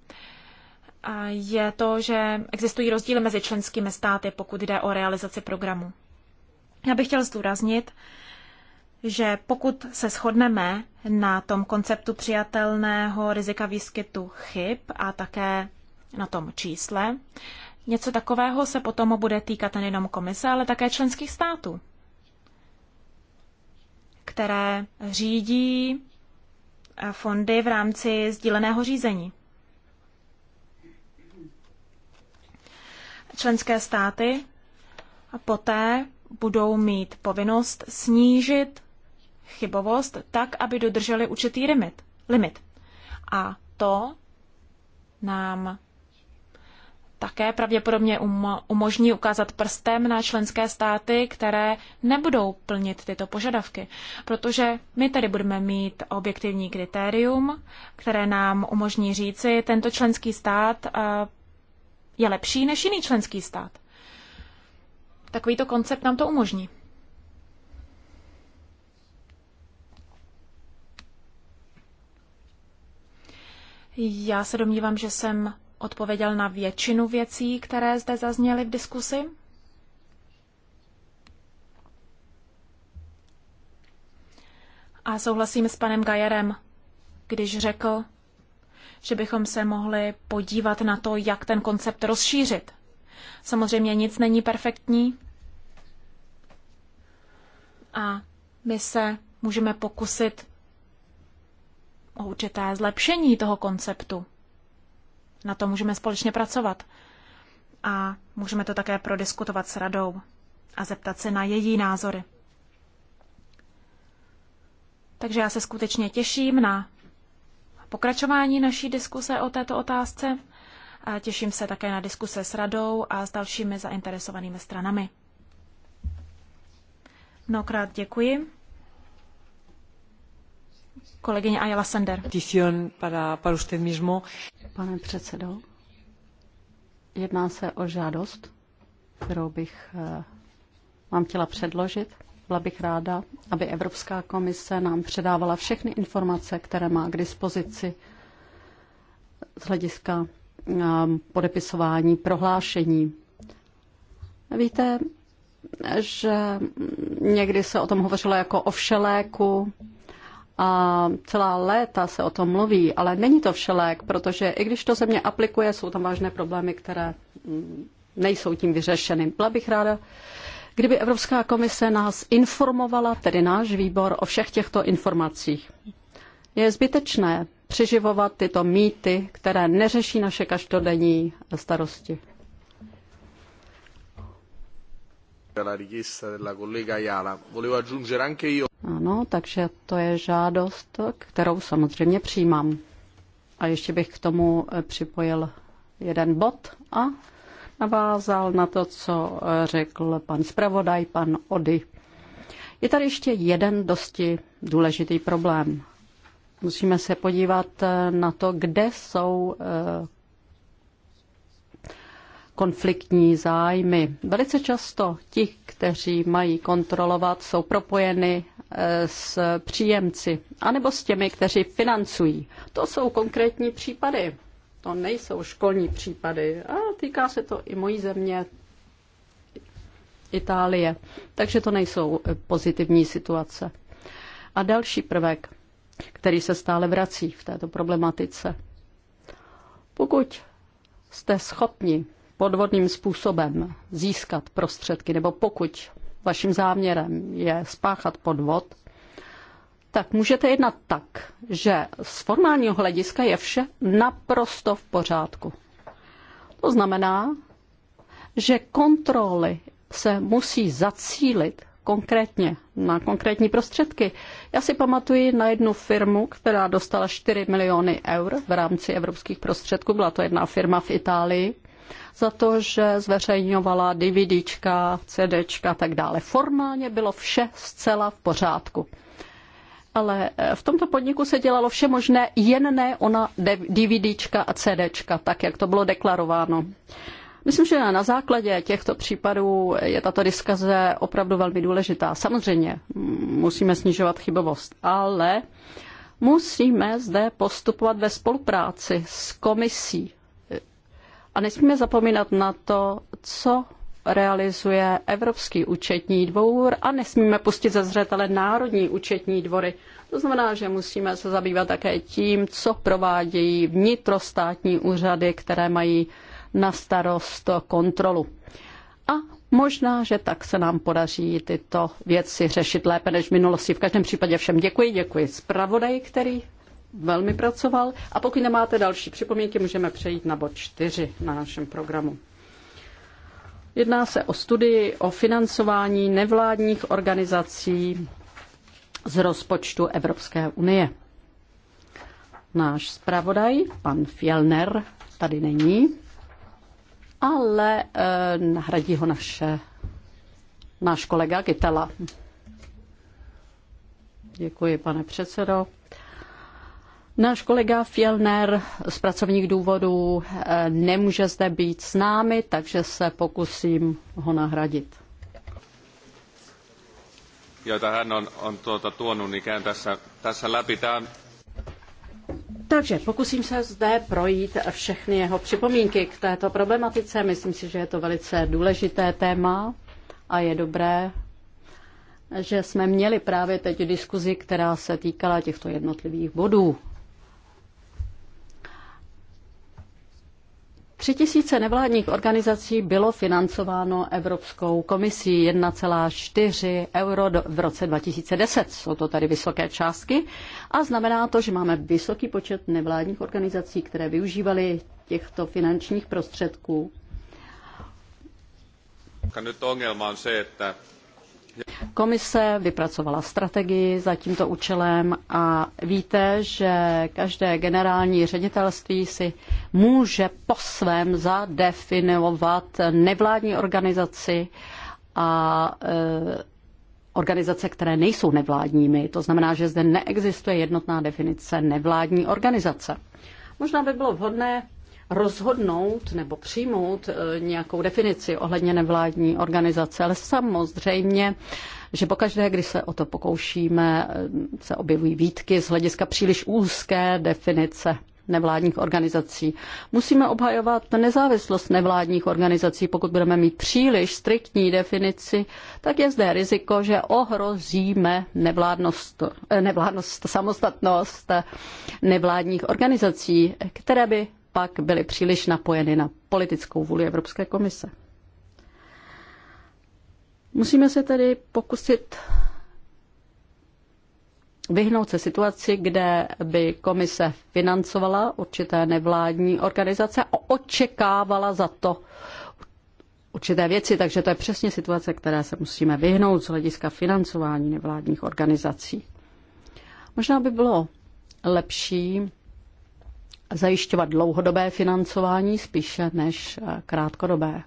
je to, že existují rozdíly mezi členskými státy, pokud jde o realizaci programu. Já bych chtěl zdůraznit, že pokud se shodneme na tom konceptu přijatelného rizika výskytu chyb a také na tom čísle. Něco takového se potom bude týkat nejenom komise, ale také členských států, které řídí eh, fondy v rámci sdíleného řízení. Členské státy poté budou mít povinnost snížit chybovost tak, aby dodrželi určitý limit. limit. A to nám také pravděpodobně um, umožní ukázat prstem na členské státy, které nebudou plnit tyto požadavky. Protože my tady budeme mít objektivní kritérium, které nám umožní říci, tento členský stát eh, je lepší než jiný členský stát. Takovýto koncept nám to umožní. Já se domnívám, že jsem odpověděl na většinu věcí, které zde zazněly v diskusi. A souhlasím s panem Gajerem, když řekl, že bychom se mohli podívat na to, jak ten koncept rozšířit. Samozřejmě nic není perfektní a my se můžeme pokusit o určité zlepšení toho konceptu na to můžeme společně pracovat. A můžeme to také prodiskutovat s radou a zeptat se na její názory. Takže já se skutečně těším na pokračování naší diskuse o této otázce. A těším se také na diskuse s radou a s dalšími zainteresovanými stranami. Mnohokrát děkuji. Kolegyně Ayala Sender. Pane předsedo, jedná se o žádost, kterou bych eh, vám chtěla předložit. Byla bych ráda, aby Evropská komise nám předávala všechny informace, které má k dispozici z hlediska eh, podepisování prohlášení. Víte, že někdy se o tom hovořilo jako o všeléku, a celá léta se o tom mluví, ale není to všelék, protože i když to země aplikuje, jsou tam vážné problémy, které mm, nejsou tím vyřešeny. Byla bych ráda, kdyby Evropská komise nás informovala, tedy náš výbor, o všech těchto informacích. Je zbytečné přeživovat tyto mýty, které neřeší naše každodenní starosti. Ano, takže to je žádost, kterou samozřejmě přijímám. A ještě bych k tomu eh, připojil jeden bod a navázal na to, co eh, řekl pan zpravodaj, pan Ody. Je tady ještě jeden dosti důležitý problém. Musíme se podívat eh, na to, kde jsou konfliktní zájmy. Velice často ti, kteří mají kontrolovat, jsou propojeny e, s příjemci anebo s těmi, kteří financují. To jsou konkrétní případy. To nejsou školní případy. A týká se to i mojí země, Itálie. Takže to nejsou e, pozitivní situace. A další prvek, který se stále vrací v této problematice. Pokud jste schopni podvodným způsobem získat prostředky, nebo pokud vaším záměrem je spáchat podvod, tak můžete jednat tak, že z formálního hlediska je vše naprosto v pořádku. To znamená, že kontroly se musí zacílit konkrétně na konkrétní prostředky. Já si pamatuji na jednu firmu, která dostala 4 miliony eur v rámci evropských prostředků. Byla to jedna firma v Itálii za to, že zveřejňovala DVDčka, CDčka a tak dále. Formálně bylo vše zcela v pořádku. Ale eh, v tomto podniku se dělalo vše možné, jen ne ona DVDčka a CDčka, tak jak to bylo deklarováno. Myslím, že na základě těchto případů je tato diskaze opravdu velmi důležitá. Samozřejmě mm, musíme snižovat chybovost, ale musíme zde postupovat ve spolupráci s komisí, a nesmíme zapomínat na to, co realizuje Evropský účetní dvůr a nesmíme pustit ze zřetele národní účetní dvory. To znamená, že musíme se zabývat také tím, co provádějí vnitrostátní úřady, které mají na starost kontrolu. A možná, že tak se nám podaří tyto věci řešit lépe než v minulosti. V každém případě všem děkuji, děkuji zpravodaj, který velmi pracoval. A pokud nemáte další připomínky, můžeme přejít na bod 4 na našem programu. Jedná se o studii o financování nevládních organizací z rozpočtu Evropské unie. Náš zpravodaj, pan Fjellner, tady není, ale eh, nahradí ho naše, náš kolega Kytela. Děkuji, pane předsedo. Náš kolega Fjellner z pracovních důvodů eh, nemůže zde být s námi, takže se pokusím ho nahradit. Joita hän on, on tuota, tuonut ikään tässä, tässä läpi. Tämä takže pokusím se zde projít všechny jeho připomínky k této problematice. Myslím si, že je to velice důležité téma a je dobré, že jsme měli právě teď diskuzi, která se týkala těchto jednotlivých bodů. Tři tisíce nevládních organizací bylo financováno Evropskou komisí 1,4 euro v roce 2010. Jsou to tady vysoké částky a znamená to, že máme vysoký počet nevládních organizací, které využívaly těchto finančních prostředků. Komise vypracovala strategii za tímto účelem a víte, že každé generální ředitelství si může po svém zadefinovat nevládní organizaci a e, organizace, které nejsou nevládními. To znamená, že zde neexistuje jednotná definice nevládní organizace. Možná by bylo vhodné rozhodnout nebo přijmout eh, nějakou definici ohledně nevládní organizace, ale samozřejmě, že pokaždé, když se o to pokoušíme, eh, se objevují výtky z hlediska příliš úzké definice nevládních organizací. Musíme obhajovat nezávislost nevládních organizací. Pokud budeme mít příliš striktní definici, tak je zde riziko, že ohrozíme nevládnost, eh, nevládnost samostatnost nevládních organizací, které by pak byly příliš napojeny na politickou vůli Evropské komise. Musíme se tedy pokusit vyhnout se situaci, kde by komise financovala určité nevládní organizace a očekávala za to určité věci. Takže to je přesně situace, které se musíme vyhnout z hlediska financování nevládních organizací. Možná by bylo lepší zajišťovat dlouhodobé financování spíše než eh, krátkodobé.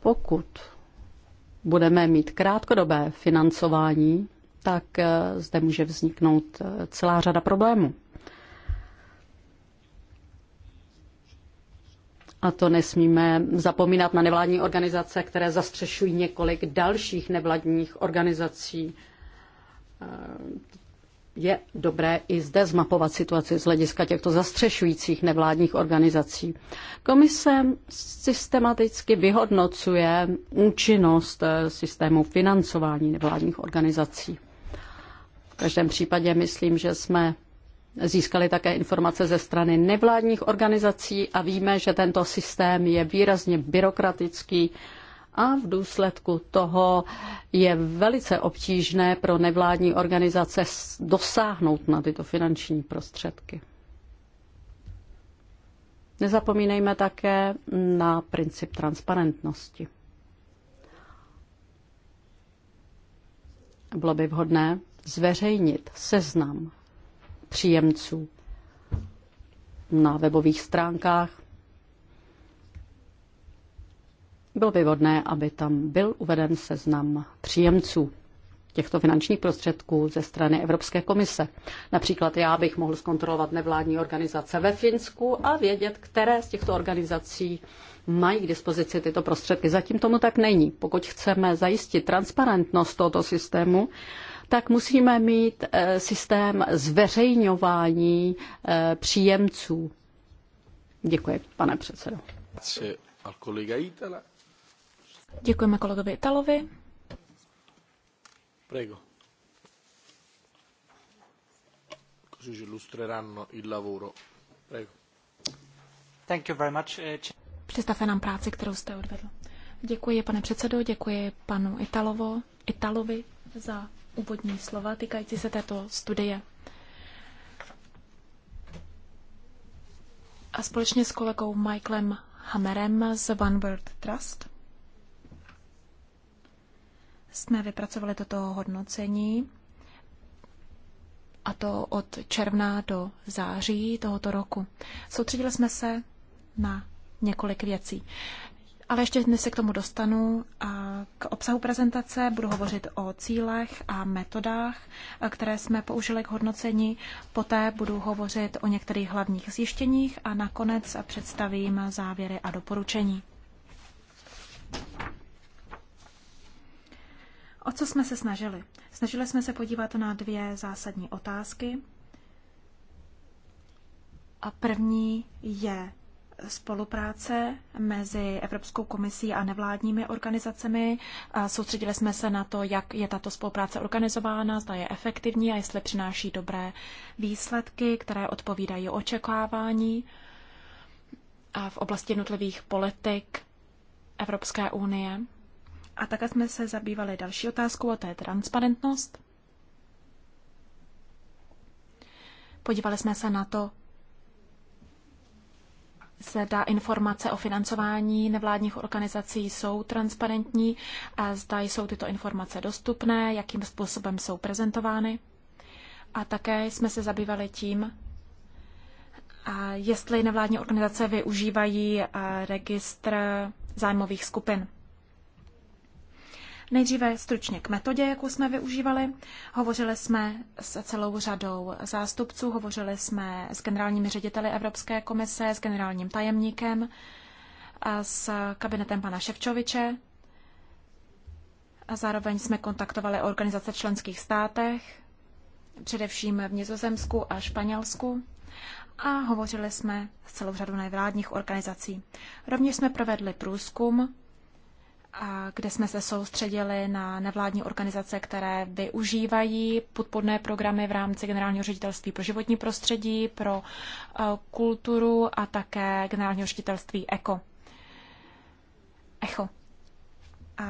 Pokud budeme mít krátkodobé financování, tak eh, zde může vzniknout eh, celá řada problémů. A to nesmíme zapomínat na nevládní organizace, které zastřešují několik dalších nevládních organizací je dobré i zde zmapovat situaci z hlediska těchto zastřešujících nevládních organizací. Komise systematicky vyhodnocuje účinnost eh, systému financování nevládních organizací. V každém případě myslím, že jsme získali také informace ze strany nevládních organizací a víme, že tento systém je výrazně byrokratický, a v důsledku toho je velice obtížné pro nevládní organizace dosáhnout na tyto finanční prostředky. Nezapomínejme také na princip transparentnosti. Bylo by vhodné zveřejnit seznam příjemců na webových stránkách bylo by vodné, aby tam byl uveden seznam příjemců těchto finančních prostředků ze strany Evropské komise. Například já bych mohl zkontrolovat nevládní organizace ve Finsku a vědět, které z těchto organizací mají k dispozici tyto prostředky. Zatím tomu tak není. Pokud chceme zajistit transparentnost tohoto systému, tak musíme mít eh, systém zveřejňování eh, příjemců. Děkuji, pane předsedo. Děkujeme kolegovi Italovi. Prego. Così ci illustreranno il lavoro. Prego. Thank you very much. Eh, Představte nám práci, kterou jste odvedl. Děkuji, pane předsedo, děkuji panu Italovo, Italovi za úvodní slova týkající se této studie. A společně s kolegou Michaelem Hammerem z One World Trust jsme vypracovali toto hodnocení a to od června do září tohoto roku. Soustředili jsme se na několik věcí. Ale ještě dnes se k tomu dostanu. A k obsahu prezentace budu hovořit o cílech a metodách, které jsme použili k hodnocení. Poté budu hovořit o některých hlavních zjištěních a nakonec představím závěry a doporučení. O co jsme se snažili? Snažili jsme se podívat na dvě zásadní otázky. A první je spolupráce mezi Evropskou komisí a nevládními organizacemi. Soustředili jsme se na to, jak je tato spolupráce organizována, zda je efektivní a jestli přináší dobré výsledky, které odpovídají očekávání a v oblasti jednotlivých politik Evropské unie. A také jsme se zabývali další otázkou, a to je transparentnost. Podívali jsme se na to, zda informace o financování nevládních organizací jsou transparentní, a zda jsou tyto informace dostupné, jakým způsobem jsou prezentovány. A také jsme se zabývali tím, jestli nevládní organizace využívají registr zájmových skupin. Nejdříve stručně k metodě, jakou jsme využívali. Hovořili jsme s celou řadou zástupců, hovořili jsme s generálními řediteli Evropské komise, s generálním tajemníkem, s kabinetem pana Ševčoviče. A zároveň jsme kontaktovali organizace v členských státech, především v Nizozemsku a Španělsku a hovořili jsme s celou řadou nevládních organizací. Rovněž jsme provedli průzkum kde jsme se soustředili na nevládní organizace, které využívají podporné programy v rámci Generálního ředitelství pro životní prostředí, pro e, kulturu a také Generálního ředitelství ECO. ECHO. A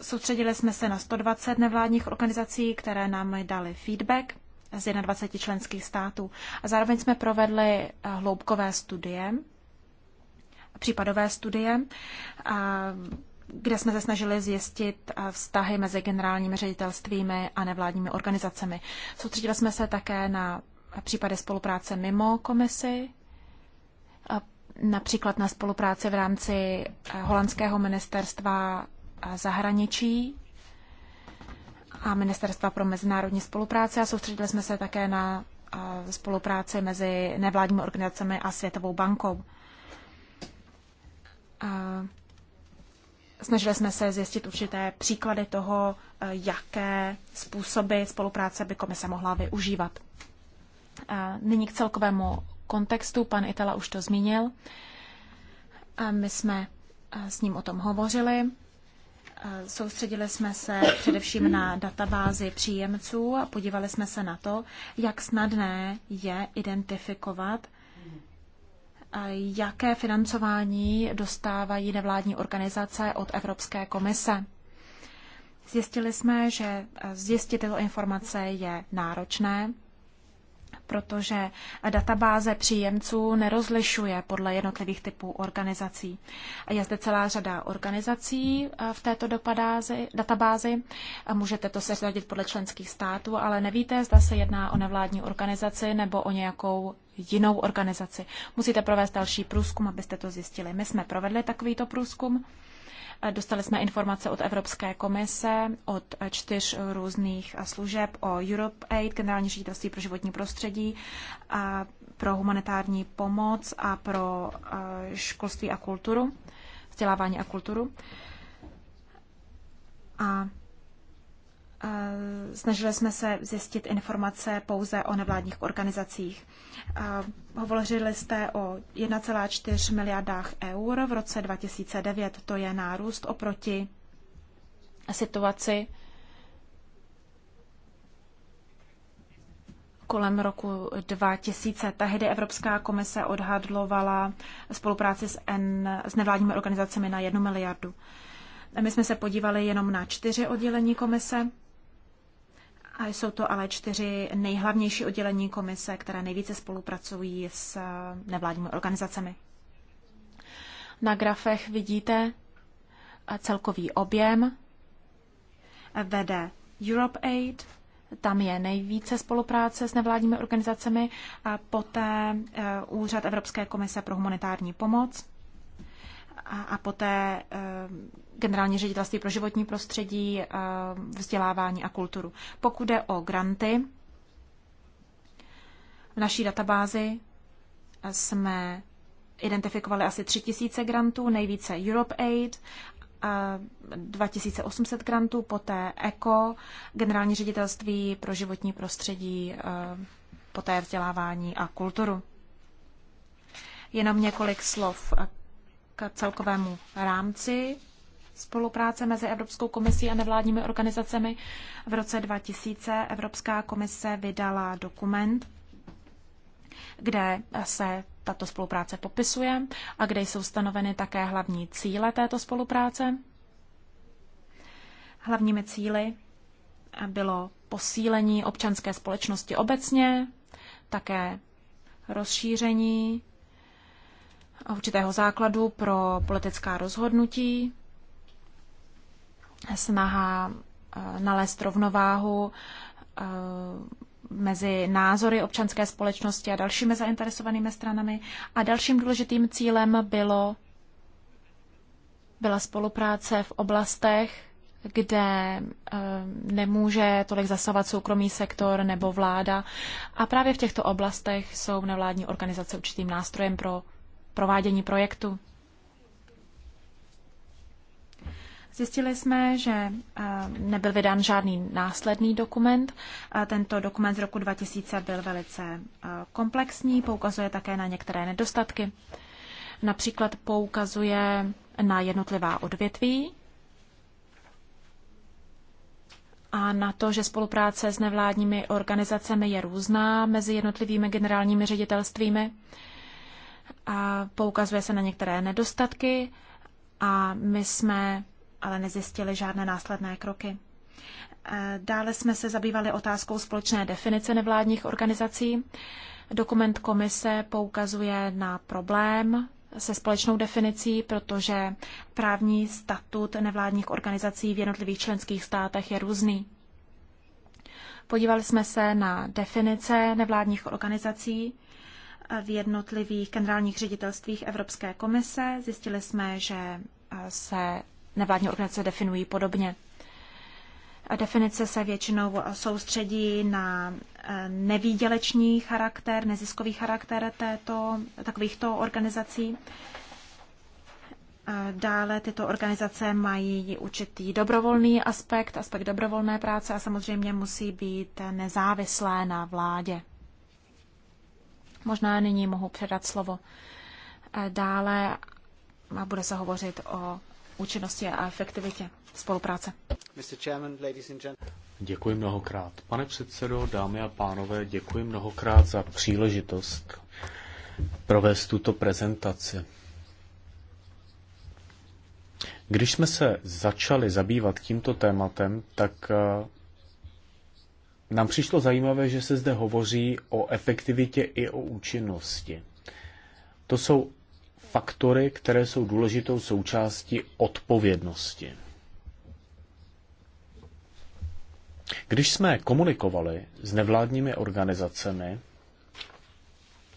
soustředili jsme se na 120 nevládních organizací, které nám dali feedback z 21 členských států. A zároveň jsme provedli e, hloubkové studie případové studie, kde jsme se snažili zjistit vztahy mezi generálními ředitelstvími a nevládními organizacemi. Soustředili jsme se také na případy spolupráce mimo komisi, například na spolupráci v rámci holandského ministerstva zahraničí a ministerstva pro mezinárodní spolupráci a soustředili jsme se také na spolupráci mezi nevládními organizacemi a Světovou bankou. Snažili jsme se zjistit určité příklady toho, e, jaké způsoby spolupráce by komise mohla využívat. Nyní k celkovému kontextu, pan Itala už to zmínil. My jsme e, s ním o tom hovořili. E, soustředili jsme se především na databázi příjemců a podívali jsme se na to, jak snadné je identifikovat jaké financování dostávají nevládní organizace od Evropské komise. Zjistili jsme, že zjistit tyto informace je náročné protože databáze příjemců nerozlišuje podle jednotlivých typů organizací. Je zde celá řada organizací eh, v této dopadázi, databázi. Můžete to seřadit podle členských států, ale nevíte, zda se jedná o nevládní organizaci nebo o nějakou jinou organizaci. Musíte provést další průzkum, abyste to zjistili. My jsme provedli takovýto průzkum. Dostali jsme informace od Evropské komise, od čtyř různých služeb o Europe Aid, generální ředitelství pro životní prostředí, a pro humanitární pomoc a pro eh, školství a kulturu, vzdělávání a kulturu. A snažili jsme se zjistit informace pouze o nevládních organizacích. Hovořili jste o 1,4 miliardách eur v roce 2009. To je nárůst oproti situaci kolem roku 2000. Tehdy Evropská komise odhadlovala spolupráci s, N, s nevládními organizacemi na 1 miliardu. My jsme se podívali jenom na čtyři oddělení komise a jsou to ale čtyři nejhlavnější oddělení komise, které nejvíce spolupracují s eh, nevládními organizacemi. Na grafech vidíte eh, celkový objem. Vede Europe Aid, tam je nejvíce spolupráce s nevládními organizacemi, a poté eh, Úřad Evropské komise pro humanitární pomoc a poté eh, generální ředitelství pro životní prostředí, eh, vzdělávání a kulturu. Pokud jde o granty, v naší databázi eh, jsme identifikovali asi 3000 grantů, nejvíce Europe Aid, 2800 grantů, poté ECO, generální ředitelství pro životní prostředí, poté vzdělávání a kulturu. Jenom několik slov k celkovému rámci spolupráce mezi Evropskou komisí a nevládními organizacemi. V roce 2000 Evropská komise vydala dokument, kde se tato spolupráce popisuje a kde jsou stanoveny také hlavní cíle této spolupráce. Hlavními cíly bylo posílení občanské společnosti obecně, také rozšíření určitého základu pro politická rozhodnutí, snaha eh, nalézt rovnováhu eh, mezi názory občanské společnosti a dalšími zainteresovanými stranami. A dalším důležitým cílem bylo, byla spolupráce v oblastech, kde eh, nemůže tolik zasovat soukromý sektor nebo vláda. A právě v těchto oblastech jsou nevládní organizace určitým nástrojem pro provádění projektu. Zjistili jsme, že eh, nebyl vydán žádný následný dokument. Eh, tento dokument z roku 2000 byl velice eh, komplexní, poukazuje také na některé nedostatky. Například poukazuje na jednotlivá odvětví a na to, že spolupráce s nevládními organizacemi je různá mezi jednotlivými generálními ředitelstvími a poukazuje se na některé nedostatky a my jsme ale nezjistili žádné následné kroky. Eh, dále jsme se zabývali otázkou společné definice nevládních organizací. Dokument komise poukazuje na problém se společnou definicí, protože právní statut nevládních organizací v jednotlivých členských státech je různý. Podívali jsme se na definice nevládních organizací v jednotlivých generálních ředitelstvích Evropské komise. Zjistili jsme, že eh, se nevládní organizace definují podobně. Definice se většinou soustředí na eh, nevýdělečný charakter, neziskový charakter této, takovýchto organizací. Dále tyto organizace mají určitý dobrovolný aspekt, aspekt dobrovolné práce a samozřejmě musí být nezávislé na vládě. Možná nyní mohu předat slovo. Eh, dále a bude se hovořit o účinnosti a efektivitě spolupráce. Děkuji mnohokrát. Pane předsedo, dámy a pánové, děkuji mnohokrát za příležitost provést tuto prezentaci. Když jsme se začali zabývat tímto tématem, tak eh, nám přišlo zajímavé, že se zde hovoří o efektivitě i o účinnosti. To jsou faktory, které jsou důležitou součástí odpovědnosti. Když jsme komunikovali s nevládními organizacemi,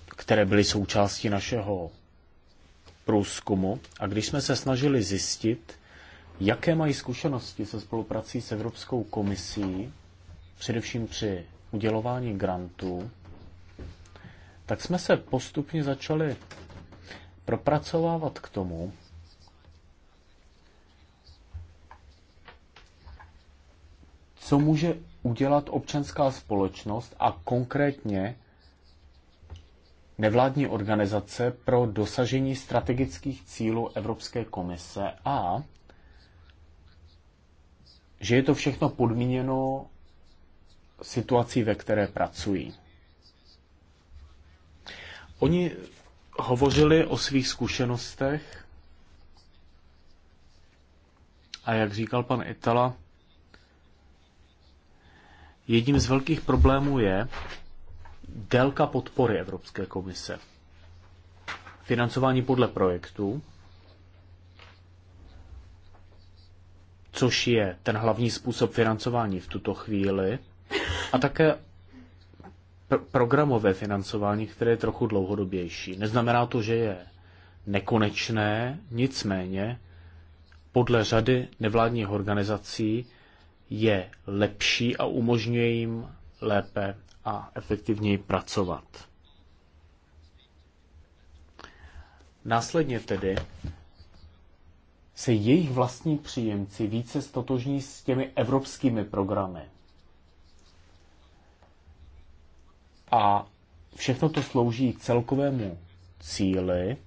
které byly součástí našeho průzkumu, a když jsme se snažili zjistit, jaké mají zkušenosti se spoluprací s Evropskou komisí především při udělování grantů, tak jsme se postupně začali propracovávat k tomu, co může udělat občanská společnost a konkrétně nevládní organizace pro dosažení strategických cílů Evropské komise a že je to všechno podmíněno situací, ve které pracují. Oni hovořili o svých zkušenostech a jak říkal pan Itala, jedním z velkých problémů je délka podpory Evropské komise. Financování podle projektů, což je ten hlavní způsob financování v tuto chvíli, a také pr- programové financování, které je trochu dlouhodobější. Neznamená to, že je nekonečné, nicméně podle řady nevládních organizací je lepší a umožňuje jim lépe a efektivněji pracovat. Následně tedy se jejich vlastní příjemci více stotožní s těmi evropskými programy. A všechno to slouží k celkovému cíli,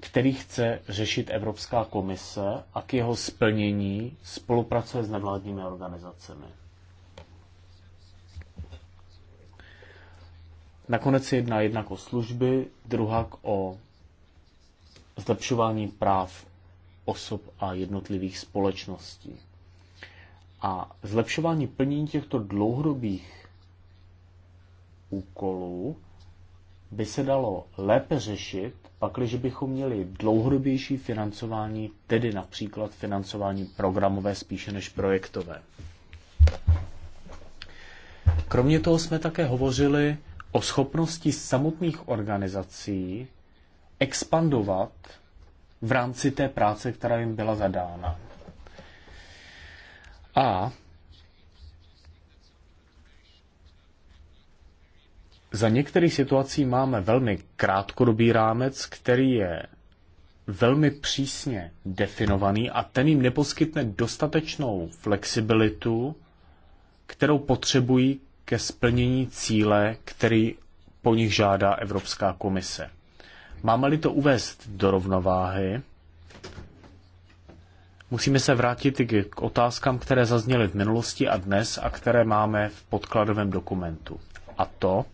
který chce řešit Evropská komise a k jeho splnění spolupracuje s nevládními organizacemi. Nakonec se jedná jednak o služby, druhá o zlepšování práv osob a jednotlivých společností. A zlepšování plnění těchto dlouhodobých úkolů by se dalo lépe řešit, pakliže bychom měli dlouhodobější financování, tedy například financování programové spíše než projektové. Kromě toho jsme také hovořili o schopnosti samotných organizací expandovat v rámci té práce, která jim byla zadána. A Za některých situací máme velmi krátkodobý rámec, který je velmi přísně definovaný a ten jim neposkytne dostatečnou flexibilitu, kterou potřebují ke splnění cíle, který po nich žádá Evropská komise. Máme-li to uvést do rovnováhy, musíme se vrátit i k otázkám, které zazněly v minulosti a dnes a které máme v podkladovém dokumentu. A to,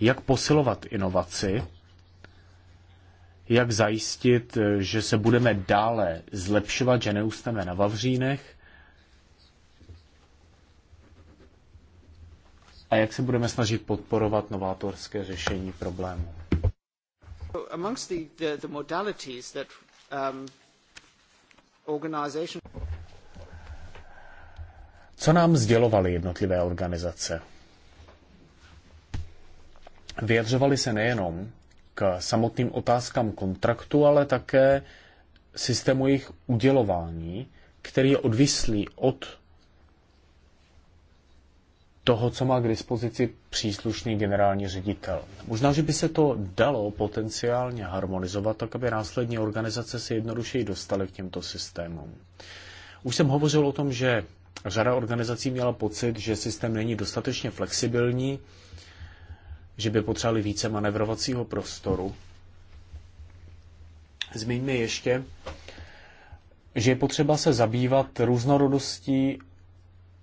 jak posilovat inovaci, jak zajistit, že se budeme dále zlepšovat, že neustaneme na Vavřínech a jak se budeme snažit podporovat novátorské řešení problémů. Um, Co nám sdělovaly jednotlivé organizace? vyjadřovali se nejenom k samotným otázkám kontraktu, ale také systému jejich udělování, který je odvislý od toho, co má k dispozici příslušný generální ředitel. Možná, že by se to dalo potenciálně harmonizovat, tak aby následně organizace se jednodušeji dostaly k těmto systémům. Už jsem hovořil o tom, že řada organizací měla pocit, že systém není dostatečně flexibilní, že by potřebovali více manevrovacího prostoru. Zmiňme ještě, že je potřeba se zabývat různorodostí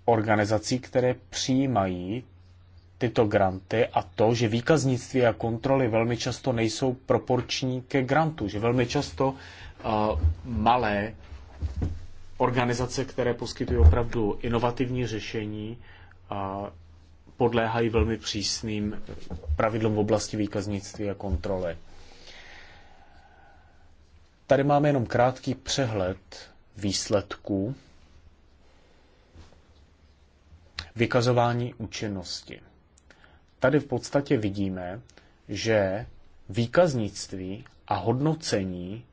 organizací, které přijímají tyto granty a to, že výkaznictví a kontroly velmi často nejsou proporční ke grantu, že velmi často uh, malé organizace, které poskytují opravdu inovativní řešení, uh, podléhají velmi přísným pravidlům v oblasti výkaznictví a kontroly. Tady máme jenom krátký přehled výsledků vykazování účinnosti. Tady v podstatě vidíme, že výkaznictví a hodnocení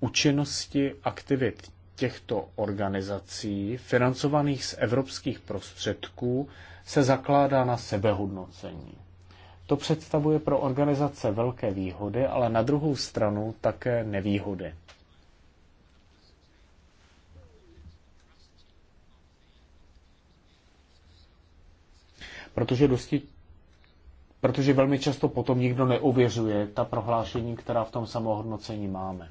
účinnosti aktivit těchto organizací, financovaných z evropských prostředků, se zakládá na sebehodnocení. To představuje pro organizace velké výhody, ale na druhou stranu také nevýhody. Protože dosti protože velmi často potom nikdo neuvěřuje ta prohlášení, která v tom samohodnocení máme.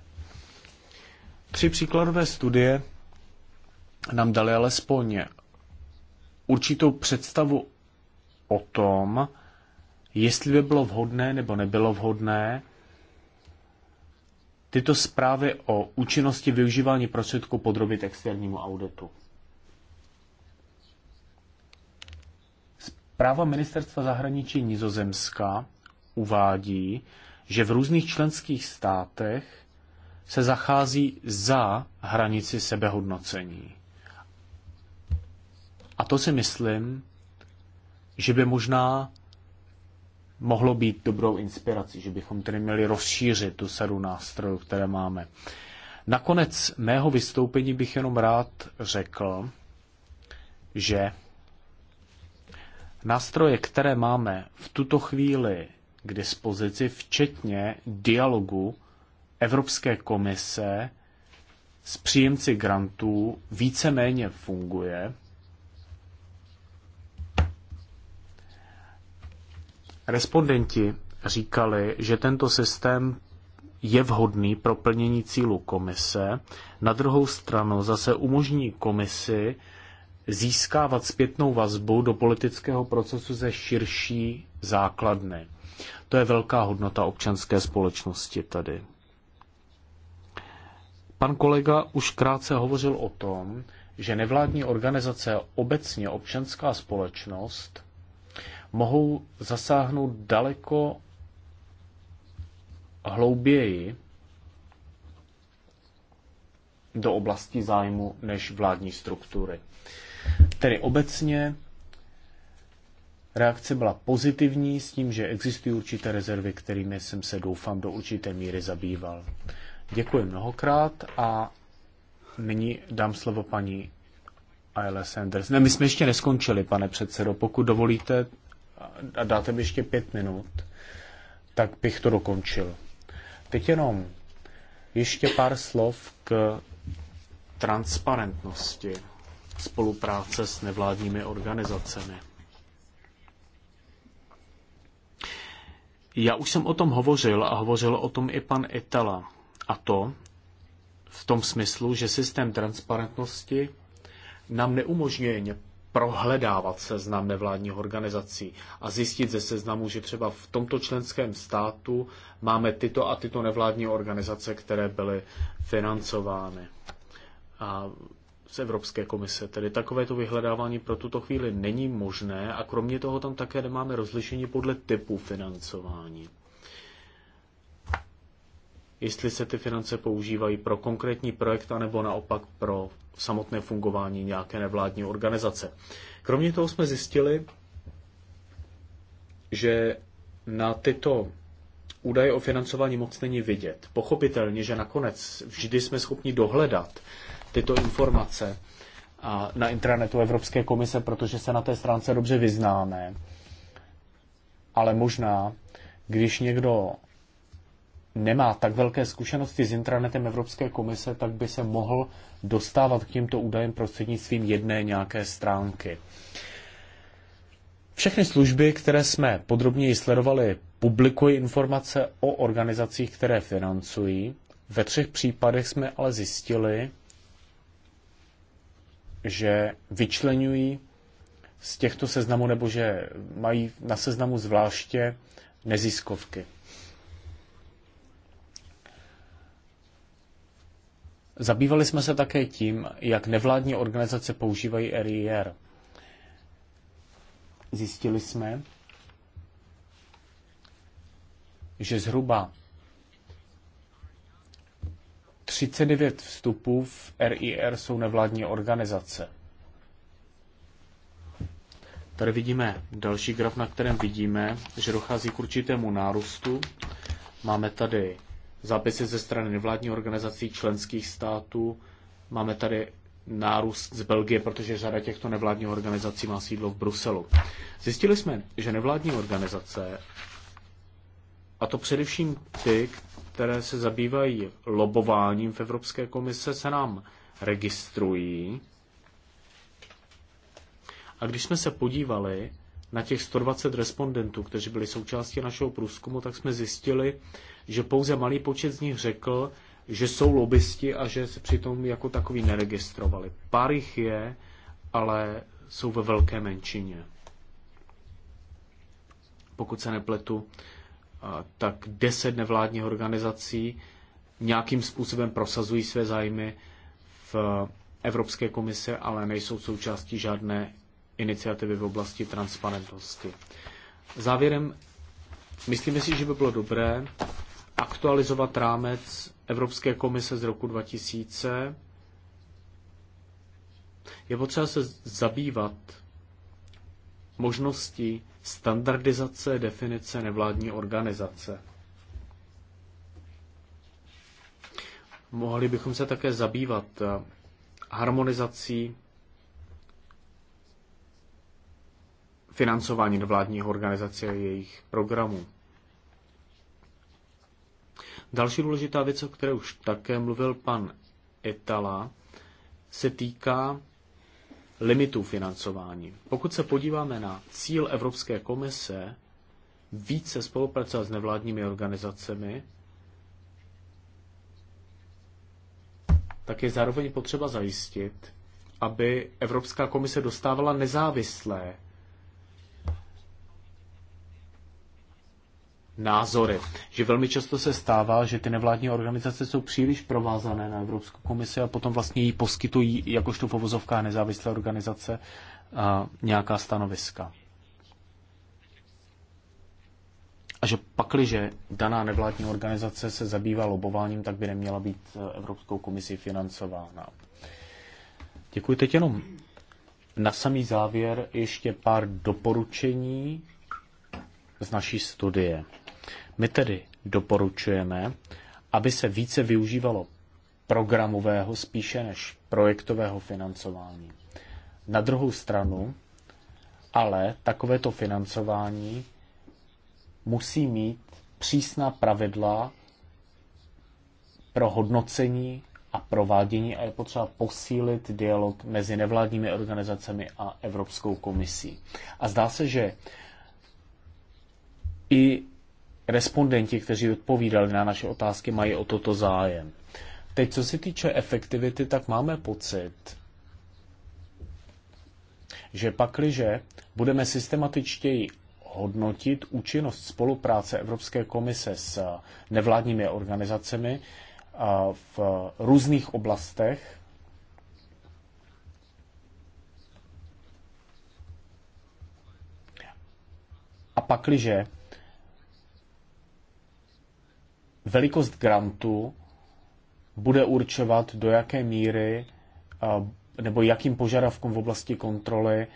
Tři příkladové studie nám dali alespoň určitou představu o tom, jestli by bylo vhodné nebo nebylo vhodné tyto zprávy o účinnosti využívání prostředků podrobit externímu auditu. Práva ministerstva zahraničí Nizozemska uvádí, že v různých členských státech se zachází za hranici sebehodnocení. A to si myslím, že by možná mohlo být dobrou inspirací, že bychom tedy měli rozšířit tu sadu nástrojů, které máme. Nakonec mého vystoupení bych jenom rád řekl, že nástroje, které máme v tuto chvíli k dispozici, včetně dialogu Evropské komise s příjemci grantů víceméně funguje. Respondenti říkali, že tento systém je vhodný pro plnění cílu komise, na druhou stranu zase umožní komisi získávat zpětnou vazbu do politického procesu ze širší základny. To je velká hodnota občanské společnosti tady. Pan kolega už krátce hovořil o tom, že nevládní organizace, obecně občanská společnost, mohou zasáhnout daleko hlouběji do oblasti zájmu než vládní struktury. Tedy obecně reakce byla pozitivní s tím, že existují určité rezervy, kterými jsem se doufám do určité míry zabýval. Děkuji mnohokrát a nyní dám slovo paní Aile Sanders. Ne, my jsme ještě neskončili, pane předsedo. Pokud dovolíte a dáte mi ještě pět minut, tak bych to dokončil. Teď jenom ještě pár slov k transparentnosti spolupráce s nevládními organizacemi. Já už jsem o tom hovořil a hovořil o tom i pan Itala. A to v tom smyslu, že systém transparentnosti nám neumožňuje prohledávat seznam nevládních organizací a zjistit ze seznamu, že třeba v tomto členském státu máme tyto a tyto nevládní organizace, které byly financovány a z Evropské komise. Tedy takovéto vyhledávání pro tuto chvíli není možné a kromě toho tam také nemáme rozlišení podle typu financování jestli se ty finance používají pro konkrétní projekt, anebo naopak pro samotné fungování nějaké nevládní organizace. Kromě toho jsme zjistili, že na tyto údaje o financování moc není vidět. Pochopitelně, že nakonec vždy jsme schopni dohledat tyto informace na intranetu Evropské komise, protože se na té stránce dobře vyznáme. Ale možná, když někdo nemá tak velké zkušenosti s intranetem Evropské komise, tak by se mohl dostávat k těmto údajem prostřednictvím jedné nějaké stránky. Všechny služby, které jsme podrobněji sledovali, publikují informace o organizacích, které financují. Ve třech případech jsme ale zjistili, že vyčlenují z těchto seznamů nebo že mají na seznamu zvláště neziskovky. Zabývali jsme se také tím, jak nevládní organizace používají RIR. Zjistili jsme, že zhruba 39 vstupů v RIR jsou nevládní organizace. Tady vidíme další graf, na kterém vidíme, že dochází k určitému nárůstu. Máme tady zápisy ze strany nevládních organizací členských států. Máme tady nárůst z Belgie, protože řada těchto nevládních organizací má sídlo v Bruselu. Zjistili jsme, že nevládní organizace, a to především ty, které se zabývají lobováním v Evropské komise, se nám registrují. A když jsme se podívali na těch 120 respondentů, kteří byli součástí našeho průzkumu, tak jsme zjistili, že pouze malý počet z nich řekl, že jsou lobbysti a že se přitom jako takový neregistrovali. Pár jich je, ale jsou ve velké menšině. Pokud se nepletu, tak deset nevládních organizací nějakým způsobem prosazují své zájmy v Evropské komise, ale nejsou součástí žádné iniciativy v oblasti transparentnosti. Závěrem, myslíme si, že by bylo dobré aktualizovat rámec Evropské komise z roku 2000. Je potřeba se zabývat možností standardizace definice nevládní organizace. Mohli bychom se také zabývat harmonizací financování nevládních organizací a jejich programů. Další důležitá věc, o které už také mluvil pan Etala, se týká limitů financování. Pokud se podíváme na cíl Evropské komise více spolupracovat s nevládními organizacemi, tak je zároveň potřeba zajistit, aby Evropská komise dostávala nezávislé názory. Že velmi často se stává, že ty nevládní organizace jsou příliš provázané na Evropskou komisi a potom vlastně jí poskytují, jakožto povozovká nezávislé organizace, a nějaká stanoviska. A že pakliže daná nevládní organizace se zabývá lobováním, tak by neměla být e, Evropskou komisi financována. Děkuji teď jenom na samý závěr ještě pár doporučení z naší studie. My tedy doporučujeme, aby se více využívalo programového spíše než projektového financování. Na druhou stranu, ale takovéto financování musí mít přísná pravidla pro hodnocení a provádění a je potřeba posílit dialog mezi nevládními organizacemi a Evropskou komisí. A zdá se, že i respondenti, kteří odpovídali na naše otázky, mají o toto zájem. Teď, co se týče efektivity, tak máme pocit, že pakliže budeme systematičtěji hodnotit účinnost spolupráce Evropské komise s nevládními organizacemi v různých oblastech, a pakliže velikost grantu bude určovat, do jaké míry eh, nebo jakým požadavkům v oblasti kontroly eh,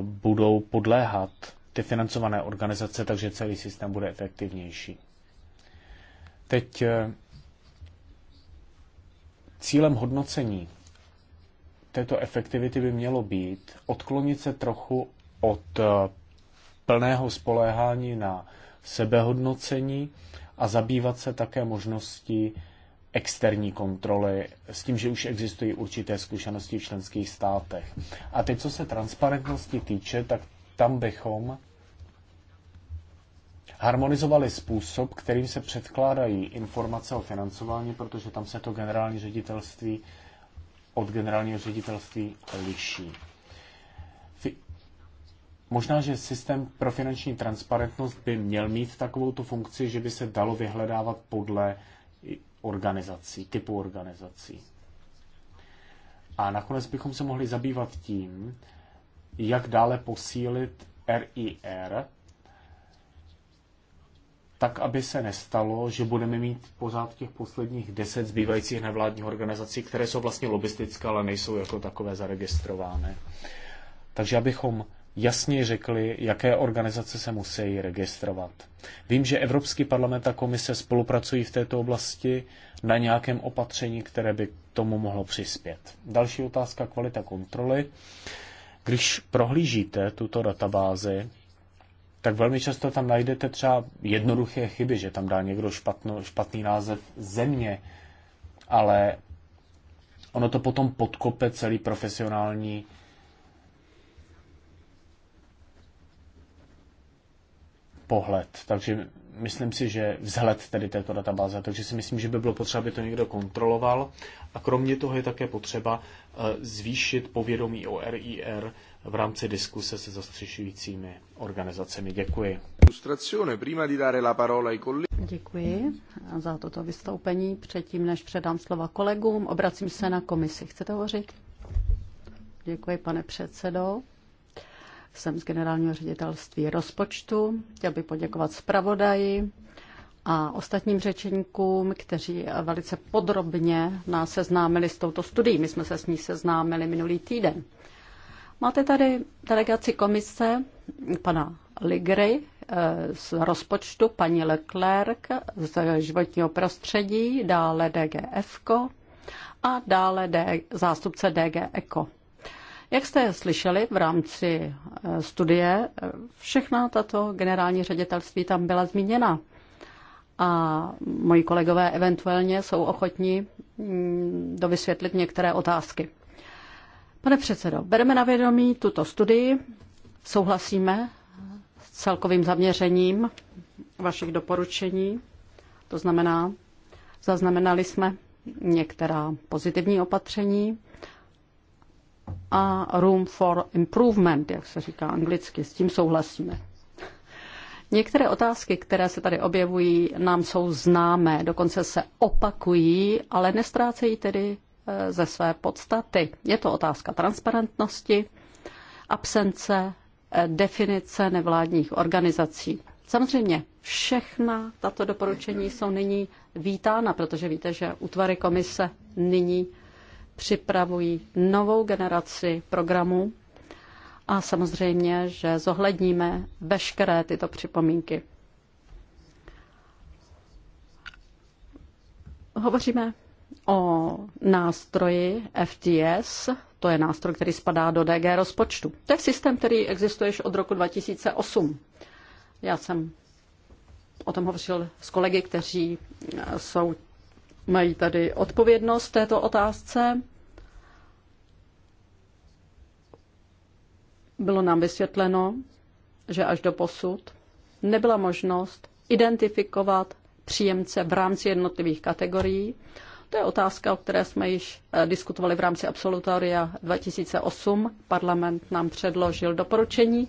budou podléhat ty financované organizace, takže celý systém bude efektivnější. Teď eh, cílem hodnocení této efektivity by mělo být odklonit se trochu od plného spoléhání na sebehodnocení a zabývat se také možností externí kontroly s tím, že už existují určité zkušenosti v členských státech. A teď, co se transparentnosti týče, tak tam bychom harmonizovali způsob, kterým se předkládají informace o financování, protože tam se to generální ředitelství od generálního ředitelství liší. Možná, že systém pro finanční transparentnost by měl mít takovou tu funkci, že by se dalo vyhledávat podle organizací, typu organizací. A nakonec bychom se mohli zabývat tím, jak dále posílit RIR, tak, aby se nestalo, že budeme mít pořád těch posledních deset zbývajících nevládních organizací, které jsou vlastně lobistické, ale nejsou jako takové zaregistrovány. Takže abychom jasně řekli, jaké organizace se musí registrovat. Vím, že Evropský parlament a komise spolupracují v této oblasti na nějakém opatření, které by tomu mohlo přispět. Další otázka kvalita kontroly. Když prohlížíte tuto databázi, tak velmi často tam najdete třeba jednoduché chyby, že tam dá někdo špatno, špatný název země, ale ono to potom podkope celý profesionální pohled. Takže myslím si, že vzhled tedy této databáze, takže si myslím, že by bylo potřeba, aby to někdo kontroloval. A kromě toho je také potřeba eh, zvýšit povědomí o RIR v rámci diskuse se zastřešujícími organizacemi. Děkuji. Děkuji za toto vystoupení. Předtím, než předám slova kolegům, obracím se na komisi. Chcete hovořit? Děkuji, pane předsedo. Jsem z generálního ředitelství rozpočtu. Chtěl bych poděkovat zpravodaji a ostatním řečníkům, kteří velice podrobně nás seznámili s touto studií. My jsme se s ní seznámili minulý týden. Máte tady delegaci komise pana Ligry eh, z rozpočtu, paní Leclerc z životního prostředí, dále DG a dále D, zástupce DG ECO. Jak jste slyšeli v rámci eh, studie, všechna tato generální ředitelství tam byla zmíněna. A moji kolegové eventuálně jsou ochotní mm, dovysvětlit některé otázky. Pane předsedo, bereme na vědomí tuto studii, souhlasíme s celkovým zaměřením vašich doporučení, to znamená, zaznamenali jsme některá pozitivní opatření, a room for improvement, jak se říká anglicky, s tím souhlasíme. Některé otázky, které se tady objevují, nám jsou známé, dokonce se opakují, ale nestrácejí tedy eh, ze své podstaty. Je to otázka transparentnosti, absence eh, definice nevládních organizací. Samozřejmě všechna tato doporučení jsou nyní vítána, protože víte, že útvary komise nyní připravují novou generaci programů a samozřejmě, že zohledníme veškeré tyto připomínky. Hovoříme o nástroji FTS, to je nástroj, který spadá do DG rozpočtu. To je systém, který existuje již od roku 2008. Já jsem o tom hovořil s kolegy, kteří jsou, mají tady odpovědnost této otázce. Bylo nám vysvětleno, že až do posud nebyla možnost identifikovat příjemce v rámci jednotlivých kategorií. To je otázka, o které jsme již eh, diskutovali v rámci absolutoria 2008. Parlament nám předložil doporučení,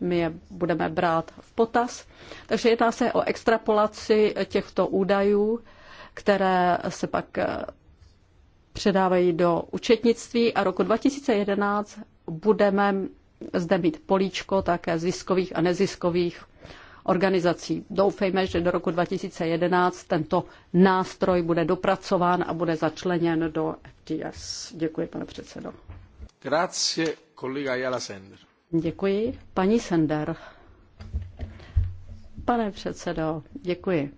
my je budeme brát v potaz. Takže jedná se o extrapolaci těchto údajů, které se pak eh, předávají do účetnictví a roku 2011 budeme zde mít políčko také ziskových a neziskových organizací. Doufejme, že do roku 2011 tento nástroj bude dopracován a bude začleněn do FTS. Děkuji, pane předsedo. Grazie, kolega Jala Sender. Děkuji. Paní Sender. Pane předsedo, děkuji.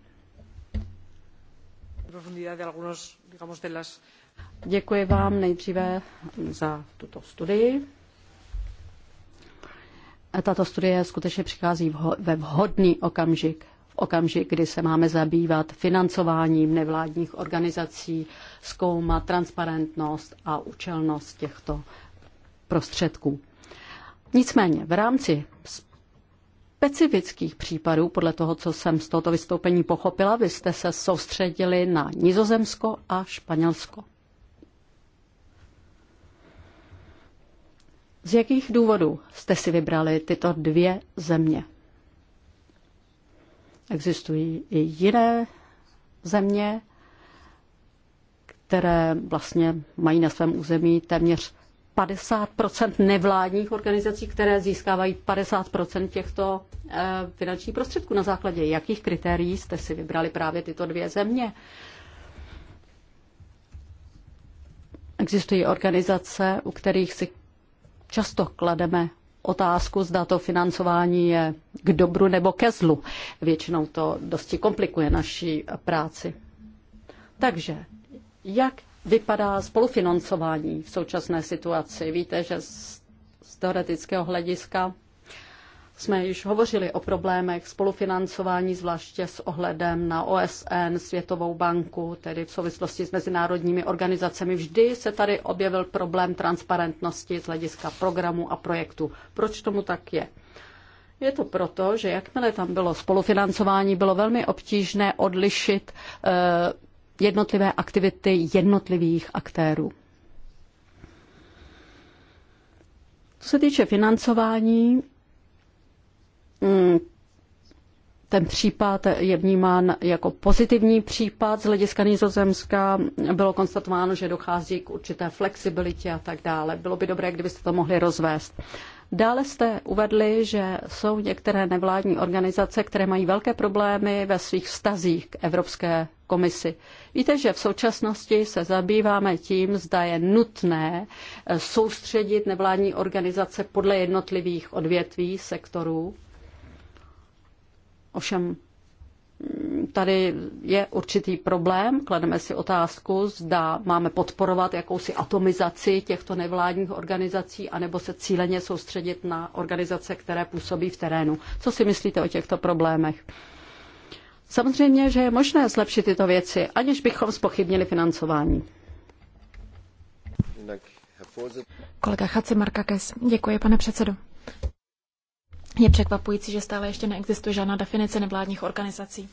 Děkuji vám nejdříve za tuto studii tato studie skutečně přichází ve vhodný okamžik, v okamžik, kdy se máme zabývat financováním nevládních organizací, zkoumat transparentnost a účelnost těchto prostředků. Nicméně v rámci specifických případů, podle toho, co jsem z tohoto vystoupení pochopila, vy jste se soustředili na Nizozemsko a Španělsko. Z jakých důvodů jste si vybrali tyto dvě země? Existují i jiné země, které vlastně mají na svém území téměř 50 nevládních organizací, které získávají 50 těchto eh, finančních prostředků. Na základě jakých kritérií jste si vybrali právě tyto dvě země? Existují organizace, u kterých si Často klademe otázku, zda to financování je k dobru nebo ke zlu. Většinou to dosti komplikuje naší práci. Takže, jak vypadá spolufinancování v současné situaci? Víte, že z teoretického hlediska jsme již hovořili o problémech spolufinancování, zvláště s ohledem na OSN, Světovou banku, tedy v souvislosti s mezinárodními organizacemi. Vždy se tady objevil problém transparentnosti z hlediska programu a projektu. Proč tomu tak je? Je to proto, že jakmile tam bylo spolufinancování, bylo velmi obtížné odlišit eh, jednotlivé aktivity jednotlivých aktérů. Co se týče financování, Mm, ten případ je vnímán jako pozitivní případ z hlediska Nizozemska. Bylo konstatováno, že dochází k určité flexibilitě a tak dále. Bylo by dobré, kdybyste to mohli rozvést. Dále jste uvedli, že jsou některé nevládní organizace, které mají velké problémy ve svých vztazích k Evropské komisi. Víte, že v současnosti se zabýváme tím, zda je nutné eh, soustředit nevládní organizace podle jednotlivých odvětví sektorů Ovšem tady je určitý problém. Klademe si otázku, zda máme podporovat jakousi atomizaci těchto nevládních organizací, anebo se cíleně soustředit na organizace, které působí v terénu. Co si myslíte o těchto problémech? Samozřejmě, že je možné zlepšit tyto věci, aniž bychom spochybnili financování. Kolega Chaci děkuji, pane předsedo. Je překvapující, že stále ještě neexistuje žádná definice nevládních organizací.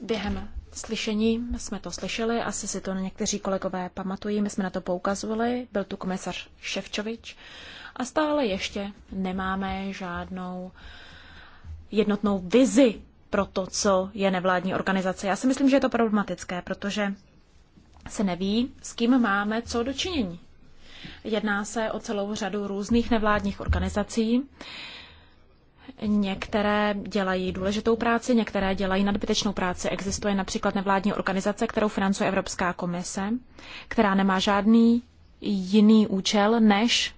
Během slyšení jsme to slyšeli, asi si to někteří kolegové pamatují, my jsme na to poukazovali, byl tu komisař Ševčovič a stále ještě nemáme žádnou jednotnou vizi pro to, co je nevládní organizace. Já si myslím, že je to problematické, protože se neví, s kým máme co dočinění. Jedná se o celou řadu různých nevládních organizací. Některé dělají důležitou práci, některé dělají nadbytečnou práci. Existuje například nevládní organizace, kterou financuje Evropská komise, která nemá žádný jiný účel, než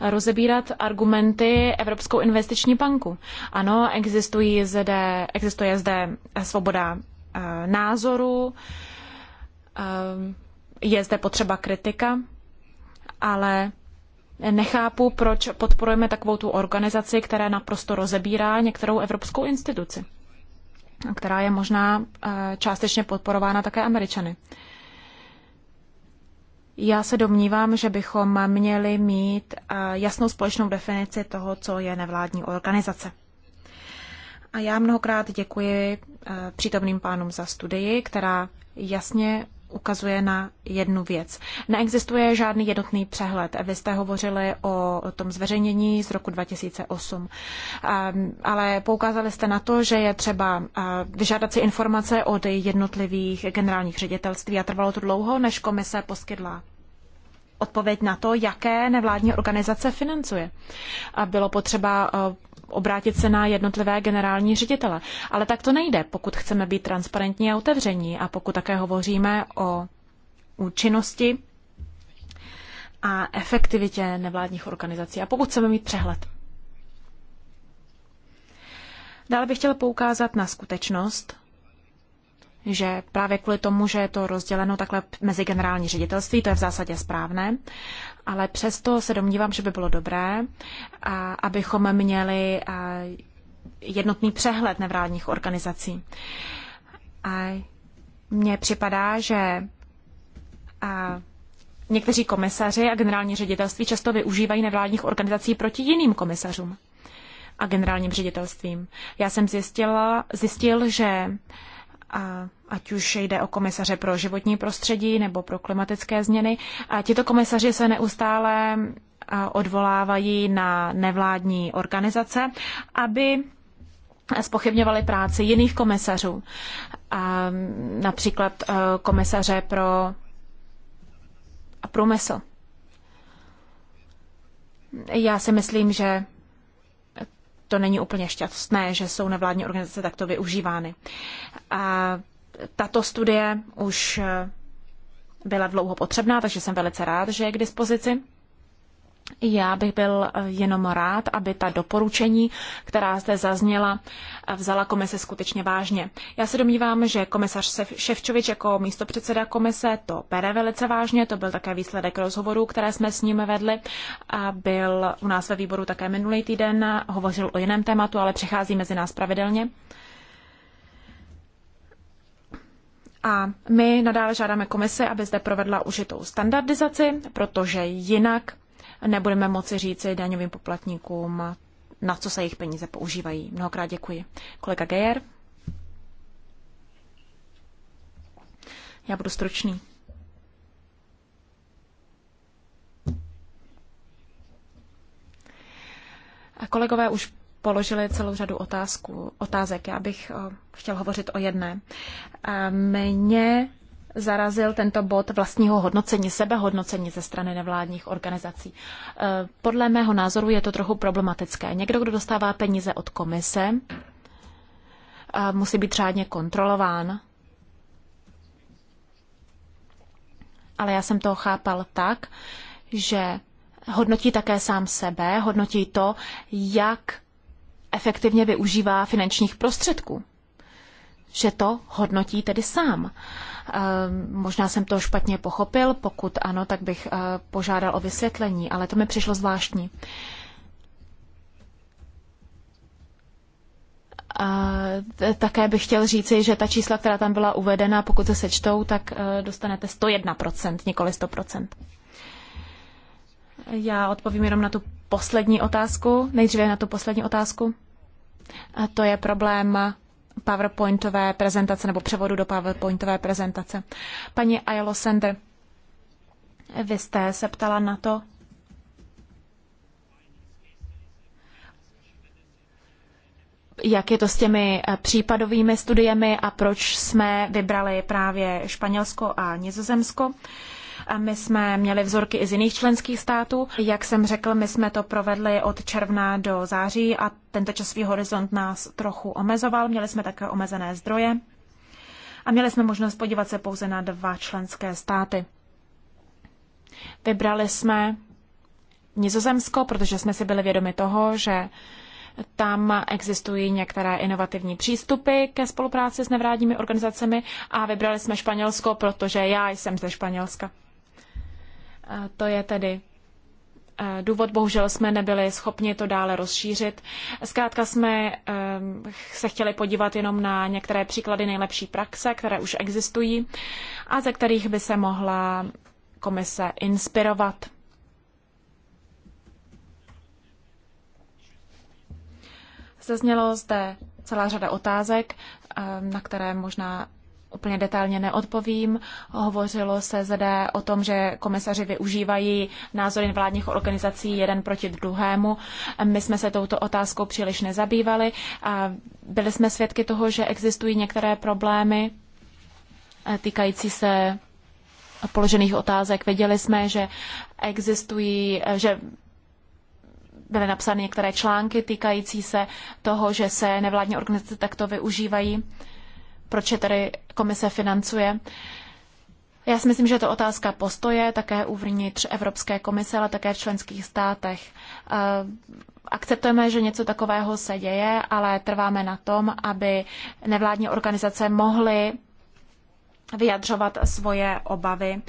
rozebírat argumenty Evropskou investiční banku. Ano, existují zde, existuje zde svoboda eh, názoru, eh, je zde potřeba kritika, ale nechápu, proč podporujeme takovou tu organizaci, která naprosto rozebírá některou evropskou instituci, která je možná eh, částečně podporována také Američany. Já se domnívám, že bychom měli mít eh, jasnou společnou definici toho, co je nevládní organizace. A já mnohokrát děkuji eh, přítomným pánům za studii, která jasně ukazuje na jednu věc. Neexistuje žádný jednotný přehled. Vy jste hovořili o tom zveřejnění z roku 2008, ale poukázali jste na to, že je třeba vyžádat si informace od jednotlivých generálních ředitelství a trvalo to dlouho, než komise poskydla odpověď na to, jaké nevládní organizace financuje. A bylo potřeba obrátit se na jednotlivé generální ředitele. Ale tak to nejde, pokud chceme být transparentní a otevření a pokud také hovoříme o účinnosti a efektivitě nevládních organizací a pokud chceme mít přehled. Dále bych chtěl poukázat na skutečnost, že právě kvůli tomu, že je to rozděleno takhle mezi generální ředitelství, to je v zásadě správné, ale přesto se domnívám, že by bylo dobré, abychom měli jednotný přehled nevrádních organizací. A mně připadá, že a někteří komisaři a generální ředitelství často využívají nevládních organizací proti jiným komisařům a generálním ředitelstvím. Já jsem zjistila, zjistil, že a ať už jde o komisaře pro životní prostředí nebo pro klimatické změny. A tito komisaři se neustále odvolávají na nevládní organizace, aby spochybňovali práci jiných komisařů, a například e, komisaře pro průmysl. Já si myslím, že to není úplně šťastné, že jsou nevládní organizace takto využívány. A tato studie už byla dlouho potřebná, takže jsem velice rád, že je k dispozici. Já bych byl eh, jenom rád, aby ta doporučení, která zde zazněla, eh, vzala komise skutečně vážně. Já se domnívám, že komisař Ševčovič jako místopředseda komise to bere velice vážně, to byl také výsledek rozhovorů, které jsme s ním vedli a byl u nás ve výboru také minulý týden, hovořil o jiném tématu, ale přichází mezi nás pravidelně. A my nadále žádáme komise, aby zde provedla užitou standardizaci, protože jinak nebudeme moci říci daňovým poplatníkům, na co se jejich peníze používají. Mnohokrát děkuji. Kolega Gejer. Já budu stručný. A kolegové už položili celou řadu otázku, otázek. Já bych eh, chtěl hovořit o jedné. Eh, mně zarazil tento bod vlastního hodnocení, sebehodnocení ze strany nevládních organizací. Eh, podle mého názoru je to trochu problematické. Někdo, kdo dostává peníze od komise, musí být řádně kontrolován. Ale já jsem to chápal tak, že hodnotí také sám sebe, hodnotí to, jak efektivně využívá finančních prostředků. Že to hodnotí tedy sám. Ehm, možná jsem to špatně pochopil, pokud ano, tak bych eh, požádal o vysvětlení, ale to mi přišlo zvláštní. A také bych chtěl říci, že ta čísla, která tam byla uvedena, pokud se sečtou, tak eh, dostanete 101%, nikoli 100%. Já odpovím jenom na tu poslední otázku, nejdříve na tu poslední otázku. A to je problém PowerPointové prezentace nebo převodu do PowerPointové prezentace. Paní Ayalo Sender, vy jste se ptala na to, jak je to s těmi eh, případovými studiemi a proč jsme vybrali právě Španělsko a Nizozemsko. A my jsme měli vzorky i z jiných členských států. Jak jsem řekl, my jsme to provedli od června do září a tento časový horizont nás trochu omezoval. Měli jsme také omezené zdroje a měli jsme možnost podívat se pouze na dva členské státy. Vybrali jsme Nizozemsko, protože jsme si byli vědomi toho, že tam existují některé inovativní přístupy ke spolupráci s nevrádními organizacemi a vybrali jsme Španělsko, protože já jsem ze Španělska. To je tedy eh, důvod, bohužel jsme nebyli schopni to dále rozšířit. Zkrátka jsme eh, se chtěli podívat jenom na některé příklady nejlepší praxe, které už existují a ze kterých by se mohla komise inspirovat. Zaznělo zde celá řada otázek, eh, na které možná úplně detailně neodpovím. Hovořilo se zde o tom, že komisaři využívají názory vládních organizací jeden proti druhému. My jsme se touto otázkou příliš nezabývali a byli jsme svědky toho, že existují některé problémy týkající se položených otázek. Věděli jsme, že existují, že byly napsány některé články týkající se toho, že se nevládní organizace takto využívají proč je tady komise financuje. Já si myslím, že je to otázka postoje také uvnitř Evropské komise, ale také v členských státech. Eh, akceptujeme, že něco takového se děje, ale trváme na tom, aby nevládní organizace mohly vyjadřovat svoje obavy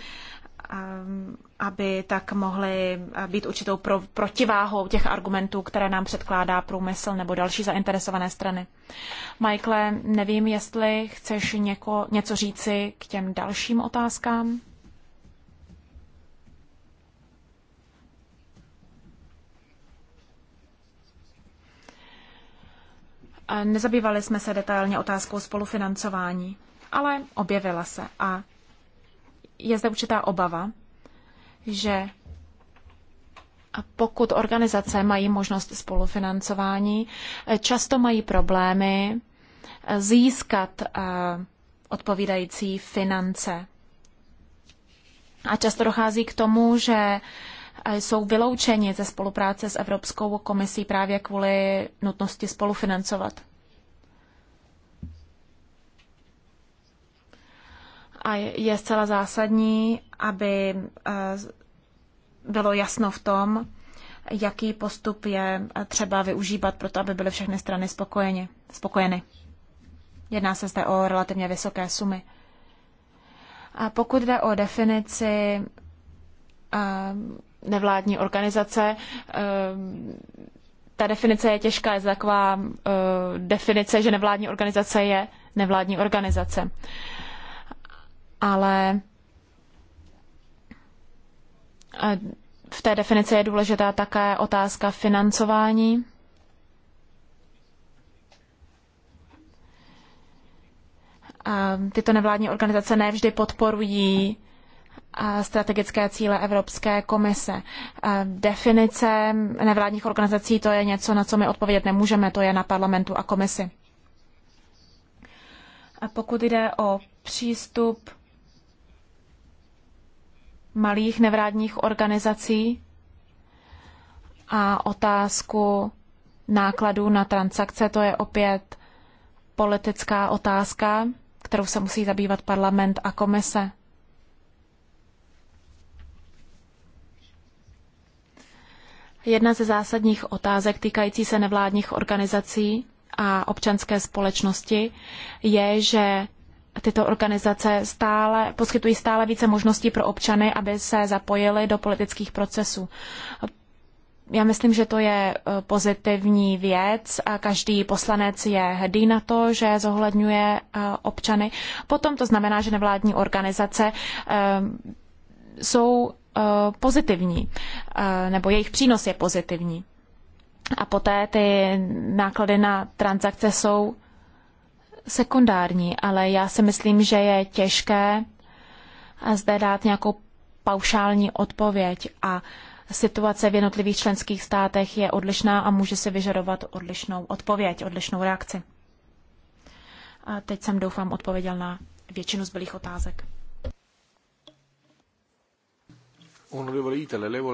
aby tak mohly být určitou pro, protiváhou těch argumentů, které nám předkládá průmysl nebo další zainteresované strany. Michael, nevím, jestli chceš něko, něco říci k těm dalším otázkám. Nezabývali jsme se detailně otázkou spolufinancování, ale objevila se a je zde určitá obava, že pokud organizace mají možnost spolufinancování, často mají problémy získat eh, odpovídající finance. A často dochází k tomu, že eh, jsou vyloučeni ze spolupráce s Evropskou komisí právě kvůli nutnosti spolufinancovat. A je zcela zásadní, aby eh, bylo jasno v tom, jaký postup je eh, třeba využívat pro to, aby byly všechny strany spokojeni, spokojeny. Jedná se zde o relativně vysoké sumy. A pokud jde o definici eh, nevládní organizace, ta definice je těžká, je to taková definice, že nevládní organizace je nevládní organizace ale eh, v té definici je důležitá také otázka financování. A tyto nevládní organizace nevždy podporují eh, strategické cíle Evropské komise. Eh, definice nevládních organizací to je něco, na co my odpovědět nemůžeme, to je na parlamentu a komisi. A pokud jde o přístup malých nevrádních organizací a otázku nákladů na transakce, to je opět politická otázka, kterou se musí zabývat parlament a komise. Jedna ze zásadních otázek týkající se nevládních organizací a občanské společnosti je, že tyto organizace stále, poskytují stále více možností pro občany, aby se zapojili do politických procesů. Já myslím, že to je e, pozitivní věc. a Každý poslanec je hrdý na to, že zohledňuje e, občany. Potom to znamená, že nevládní organizace e, jsou pozitivní, nebo jejich přínos je pozitivní. A poté ty náklady na transakce jsou sekundární, ale já si myslím, že je těžké eh, zde dát nějakou paušální odpověď a situace v jednotlivých členských státech je odlišná a může se vyžadovat odlišnou odpověď, odlišnou reakci. A teď jsem doufám odpověděl na většinu zbylých otázek.